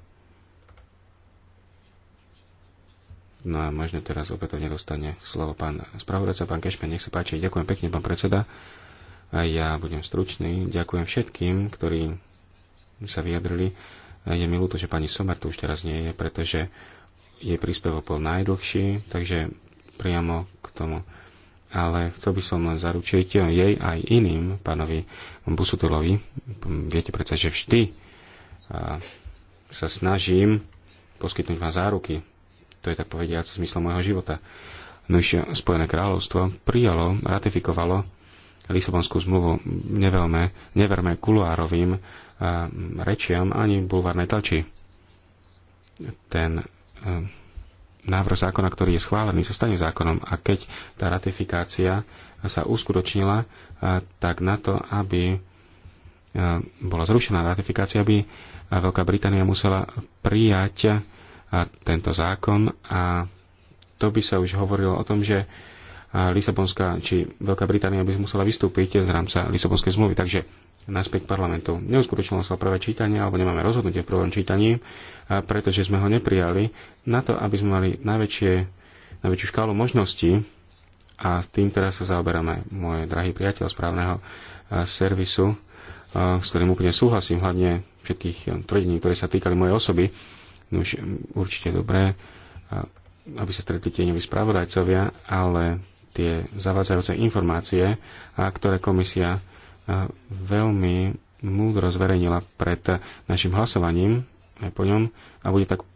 No a možno teraz opätovne dostane slovo pán spravodajca, pán Kešpe, nech sa páči. Ďakujem pekne, pán predseda. A ja budem stručný. Ďakujem všetkým, ktorí sa vyjadrili. Je mi ľúto, že pani Somer tu už teraz nie je, pretože jej príspevok bol najdlhší, takže priamo k tomu. Ale chcel by som zaručiť jej aj iným, pánovi Busutilovi. Viete predsa, že vždy sa snažím poskytnúť vám záruky. To je tak povediať zmyslom môjho života. Nož Spojené kráľovstvo prijalo, ratifikovalo Lisabonskú zmluvu. Neverme, neverme kuluárovým eh, rečiam ani bulvárnej tlači. Ten eh, návrh zákona, ktorý je schválený, sa stane zákonom. A keď tá ratifikácia sa uskutočnila, eh, tak na to, aby bola zrušená ratifikácia, by Veľká Británia musela prijať tento zákon a to by sa už hovorilo o tom, že Lisabonská či Veľká Británia by musela vystúpiť z rámca Lisabonskej zmluvy. Takže naspäť parlamentu. Neuskutočnilo sa prvé čítanie, alebo nemáme rozhodnutie v prvom čítaní, pretože sme ho neprijali na to, aby sme mali najväčšie, najväčšiu škálu možností a s tým teraz sa zaoberáme. Môj drahý priateľ správneho servisu, s ktorým úplne súhlasím, hlavne všetkých tvrdení, ktoré sa týkali mojej osoby, no už mm, určite dobré, aby sa stretli tieňoví spravodajcovia, ale tie zavádzajúce informácie, a ktoré komisia veľmi múdro zverejnila pred našim hlasovaním aj po ňom a bude tak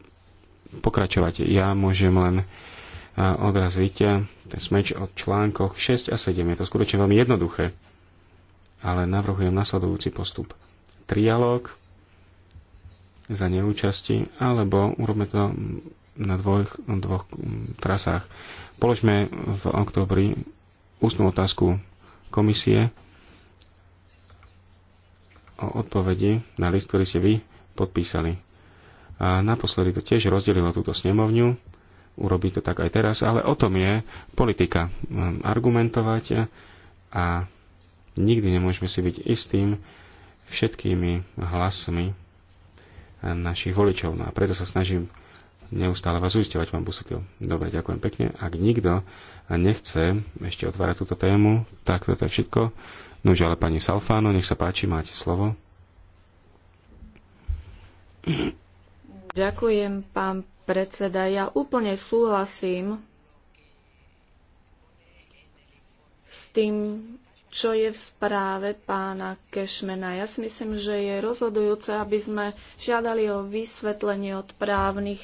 pokračovať. Ja môžem len odraziť ten smeč od článkoch 6 a 7. Je to skutočne veľmi jednoduché, ale navrhujem nasledujúci postup. Trialóg za neúčasti, alebo urobme to na dvoch, dvoch mm, trasách. Položme v oktobri ústnu otázku komisie o odpovedi na list, ktorý ste vy podpísali. A naposledy to tiež rozdelilo túto snemovňu, urobí to tak aj teraz, ale o tom je politika. Argumentovať a nikdy nemôžeme si byť istým všetkými hlasmi našich voličov. No a preto sa snažím neustále vás uisťovať, pán Busutil. Dobre, ďakujem pekne. Ak nikto nechce ešte otvárať túto tému, tak toto je všetko. Nož ale pani Salfáno, nech sa páči, máte slovo. Ďakujem, pán predseda. Ja úplne súhlasím s tým, čo je v správe pána Kešmena. Ja si myslím, že je rozhodujúce, aby sme žiadali o vysvetlenie od právnych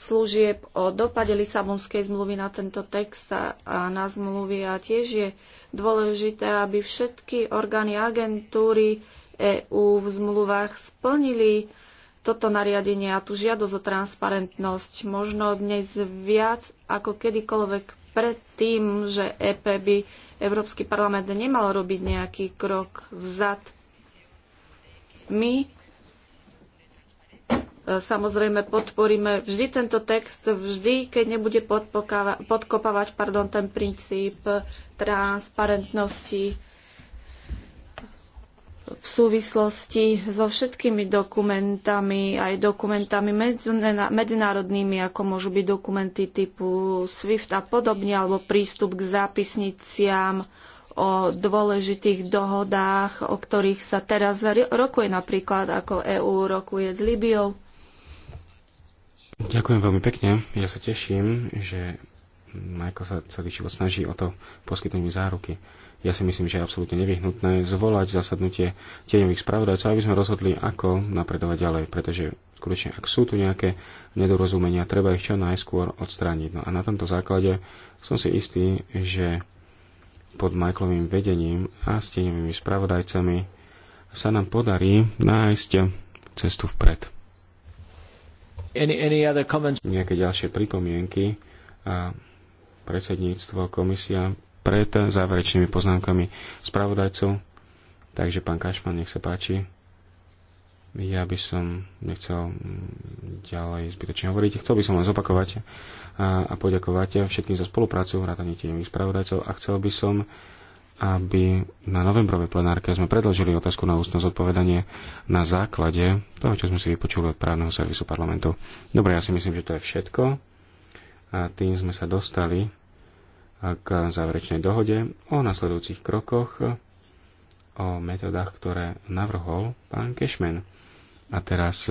služieb o dopade Lisabonskej zmluvy na tento text a, na zmluvy a tiež je dôležité, aby všetky orgány agentúry EÚ v zmluvách splnili toto nariadenie a tú žiadosť o transparentnosť. Možno dnes viac ako kedykoľvek predtým, že EP by Európsky parlament nemal robiť nejaký krok vzad. My E, samozrejme podporíme vždy tento text, vždy, keď nebude podkopávať pardon, ten princíp transparentnosti v súvislosti so všetkými dokumentami, aj dokumentami medzinárodnými, ako môžu byť dokumenty typu SWIFT a podobne, alebo prístup k zápisniciam o dôležitých dohodách, o ktorých sa teraz rokuje napríklad, ako EÚ rokuje s Libiou. Ďakujem veľmi pekne. Ja sa teším, že Michael sa celý život snaží o to poskytnúť záruky. Ja si myslím, že je absolútne nevyhnutné zvolať zasadnutie tieňových spravodajcov, aby sme rozhodli, ako napredovať ďalej, pretože skutočne, ak sú tu nejaké nedorozumenia, treba ich čo najskôr odstrániť. No a na tomto základe som si istý, že pod Michaelovým vedením a s tieňovými spravodajcami sa nám podarí nájsť cestu vpred. Any, any other comments? Nejaké ďalšie pripomienky a predsedníctvo, komisia pred záverečnými poznámkami spravodajcov. Takže pán Kašman, nech sa páči. Ja by som nechcel mm, ďalej zbytočne hovoriť. Chcel by som len zopakovať a, a poďakovať všetkým za spoluprácu, vrátanie tieňových spravodajcov a chcel by som aby na novembrovej plenárke sme predložili otázku na ústne zodpovedanie na základe toho, čo sme si vypočuli od právneho servisu parlamentu. Dobre, ja si myslím, že to je všetko. A tým sme sa dostali k záverečnej dohode o nasledujúcich krokoch, o metodách, ktoré navrhol pán Kešmen. A teraz,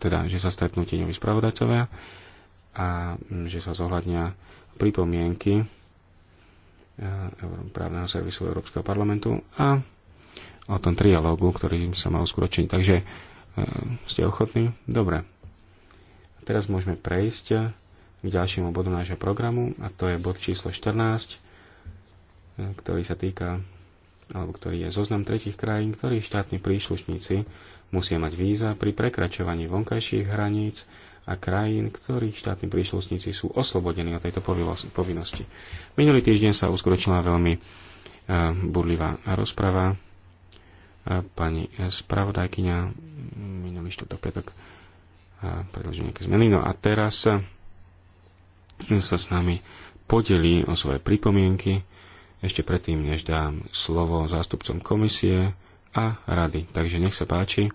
teda, že sa stretnú tieňoví spravodajcovia a že sa zohľadnia pripomienky E, právneho servisu Európskeho parlamentu a o tom trialógu, ktorý sa má uskutočniť. Takže e, ste ochotní? Dobre. Teraz môžeme prejsť k ďalšiemu bodu nášho programu a to je bod číslo 14, e, ktorý sa týka alebo ktorý je zoznam tretich krajín, ktorých štátni príslušníci musia mať víza pri prekračovaní vonkajších hraníc a krajín, ktorých štátni príslušníci sú oslobodení od tejto povinnosti. Minulý týždeň sa uskutočnila veľmi e, burlivá rozprava. E, pani spravodajkyňa minulý štvrtok piatok e, predložil nejaké zmeny. No a teraz sa s nami podelí o svoje pripomienky ešte predtým, než dám slovo zástupcom komisie a rady. Takže nech sa páči.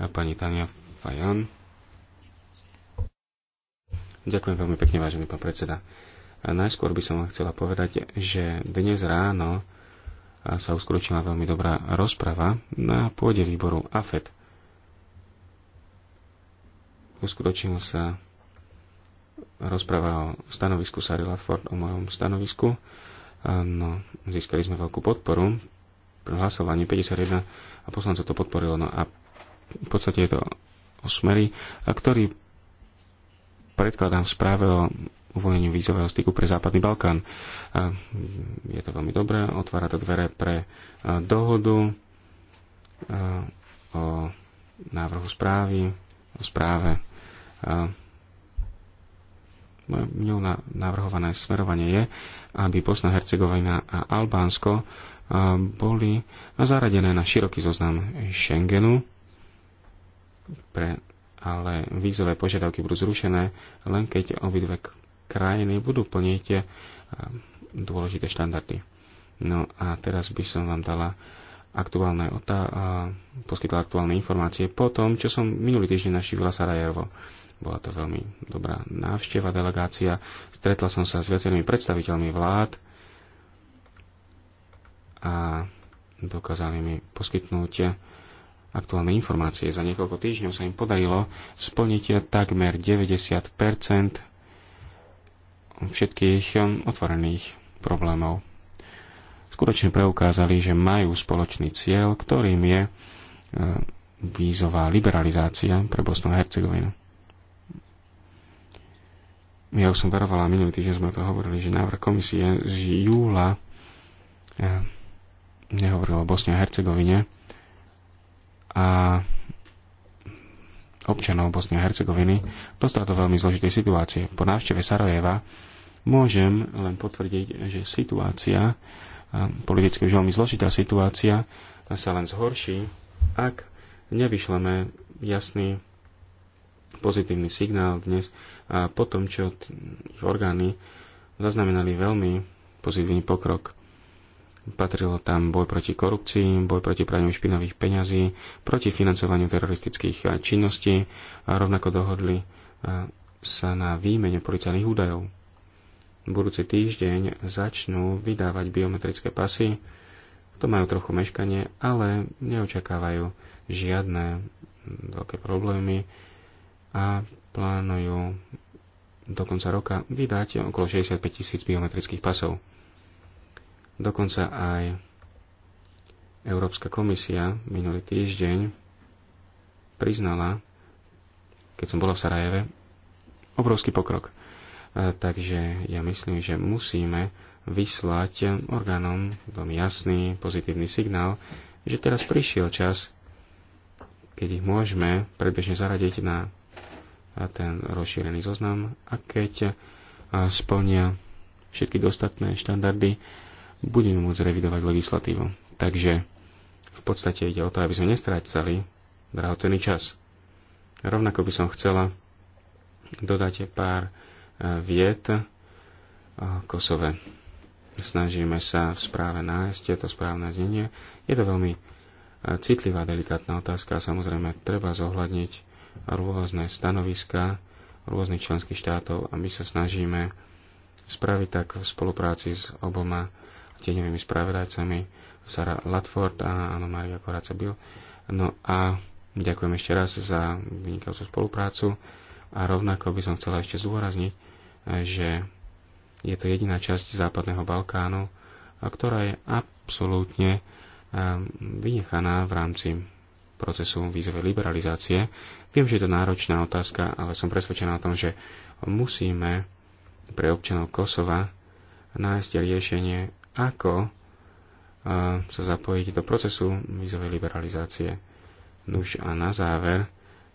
A pani Tania Fajan Ďakujem veľmi pekne, vážený pán predseda. A najskôr by som chcela povedať, že dnes ráno sa uskutočnila veľmi dobrá rozprava na pôde výboru AFED. Uskutočnila sa rozpráva o stanovisku Sary Latford, o mojom stanovisku. No, získali sme veľkú podporu. Pre hlasovanie 51 a poslanca to podporilo. No a v podstate je to o smery, a ktorý predkladám v správe o uvoľnení vízového styku pre Západný Balkán. Je to veľmi dobré, otvára to dvere pre dohodu o návrhu správy, o správe. Mňou no, navrhované smerovanie je, aby Bosna, Hercegovina a Albánsko boli zaradené na široký zoznam Schengenu pre ale vízové požiadavky budú zrušené len keď obidve krajiny budú plniť eh, dôležité štandardy. No a teraz by som vám dala aktuálne otá- poskytla aktuálne informácie po tom, čo som minulý týždeň navštívila Sarajevo. Bola to veľmi dobrá návšteva, delegácia. Stretla som sa s viacerými predstaviteľmi vlád a dokázali mi poskytnúť aktuálne informácie. Za niekoľko týždňov sa im podarilo splniť takmer 90 všetkých otvorených problémov. Skutočne preukázali, že majú spoločný cieľ, ktorým je e, vízová liberalizácia pre Bosnu a Hercegovinu. Ja už som varovala, minulý týždeň sme to hovorili, že návrh komisie z júla e, nehovoril o Bosne a Hercegovine a občanov Bosne a Hercegoviny dostal do veľmi zložitej situácie. Po návšteve Sarajeva môžem len potvrdiť, že situácia, politicky už veľmi zložitá situácia, sa len zhorší, ak nevyšleme jasný pozitívny signál dnes a po tom, čo ich orgány zaznamenali veľmi pozitívny pokrok. Patrilo tam boj proti korupcii, boj proti praniu špinavých peňazí, proti financovaniu teroristických eh, činností a rovnako dohodli eh, sa na výmene policajných údajov. Budúci týždeň začnú vydávať biometrické pasy, to majú trochu meškanie, ale neočakávajú žiadne mm, veľké problémy a plánujú do konca roka vydať okolo 65 tisíc biometrických pasov. Dokonca aj Európska komisia minulý týždeň priznala, keď som bola v Sarajeve, obrovský pokrok. E, takže ja myslím, že musíme vyslať orgánom veľmi jasný, pozitívny signál, že teraz prišiel čas, keď ich môžeme predbežne zaradiť na ten rozšírený zoznam a keď e, splnia všetky dostatné štandardy, budeme môcť revidovať legislatívu. Takže v podstate ide o to, aby sme nestrácali drahocený čas. Rovnako by som chcela dodať pár e, viet o e, Kosove. Snažíme sa v správe nájsť tieto správne znenie. Je to veľmi e, citlivá, delikátna otázka samozrejme treba zohľadniť rôzne stanoviská rôznych členských štátov a my sa snažíme spraviť tak v spolupráci s oboma tieňovými spravodajcami Sara Latford a Anna Maria Koráca Bill. No a ďakujem ešte raz za vynikajúcu spoluprácu a rovnako by som chcela ešte zdôrazniť, že je to jediná časť Západného Balkánu, ktorá je absolútne ehm, vynechaná v rámci procesu vízovej liberalizácie. Viem, že je to náročná otázka, ale som presvedčená o tom, že musíme pre občanov Kosova nájsť riešenie ako sa zapojiť do procesu vízovej liberalizácie. Nuž a na záver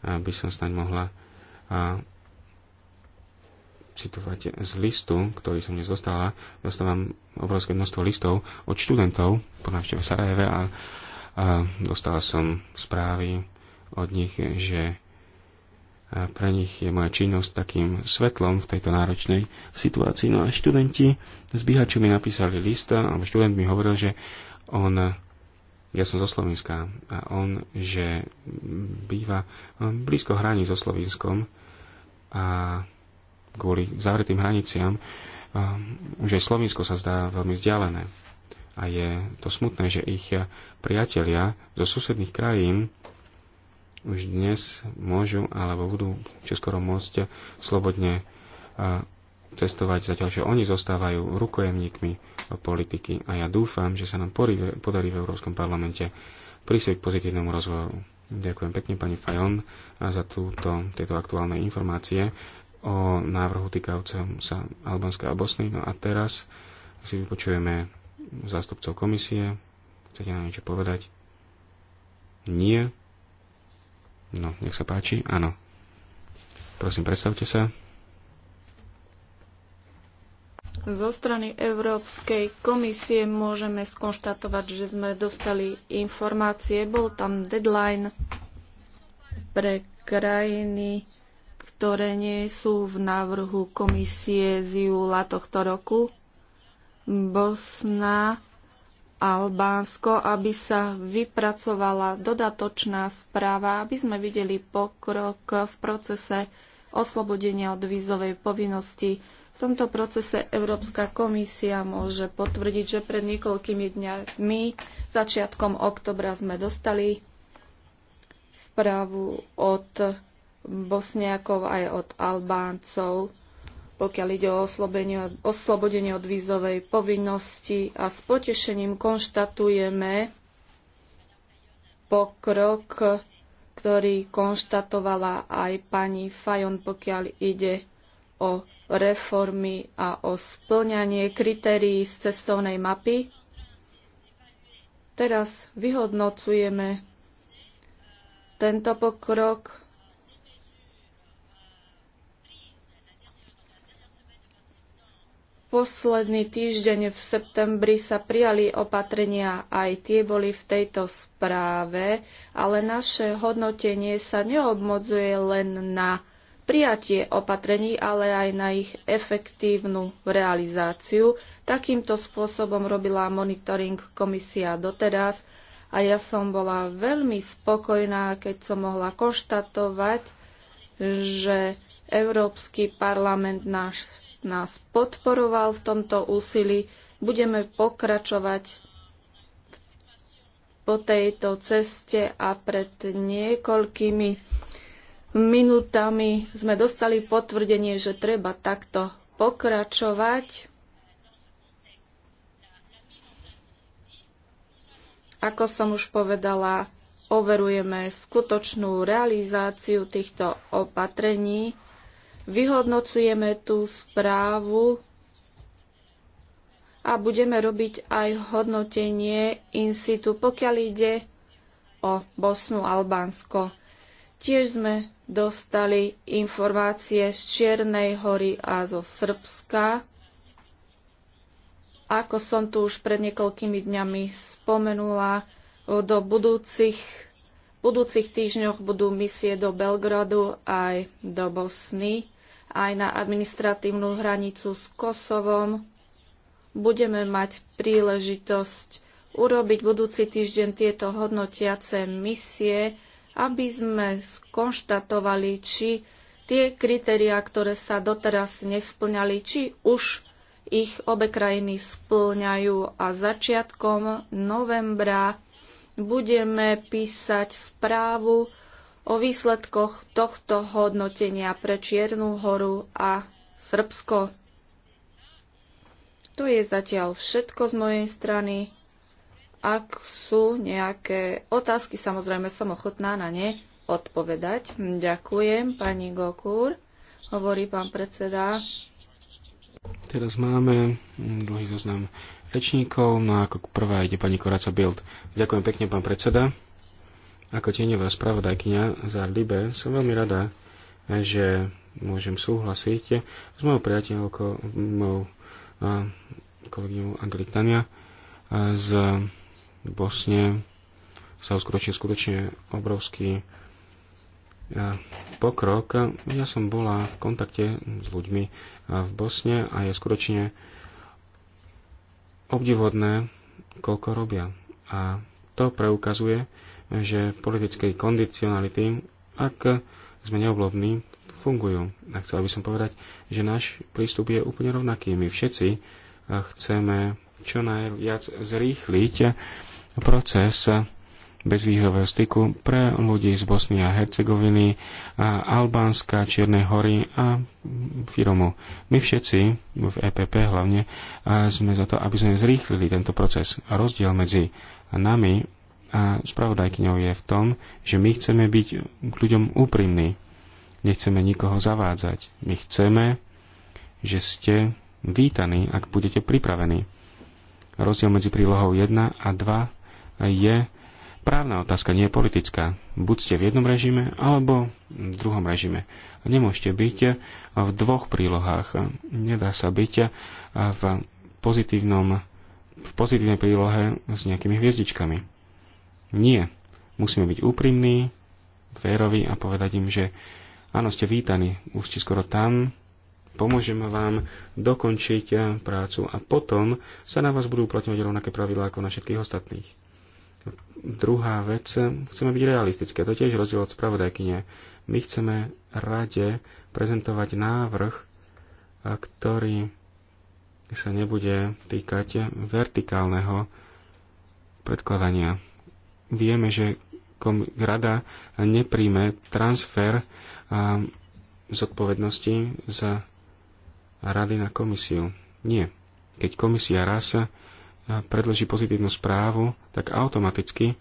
by som snaď mohla citovať z listu, ktorý som dnes dostala. Dostávam obrovské množstvo listov od študentov po návšteve Sarajeve a, a dostala som správy od nich, že a pre nich je moja činnosť takým svetlom v tejto náročnej situácii. No a študenti z Bihaču mi napísali lista, alebo študent mi hovoril, že on, ja som zo Slovenska, a on, že býva no, blízko hraní so Slovenskom a kvôli zavretým hraniciam um, už aj Slovensko sa zdá veľmi vzdialené. A je to smutné, že ich priatelia zo susedných krajín už dnes môžu alebo budú čoskoro môcť slobodne cestovať, zatiaľ že oni zostávajú rukojemníkmi politiky. A ja dúfam, že sa nám podarí v Európskom parlamente prispieť k pozitívnemu rozvoju. Ďakujem pekne pani Fajon za túto, tieto aktuálne informácie o návrhu týkajúcom sa Albánska a Bosny. No a teraz si vypočujeme zástupcov komisie. Chcete nám niečo povedať? Nie. No, nech sa páči, áno. Prosím, predstavte sa. Zo strany Európskej komisie môžeme skonštatovať, že sme dostali informácie. Bol tam deadline pre krajiny, ktoré nie sú v návrhu komisie z júla tohto roku. Bosna, Albánsko, aby sa vypracovala dodatočná správa, aby sme videli pokrok v procese oslobodenia od vízovej povinnosti. V tomto procese Európska komisia môže potvrdiť, že pred niekoľkými dňami, začiatkom oktobra, sme dostali správu od Bosniakov aj od Albáncov pokiaľ ide o oslobodenie od vízovej povinnosti a s potešením konštatujeme pokrok, ktorý konštatovala aj pani Fajon, pokiaľ ide o reformy a o splňanie kritérií z cestovnej mapy. Teraz vyhodnocujeme tento pokrok posledný týždeň v septembri sa prijali opatrenia, aj tie boli v tejto správe, ale naše hodnotenie sa neobmodzuje len na prijatie opatrení, ale aj na ich efektívnu realizáciu. Takýmto spôsobom robila monitoring komisia doteraz a ja som bola veľmi spokojná, keď som mohla konštatovať, že Európsky parlament náš nás podporoval v tomto úsilí. Budeme pokračovať po tejto ceste a pred niekoľkými minutami sme dostali potvrdenie, že treba takto pokračovať. Ako som už povedala, overujeme skutočnú realizáciu týchto opatrení Vyhodnocujeme tú správu a budeme robiť aj hodnotenie in situ, pokiaľ ide o Bosnu Albánsko. Tiež sme dostali informácie z Čiernej hory a zo Srbska. Ako som tu už pred niekoľkými dňami spomenula, do budúcich, budúcich týždňoch budú misie do Belgradu aj do Bosny aj na administratívnu hranicu s Kosovom. Budeme mať príležitosť urobiť budúci týždeň tieto hodnotiace misie, aby sme skonštatovali, či tie kritériá, ktoré sa doteraz nesplňali, či už ich obe krajiny splňajú a začiatkom novembra budeme písať správu o výsledkoch tohto hodnotenia pre Čiernu horu a Srbsko. To je zatiaľ všetko z mojej strany. Ak sú nejaké otázky, samozrejme som ochotná na ne odpovedať. Ďakujem, pani Gokur, hovorí pán predseda. Teraz máme dlhý zoznam rečníkov, no a ako prvá ide pani Koraca Bild. Ďakujem pekne, pán predseda. Ako tieňová spravodajkyňa za Libe som veľmi rada, že môžem súhlasiť s mojou priateľkou, mojou kolegyňou Anglitania z Bosne sa uskutočnil skutočne obrovský pokrok. Ja som bola v kontakte s ľuďmi v Bosne a je skutočne obdivodné, koľko robia. A to preukazuje, že politickej kondicionality, ak sme neoblovní, fungujú. A chcel by som povedať, že náš prístup je úplne rovnaký. My všetci eh, chceme čo najviac zrýchliť proces bezvýhového styku pre ľudí z Bosny a Hercegoviny, a eh, Albánska, Čiernej hory a Firomu. My všetci v EPP hlavne eh, sme za to, aby sme zrýchlili tento proces. A rozdiel medzi nami a spravodajkňou je v tom, že my chceme byť k ľuďom úprimní. Nechceme nikoho zavádzať. My chceme, že ste vítaní, ak budete pripravení. Rozdiel medzi prílohou 1 a 2 je právna otázka, nie je politická. Buď ste v jednom režime, alebo v druhom režime. Nemôžete byť v dvoch prílohách. Nedá sa byť v pozitívnom v pozitívnej prílohe s nejakými hviezdičkami nie. Musíme byť úprimní, féroví a povedať im, že áno, ste vítaní, už ste skoro tam, pomôžeme vám dokončiť eh, prácu a potom sa na vás budú uplatňovať rovnaké pravidlá ako na všetkých ostatných. Druhá vec, eh, chceme byť realistické, to tiež rozdiel od spravodajkyne. My chceme rade prezentovať návrh, eh, ktorý sa nebude týkať vertikálneho predkladania vieme, že rada nepríjme transfer zodpovednosti z rady na komisiu. Nie. Keď komisia raz predloží pozitívnu správu, tak automaticky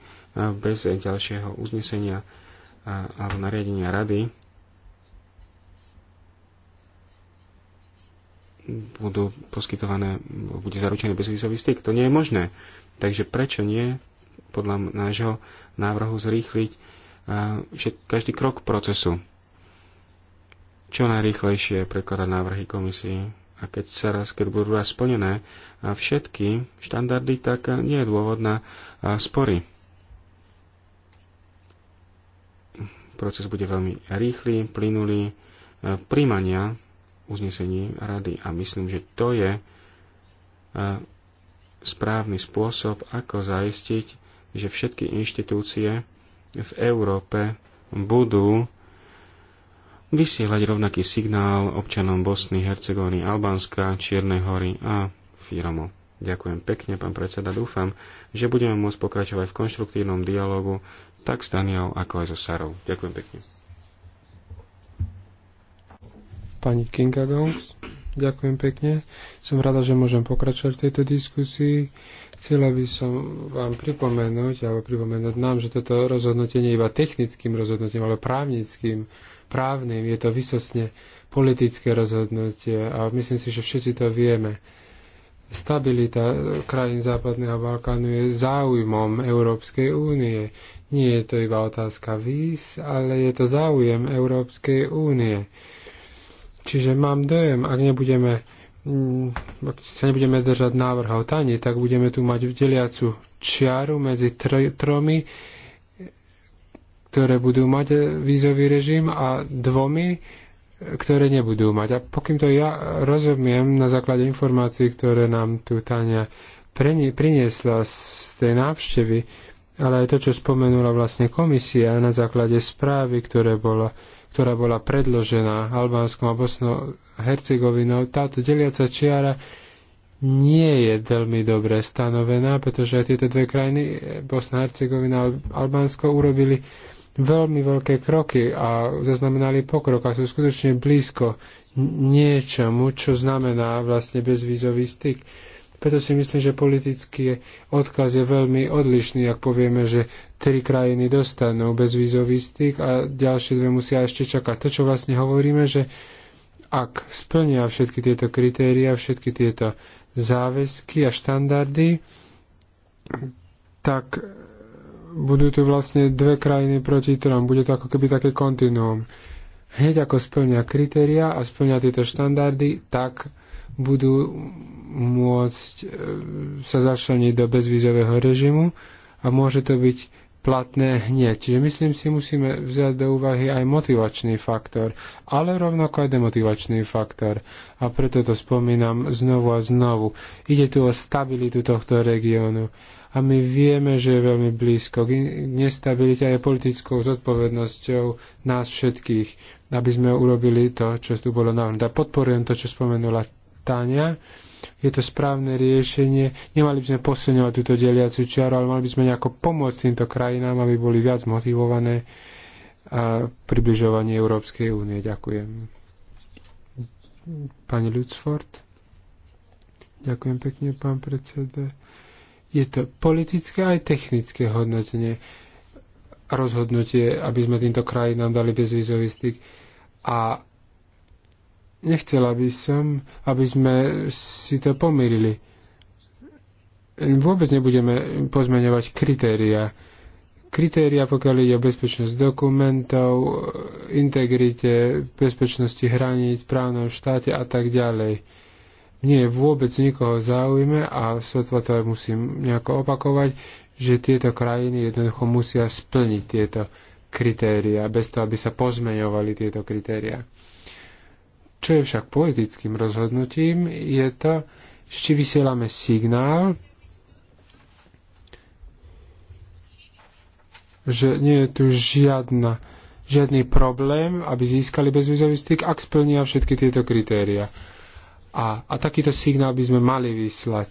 bez ďalšieho uznesenia alebo nariadenia rady budú poskytované, bude zaručený bezvýzový styk. To nie je možné. Takže prečo nie podľa nášho návrhu zrýchliť každý krok procesu. Čo najrýchlejšie prekladať návrhy komisii. A keď sa raz, keď budú raz splnené všetky štandardy, tak nie je dôvod na spory. Proces bude veľmi rýchly, plynulý, príjmania uznesení rady a myslím, že to je správny spôsob, ako zaistiť že všetky inštitúcie v Európe budú vysielať rovnaký signál občanom Bosny, Hercegoviny, Albánska, Čiernej hory a Firomo. Ďakujem pekne, pán predseda. Dúfam, že budeme môcť pokračovať v konštruktívnom dialogu tak s Daniel, ako aj so Sarou. Ďakujem pekne. Pani Kinga Gons, ďakujem pekne. Som rada, že môžem pokračovať v tejto diskusii. Chcela by som vám pripomenúť, alebo pripomenúť nám, že toto rozhodnutie nie je iba technickým rozhodnutím, ale právnickým, právnym. Je to vysosne politické rozhodnutie a myslím si, že všetci to vieme. Stabilita krajín Západného Balkánu je záujmom Európskej únie. Nie je to iba otázka víz, ale je to záujem Európskej únie. Čiže mám dojem, ak nebudeme Mm, ak sa nebudeme držať návrh o tani, tak budeme tu mať vdeliacu čiaru medzi tr- tromi, ktoré budú mať vízový režim a dvomi, ktoré nebudú mať. A pokým to ja rozumiem na základe informácií, ktoré nám tu Tania priniesla z tej návštevy, ale aj to, čo spomenula vlastne komisia na základe správy, ktoré bola, ktorá bola predložená Albánskom a Bosno, Hercegovinou, táto deliaca čiara nie je veľmi dobre stanovená, pretože tieto dve krajiny, eh, Bosna, Hercegovina a Albánsko, urobili veľmi veľké kroky a zaznamenali pokrok a sú skutočne blízko niečomu, čo znamená vlastne bezvízový styk. Preto si myslím, že politický odkaz je veľmi odlišný, ak povieme, že tri krajiny dostanú bezvízový styk a ďalšie dve musia ešte čakať. To, čo vlastne hovoríme, že ak splnia všetky tieto kritéria, všetky tieto záväzky a štandardy, tak budú tu vlastne dve krajiny proti trom. Bude to ako keby také kontinuum. Hneď ako splňa kritéria a splňa tieto štandardy, tak budú môcť e, sa začleniť do bezvízového režimu a môže to byť platné hneď. Čiže myslím si, musíme vziať do úvahy aj motivačný faktor, ale rovnako aj demotivačný faktor. A preto to spomínam znovu a znovu. Ide tu o stabilitu tohto regiónu. A my vieme, že je veľmi blízko k nestabilite je politickou zodpovednosťou nás všetkých, aby sme urobili to, čo tu bolo navrhnuté. Podporujem to, čo spomenula Tania je to správne riešenie. Nemali by sme posilňovať túto deliaciu čiaru, ale mali by sme nejako pomôcť týmto krajinám, aby boli viac motivované a približovanie Európskej únie. Ďakujem. Pani Lutzford. Ďakujem pekne, pán predseda. Je to politické aj technické hodnotenie rozhodnutie, aby sme týmto krajinám dali bezvýzový styk. A nechcela by som, aby sme si to pomýlili. Vôbec nebudeme pozmeňovať kritéria. Kritéria, pokiaľ ide o bezpečnosť dokumentov, integrite, bezpečnosti hraníc, právnom štáte a tak ďalej. Nie vôbec nikoho záujme a sotva to aj musím nejako opakovať, že tieto krajiny jednoducho musia splniť tieto kritéria, bez toho, aby sa pozmeňovali tieto kritéria. Čo je však poetickým rozhodnutím, je to, či vysielame signál, že nie je tu žiadna, žiadny problém, aby získali bezvizový styk, ak splnia všetky tieto kritéria. A, a takýto signál by sme mali vyslať.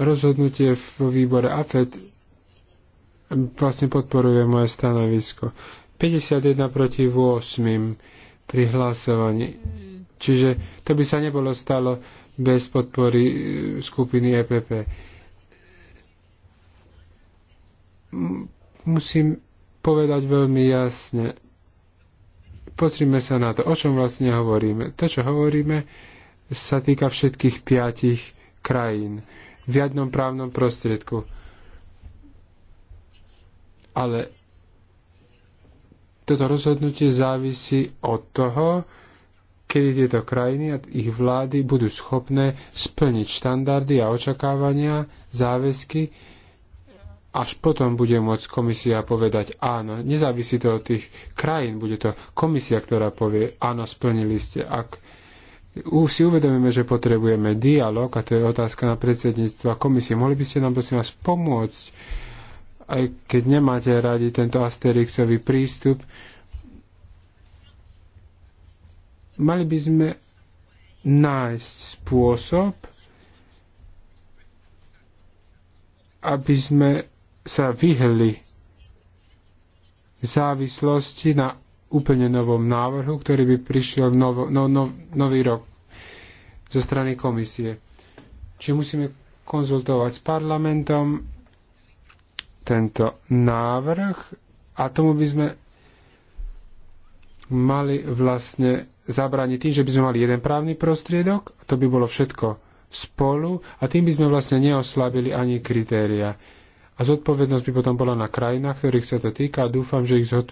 Rozhodnutie v výbore AFED vlastne podporuje moje stanovisko. 51 proti 8 pri hlasovaní. Čiže to by sa nebolo stalo bez podpory e, skupiny EPP. Musím povedať veľmi jasne. Pozrime sa na to, o čom vlastne hovoríme. To, čo hovoríme, sa týka všetkých piatich krajín v jednom právnom prostriedku ale toto rozhodnutie závisí od toho, kedy tieto krajiny a ich vlády budú schopné splniť štandardy a očakávania, záväzky, až potom bude môcť komisia povedať áno. Nezávisí to od tých krajín, bude to komisia, ktorá povie áno, splnili ste. Ak si uvedomíme, že potrebujeme dialog, a to je otázka na predsedníctva komisie, mohli by ste nám prosím vás pomôcť aj keď nemáte radi tento Asterixový prístup, mali by sme nájsť spôsob, aby sme sa vyhli závislosti na úplne novom návrhu, ktorý by prišiel v novo, no, no, nový rok zo strany komisie. Či musíme konzultovať s parlamentom, tento návrh a tomu by sme mali vlastne zabrániť tým, že by sme mali jeden právny prostriedok, to by bolo všetko spolu a tým by sme vlastne neoslabili ani kritéria. A zodpovednosť by potom bola na krajinách, ktorých sa to týka a dúfam, že ich zod...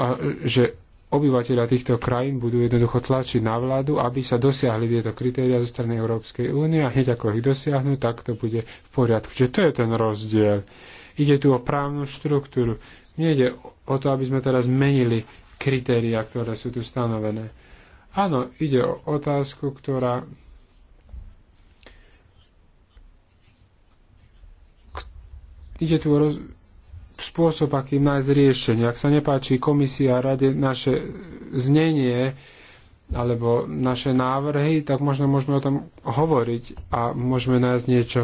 a, že obyvateľa týchto krajín budú jednoducho tlačiť na vládu, aby sa dosiahli tieto kritéria zo strany Európskej únie a hneď ako ich dosiahnu, tak to bude v poriadku. Čiže to je ten rozdiel. Ide tu o právnu štruktúru. Nejde o to, aby sme teraz menili kritéria, ktoré sú tu stanovené. Áno, ide o otázku, ktorá ide tu o roz, spôsob, akým nájsť riešenie. Ak sa nepáči komisia a rade naše znenie alebo naše návrhy, tak možno môžeme o tom hovoriť a môžeme nájsť niečo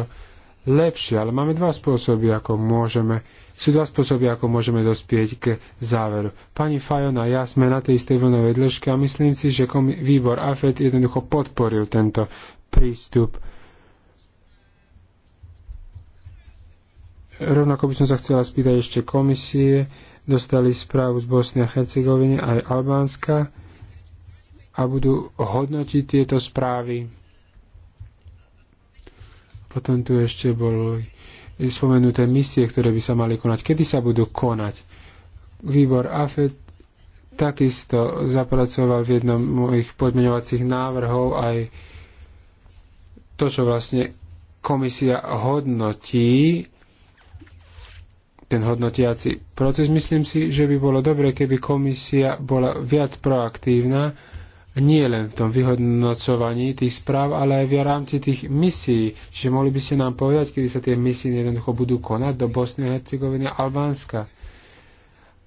lepšie. Ale máme dva spôsoby, ako môžeme, sú dva spôsoby, ako môžeme dospieť k záveru. Pani Fajona, ja sme na tej istej vlnovej dĺžke a myslím si, že výbor AFED jednoducho podporil tento prístup Rovnako by som sa chcela spýtať ešte komisie. Dostali správu z Bosny a Hercegoviny aj Albánska a budú hodnotiť tieto správy. Potom tu ešte boli eh, spomenuté misie, ktoré by sa mali konať. Kedy sa budú konať? Výbor AFED takisto zapracoval v jednom mojich podmeňovacích návrhov aj to, čo vlastne komisia hodnotí ten hodnotiaci proces. Myslím si, že by bolo dobre, keby komisia bola viac proaktívna, nie len v tom vyhodnocovaní tých správ, ale aj v rámci tých misií. Čiže mohli by ste nám povedať, kedy sa tie misie jednoducho budú konať do Bosny, Hercegoviny a Albánska.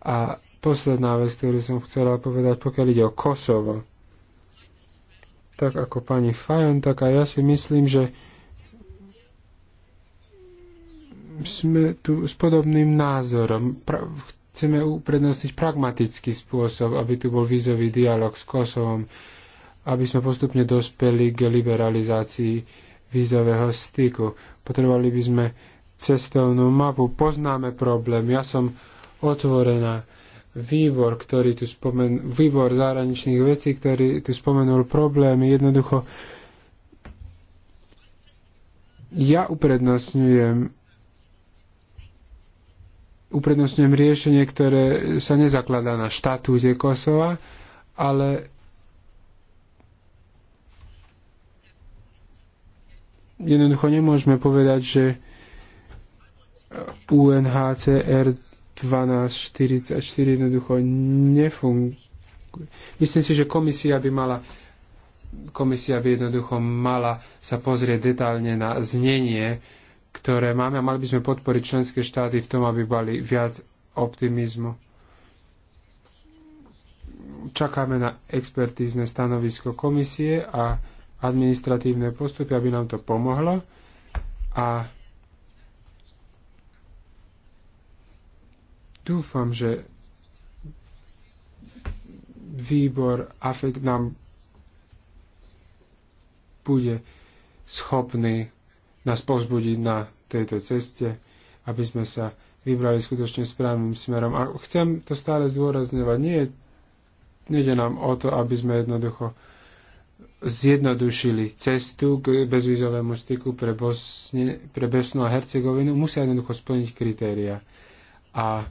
A posledná vec, ktorú som chcela povedať, pokiaľ ide o Kosovo. Tak ako pani Fajon, tak aj ja si myslím, že sme tu s podobným názorom. Pra, chceme uprednostniť pragmatický spôsob, aby tu bol vízový dialog s Kosovom, aby sme postupne dospeli k liberalizácii vízového styku. Potrebovali by sme cestovnú mapu, poznáme problém. Ja som otvorená. Výbor, ktorý tu spomen, výbor zahraničných vecí, ktorý tu spomenul problémy, jednoducho ja uprednostňujem uprednostňujem riešenie, ktoré sa nezakladá na štatúte Kosova, ale jednoducho nemôžeme povedať, že UNHCR 1244 jednoducho nefunguje. Myslím si, že komisia by mala komisia by jednoducho mala sa pozrieť detálne na znenie ktoré máme a mali by sme podporiť členské štáty v tom, aby mali viac optimizmu. Čakáme na expertízne stanovisko komisie a administratívne postupy, aby nám to pomohlo a dúfam, že výbor AFEK nám bude schopný nás povzbudiť na tejto ceste, aby sme sa vybrali skutočne správnym smerom. A chcem to stále zdôrazňovať. Nie, Nede nám o to, aby sme jednoducho zjednodušili cestu k bezvízovému styku pre, Bosne, pre Bosnu a Hercegovinu. Musia jednoducho splniť kritéria. A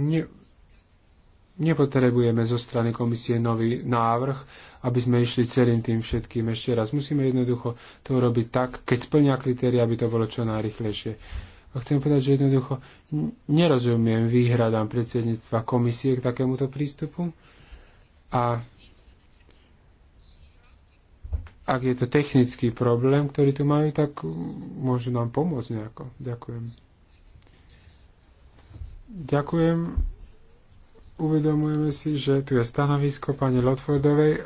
ne, nepotrebujeme zo strany komisie nový návrh, aby sme išli celým tým všetkým. Ešte raz, musíme jednoducho to urobiť tak, keď splňa kritéria, aby to bolo čo najrychlejšie. A chcem povedať, že jednoducho nerozumiem výhradám predsedníctva komisie k takémuto prístupu. A ak je to technický problém, ktorý tu majú, tak môžu nám pomôcť nejako. Ďakujem. Ďakujem uvedomujeme si, že tu je stanovisko pani Lotfordovej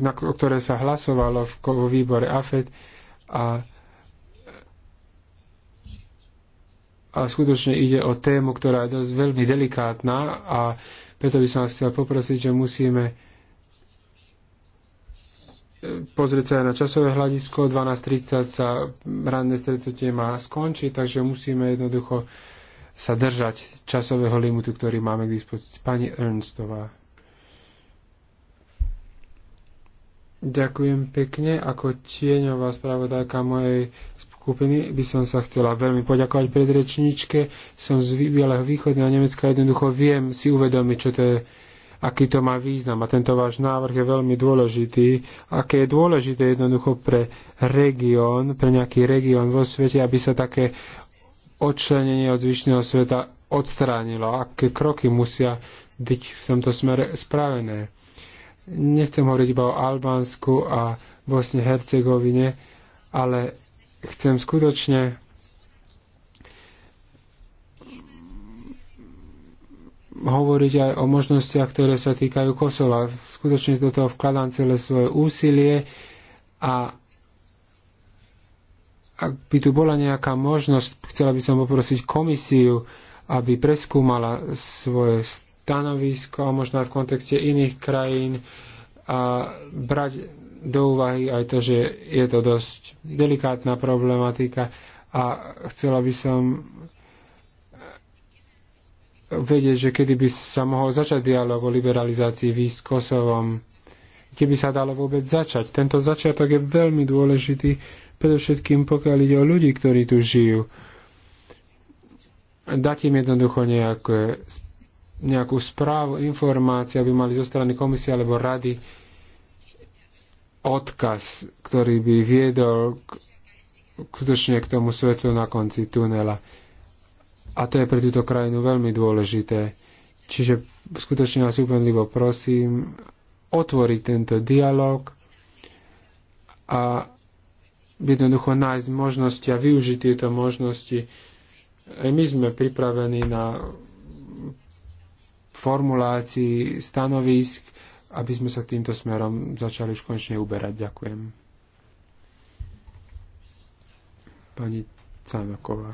na ktoré sa hlasovalo v, vo výbore AFED a, a skutočne ide o tému, ktorá je dosť veľmi delikátna a preto by som vás chcel poprosiť, že musíme e, pozrieť sa aj na časové hľadisko. 12.30 sa ranné stretnutie má skončiť, takže musíme jednoducho sa držať časového limitu, ktorý máme k dispozícii. Pani Ernstová. Ďakujem pekne. Ako tieňová spravodajka mojej skupiny by som sa chcela veľmi poďakovať predrečníčke. Som z Bieleho východného Nemecka, jednoducho viem si uvedomiť, čo to je aký to má význam. A tento váš návrh je veľmi dôležitý. Aké je dôležité jednoducho pre región, pre nejaký región vo svete, aby sa také odčlenenie od zvyšného sveta odstránilo. Aké kroky musia byť v tomto smere spravené nechcem hovoriť iba o Albánsku a Bosne Hercegovine, ale chcem skutočne hovoriť aj o možnostiach, ktoré sa týkajú Kosova. Skutočne do toho vkladám celé svoje úsilie a ak by tu bola nejaká možnosť, chcela by som poprosiť komisiu, aby preskúmala svoje stanovisko a možno aj v kontexte iných krajín a brať do úvahy aj to, že je to dosť delikátna problematika a chcela by som vedieť, že kedy by sa mohol začať dialog o liberalizácii víz s Kosovom, keby sa dalo vôbec začať. Tento začiatok je veľmi dôležitý, predovšetkým pokiaľ ide o ľudí, ktorí tu žijú. Dať im jednoducho nejaké nejakú správu, informáciu, aby mali zo strany komisie alebo rady odkaz, ktorý by viedol k, skutočne k tomu svetlu na konci tunela. A to je pre túto krajinu veľmi dôležité. Čiže skutočne vás úplnlivo prosím otvoriť tento dialog a jednoducho nájsť možnosti a využiť tieto možnosti. E, my sme pripravení na formulácií stanovisk, aby sme sa týmto smerom začali už konečne uberať. Ďakujem. Pani Canoková.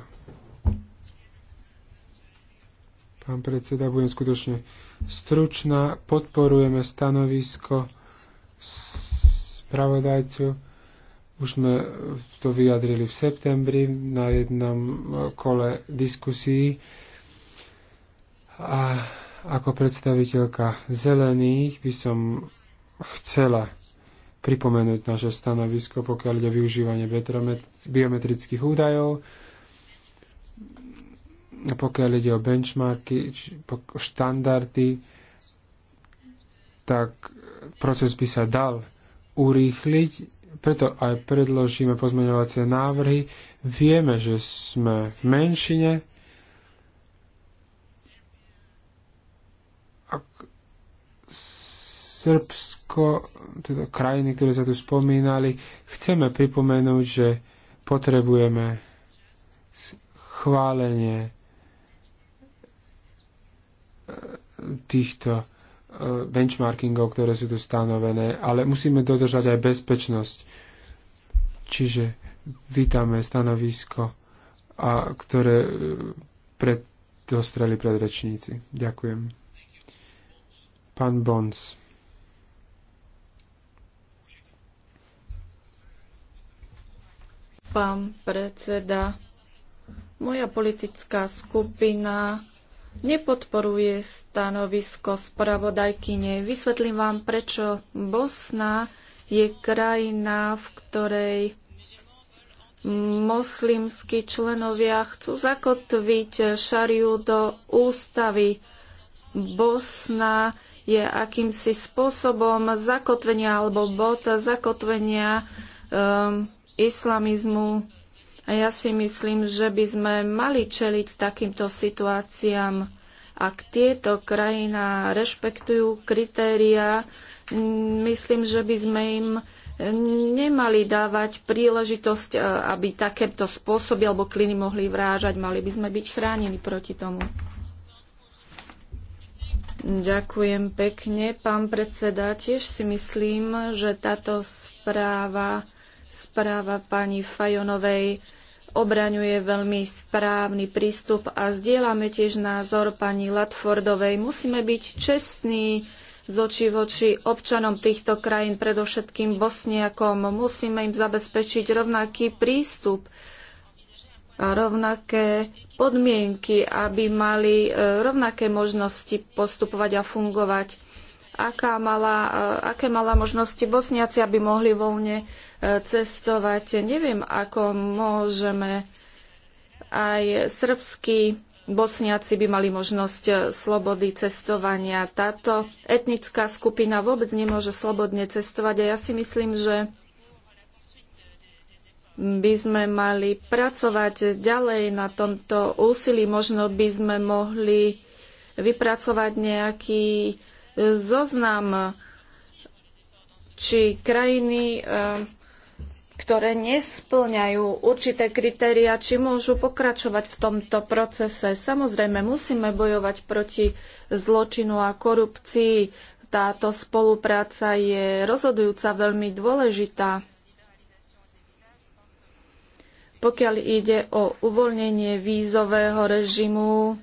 Pán predseda, budem skutočne stručná. Podporujeme stanovisko spravodajcu. Už sme to vyjadrili v septembri na jednom kole diskusí. A ako predstaviteľka zelených by som chcela pripomenúť naše stanovisko, pokiaľ ide využívanie biometrických údajov, pokiaľ ide o benchmarky, štandardy, tak proces by sa dal urýchliť, preto aj predložíme pozmeňovacie návrhy. Vieme, že sme v menšine, Srbsko, teda krajiny, ktoré sa tu spomínali, chceme pripomenúť, že potrebujeme chválenie e, týchto e, benchmarkingov, ktoré sú tu stanovené, ale musíme dodržať aj bezpečnosť. Čiže vítame stanovisko, a ktoré e, pred, dostreli predrečníci. Ďakujem. Pán Bons. Pán predseda, moja politická skupina nepodporuje stanovisko spravodajkyne. Vysvetlím vám, prečo Bosna je krajina, v ktorej moslimskí členovia chcú zakotviť šariu do ústavy. Bosna je akýmsi spôsobom zakotvenia alebo bod zakotvenia um, islamizmu. A ja si myslím, že by sme mali čeliť takýmto situáciám, ak tieto krajina rešpektujú kritéria, myslím, že by sme im nemali dávať príležitosť, e, aby takéto spôsoby alebo kliny mohli vrážať. Mali by sme byť chránení proti tomu. Ďakujem pekne, pán predseda. Tiež si myslím, že táto správa Správa pani Fajonovej obraňuje veľmi správny prístup a zdieľame tiež názor pani Latfordovej. Musíme byť čestní z očí oči občanom týchto krajín, predovšetkým Bosniakom. Musíme im zabezpečiť rovnaký prístup a rovnaké podmienky, aby mali e, rovnaké možnosti postupovať a fungovať. Aká mala, e, aké mala možnosti Bosniaci, aby mohli voľne cestovať. Neviem, ako môžeme aj srbskí Bosniaci by mali možnosť slobody cestovania. Táto etnická skupina vôbec nemôže slobodne cestovať a ja si myslím, že by sme mali pracovať ďalej na tomto úsilí. Možno by sme mohli vypracovať nejaký zoznam či krajiny, eh, ktoré nesplňajú určité kritéria, či môžu pokračovať v tomto procese. Samozrejme, musíme bojovať proti zločinu a korupcii. Táto spolupráca je rozhodujúca, veľmi dôležitá. Pokiaľ ide o uvoľnenie vízového režimu,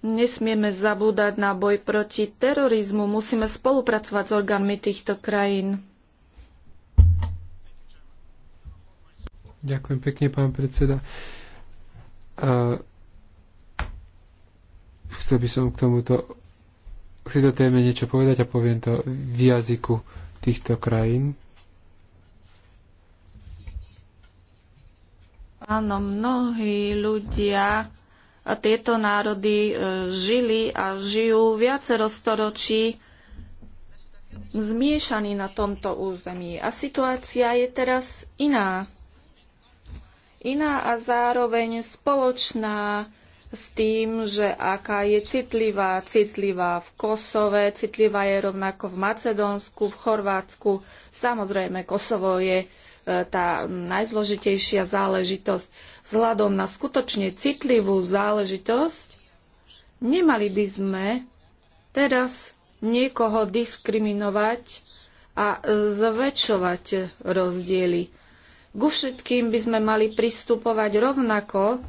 nesmieme zabúdať na boj proti terorizmu. Musíme spolupracovať s orgánmi týchto krajín. Ďakujem pekne, pán predseda. A chcel by som k tomuto k tejto téme niečo povedať a poviem to v jazyku týchto krajín. Áno, mnohí ľudia a tieto národy e, žili a žijú viacero storočí zmiešaní na tomto území. A situácia je teraz iná iná a zároveň spoločná s tým, že aká je citlivá, citlivá v Kosove, citlivá je rovnako v Macedónsku, v Chorvátsku. Samozrejme, Kosovo je e, tá najzložitejšia záležitosť. Vzhľadom na skutočne citlivú záležitosť nemali by sme teraz niekoho diskriminovať a zväčšovať rozdiely. Ku všetkým by sme mali pristupovať rovnako,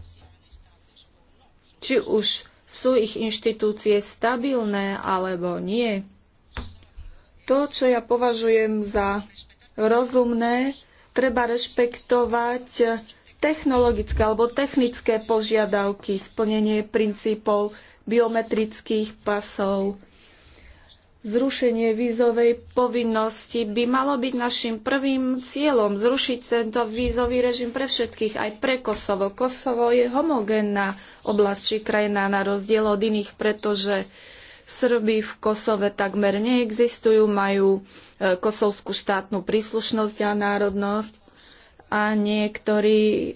či už sú ich inštitúcie stabilné alebo nie. To, čo ja považujem za rozumné, treba rešpektovať technologické alebo technické požiadavky, splnenie princípov biometrických pasov, Zrušenie vízovej povinnosti by malo byť našim prvým cieľom zrušiť tento vízový režim pre všetkých, aj pre Kosovo. Kosovo je homogénna oblasť či krajina na rozdiel od iných, pretože Srby v Kosove takmer neexistujú, majú e, kosovskú štátnu príslušnosť a národnosť a niektorí e,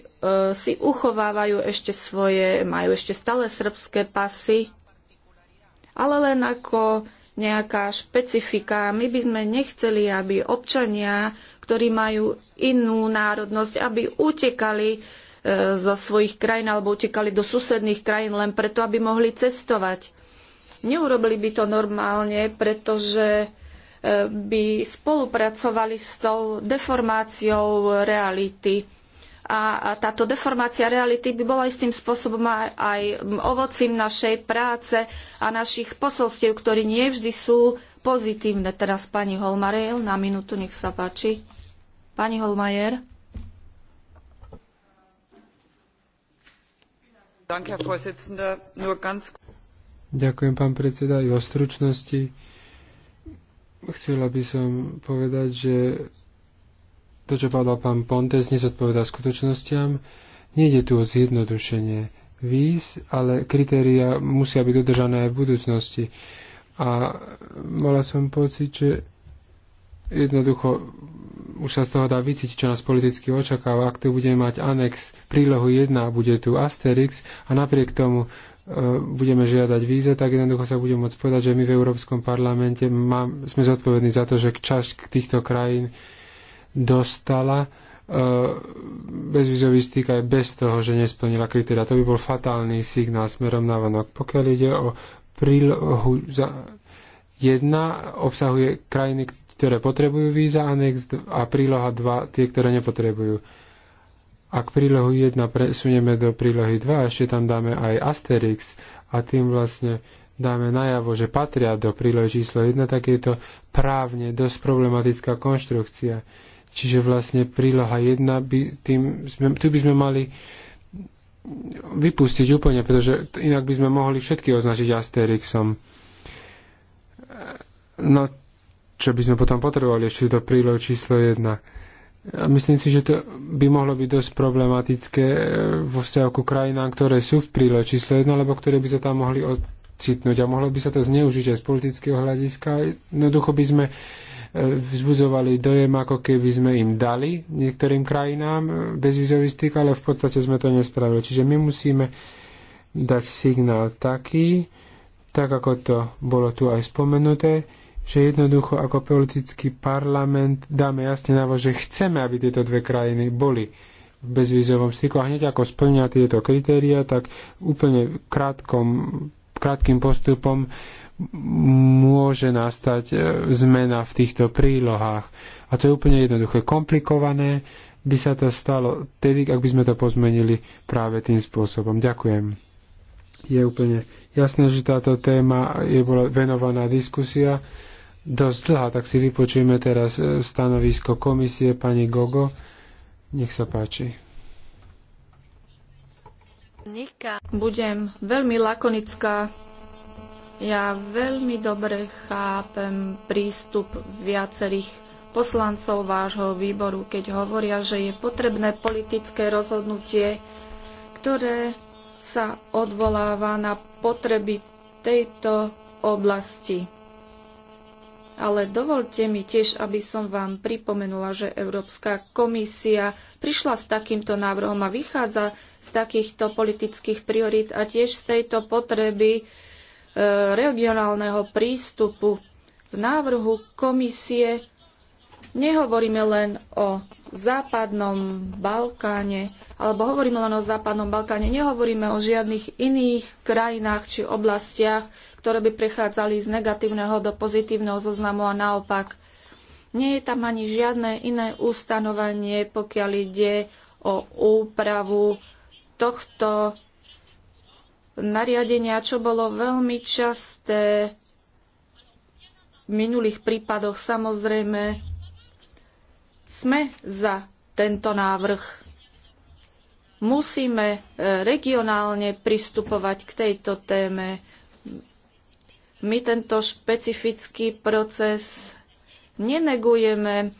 si uchovávajú ešte svoje, majú ešte stále srbské pasy, ale len ako nejaká špecifika. My by sme nechceli, aby občania, ktorí majú inú národnosť, aby utekali e, zo svojich krajín alebo utekali do susedných krajín len preto, aby mohli cestovať. Neurobili by to normálne, pretože e, by spolupracovali s tou deformáciou reality a táto deformácia reality by bola istým spôsobom aj, aj ovocím našej práce a našich posolstiev, ktorí nie vždy sú pozitívne. Teraz pani Holmarejl, na minútu, nech sa páči. Pani Holmajer. Ďakujem, pán predseda, i o stručnosti. Chcela by som povedať, že to, čo povedal pán Pontes, nezodpovedá skutočnostiam. Nejde tu o zjednodušenie víz, ale kritéria musia byť dodržané aj v budúcnosti. A mala som pocit, že jednoducho už sa z toho dá vycítiť, čo nás politicky očakáva. Ak tu budeme mať anex prílohu 1, bude tu Asterix a napriek tomu e, budeme žiadať víze, tak jednoducho sa budem môcť povedať, že my v Európskom parlamente má, sme zodpovední za to, že časť týchto krajín dostala e, bezvizový styk aj bez toho, že nesplnila kritéria. To by bol fatálny signál smerom na vonok. Pokiaľ ide o prílohu za 1, obsahuje krajiny, ktoré potrebujú víza, anex a príloha 2, tie, ktoré nepotrebujú. Ak prílohu 1 presunieme do prílohy 2, ešte tam dáme aj asterix a tým vlastne dáme najavo, že patria do prílohy číslo 1, tak je to právne dosť problematická konštrukcia Čiže vlastne príloha 1, by tým sme, tu by sme mali vypustiť úplne, pretože inak by sme mohli všetky označiť Asterixom. No, čo by sme potom potrebovali ešte do prílohy číslo 1. A myslím si, že to by mohlo byť dosť problematické e, vo vzťahu ku krajinám, ktoré sú v prílohe číslo 1, alebo ktoré by sa tam mohli ocitnúť. A mohlo by sa to zneužiť aj z politického hľadiska. Jednoducho by sme uh, vzbudzovali dojem, ako keby sme im dali niektorým krajinám bezvizový styk, ale v podstate sme to nespravili. Čiže my musíme dať signál taký, tak ako to bolo tu aj spomenuté, že jednoducho ako politický parlament dáme jasne navo, že chceme, aby tieto dve krajiny boli v bezvizovom styku a hneď ako splňa tieto kritéria, tak úplne v krátkom krátkým postupom môže nastať e, zmena v týchto prílohách. A to je úplne jednoduché. Komplikované by sa to stalo tedy, ak by sme to pozmenili práve tým spôsobom. Ďakujem. Je úplne jasné, že táto téma je bola venovaná diskusia dosť dlhá, tak si vypočujeme teraz e, stanovisko komisie pani Gogo. Nech sa páči. Nika. Budem veľmi lakonická. Ja veľmi dobre chápem prístup viacerých poslancov vášho výboru, keď hovoria, že je potrebné politické rozhodnutie, ktoré sa odvoláva na potreby tejto oblasti. Ale dovolte mi tiež, aby som vám pripomenula, že Európska komisia prišla s takýmto návrhom a vychádza takýchto politických priorít a tiež z tejto potreby e, regionálneho prístupu. V návrhu komisie nehovoríme len o západnom Balkáne, alebo hovoríme len o západnom Balkáne, nehovoríme o žiadnych iných krajinách či oblastiach, ktoré by prechádzali z negatívneho do pozitívneho zoznamu a naopak. Nie je tam ani žiadne iné ustanovanie, pokiaľ ide o úpravu tohto nariadenia, čo bolo veľmi časté v minulých prípadoch. Samozrejme, sme za tento návrh. Musíme e, regionálne pristupovať k tejto téme. My tento špecifický proces nenegujeme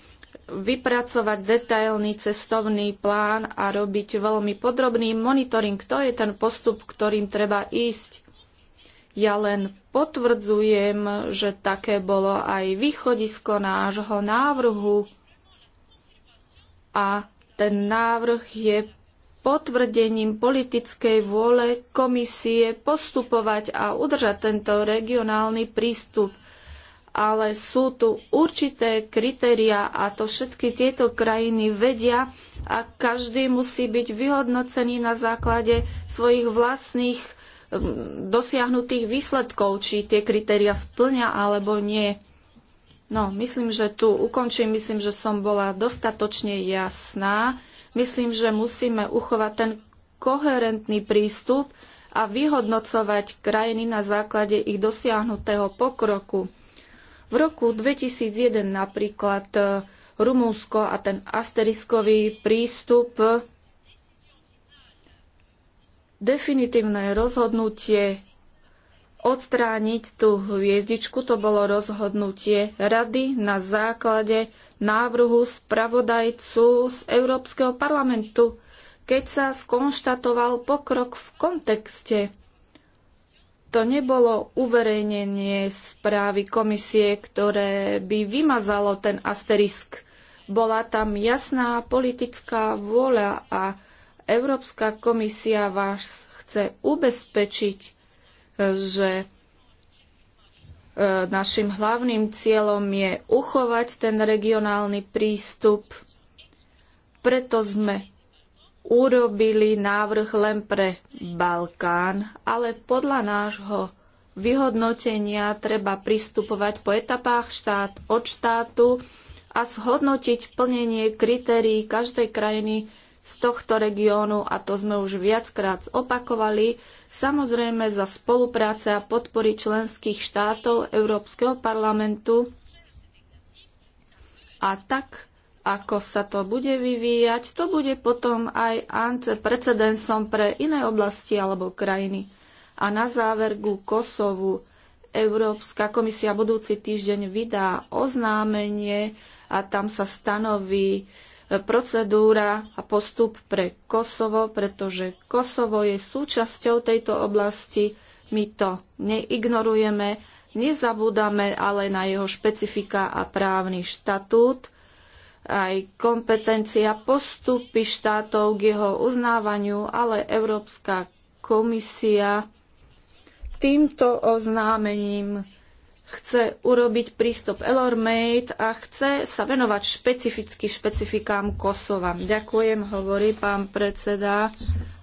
vypracovať detailný cestovný plán a robiť veľmi podrobný monitoring. To je ten postup, ktorým treba ísť. Ja len potvrdzujem, že také bolo aj východisko nášho návrhu. A ten návrh je potvrdením politickej vôle komisie postupovať a udržať tento regionálny prístup ale sú tu určité kritéria a to všetky tieto krajiny vedia a každý musí byť vyhodnocený na základe svojich vlastných mm, dosiahnutých výsledkov, či tie kritéria splňa alebo nie. No, myslím, že tu ukončím, myslím, že som bola dostatočne jasná. Myslím, že musíme uchovať ten koherentný prístup a vyhodnocovať krajiny na základe ich dosiahnutého pokroku v roku 2001 napríklad e, Rumunsko a ten asteriskový prístup e, definitívne rozhodnutie odstrániť tú hviezdičku, to bolo rozhodnutie rady na základe návrhu spravodajcu z Európskeho parlamentu, keď sa skonštatoval pokrok v kontexte to nebolo uverejnenie správy komisie, ktoré by vymazalo ten asterisk. Bola tam jasná politická vôľa a Európska komisia vás chce ubezpečiť, že e, našim hlavným cieľom je uchovať ten regionálny prístup. Preto sme urobili návrh len pre Balkán, ale podľa nášho vyhodnotenia treba pristupovať po etapách štát od štátu a zhodnotiť plnenie kritérií každej krajiny z tohto regiónu, a to sme už viackrát opakovali, samozrejme za spolupráce a podpory členských štátov Európskeho parlamentu. A tak ako sa to bude vyvíjať, to bude potom aj precedensom pre iné oblasti alebo krajiny. A na záver ku Kosovu Európska komisia budúci týždeň vydá oznámenie a tam sa stanoví e, procedúra a postup pre Kosovo, pretože Kosovo je súčasťou tejto oblasti. My to neignorujeme, nezabúdame ale na jeho špecifika a právny štatút aj kompetencia postupy štátov k jeho uznávaniu, ale Európska komisia týmto oznámením chce urobiť prístup Elormate a chce sa venovať špecificky špecifikám Kosova. Ďakujem, hovorí pán predseda.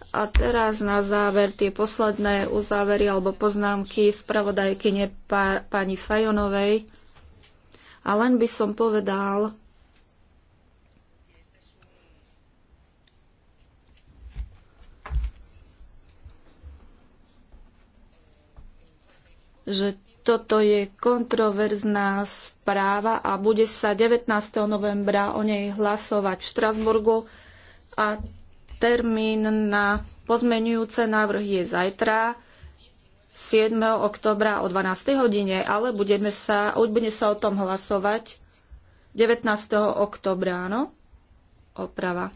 A teraz na záver tie posledné uzávery alebo poznámky spravodajkyne pani Fajonovej. A len by som povedal, že toto je kontroverzná správa a bude sa 19. novembra o nej hlasovať v Štrasburgu a termín na pozmenujúce návrh je zajtra 7. oktobra o 12. hodine, ale budeme sa, bude sa o tom hlasovať 19. oktobra, áno? Oprava.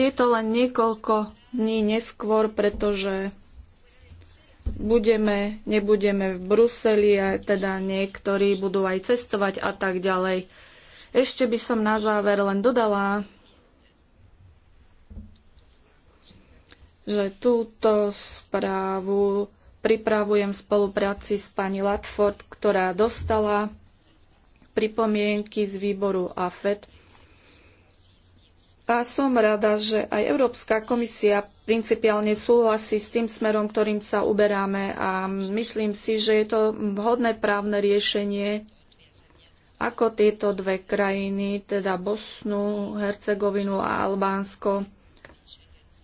je to len niekoľko dní neskôr, pretože budeme, nebudeme v Bruseli, a teda niektorí budú aj cestovať a tak ďalej. Ešte by som na záver len dodala, že túto správu pripravujem v spolupráci s pani Latford, ktorá dostala pripomienky z výboru AFED a som rada, že aj Európska komisia principiálne súhlasí s tým smerom, ktorým sa uberáme a myslím si, že je to vhodné právne riešenie, ako tieto dve krajiny, teda Bosnu, Hercegovinu a Albánsko,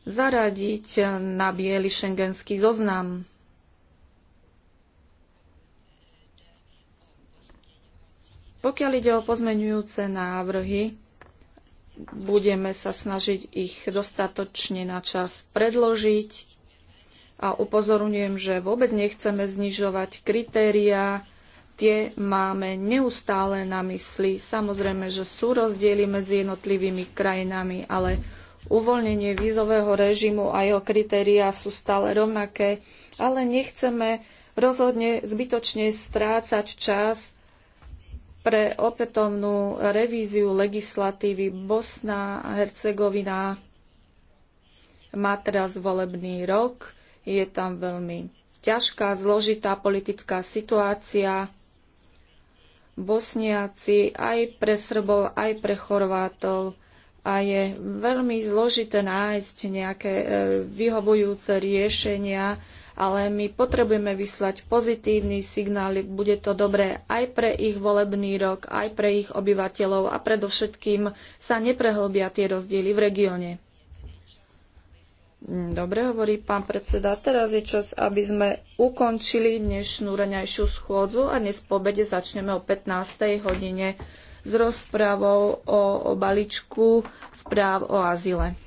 zaradiť na biely šengenský zoznam. Pokiaľ ide o pozmenujúce návrhy, budeme sa snažiť ich dostatočne na čas predložiť a upozorňujem, že vôbec nechceme znižovať kritériá, tie máme neustále na mysli. Samozrejme, že sú rozdiely medzi jednotlivými krajinami, ale uvoľnenie vízového režimu a jeho kritériá sú stále rovnaké, ale nechceme rozhodne zbytočne strácať čas pre opätovnú revíziu legislatívy Bosna a Hercegovina má teraz volebný rok. Je tam veľmi ťažká, zložitá politická situácia. Bosniaci aj pre Srbov, aj pre Chorvátov a je veľmi zložité nájsť nejaké e, vyhovujúce riešenia ale my potrebujeme vyslať pozitívny signál. Bude to dobré aj pre ich volebný rok, aj pre ich obyvateľov a predovšetkým sa neprehlbia tie rozdiely v regióne. Mm, dobre, hovorí pán predseda. Teraz je čas, aby sme ukončili dnešnú raňajšiu schôdzu a dnes po obede začneme o 15. hodine s rozprávou o, o balíčku správ o azile.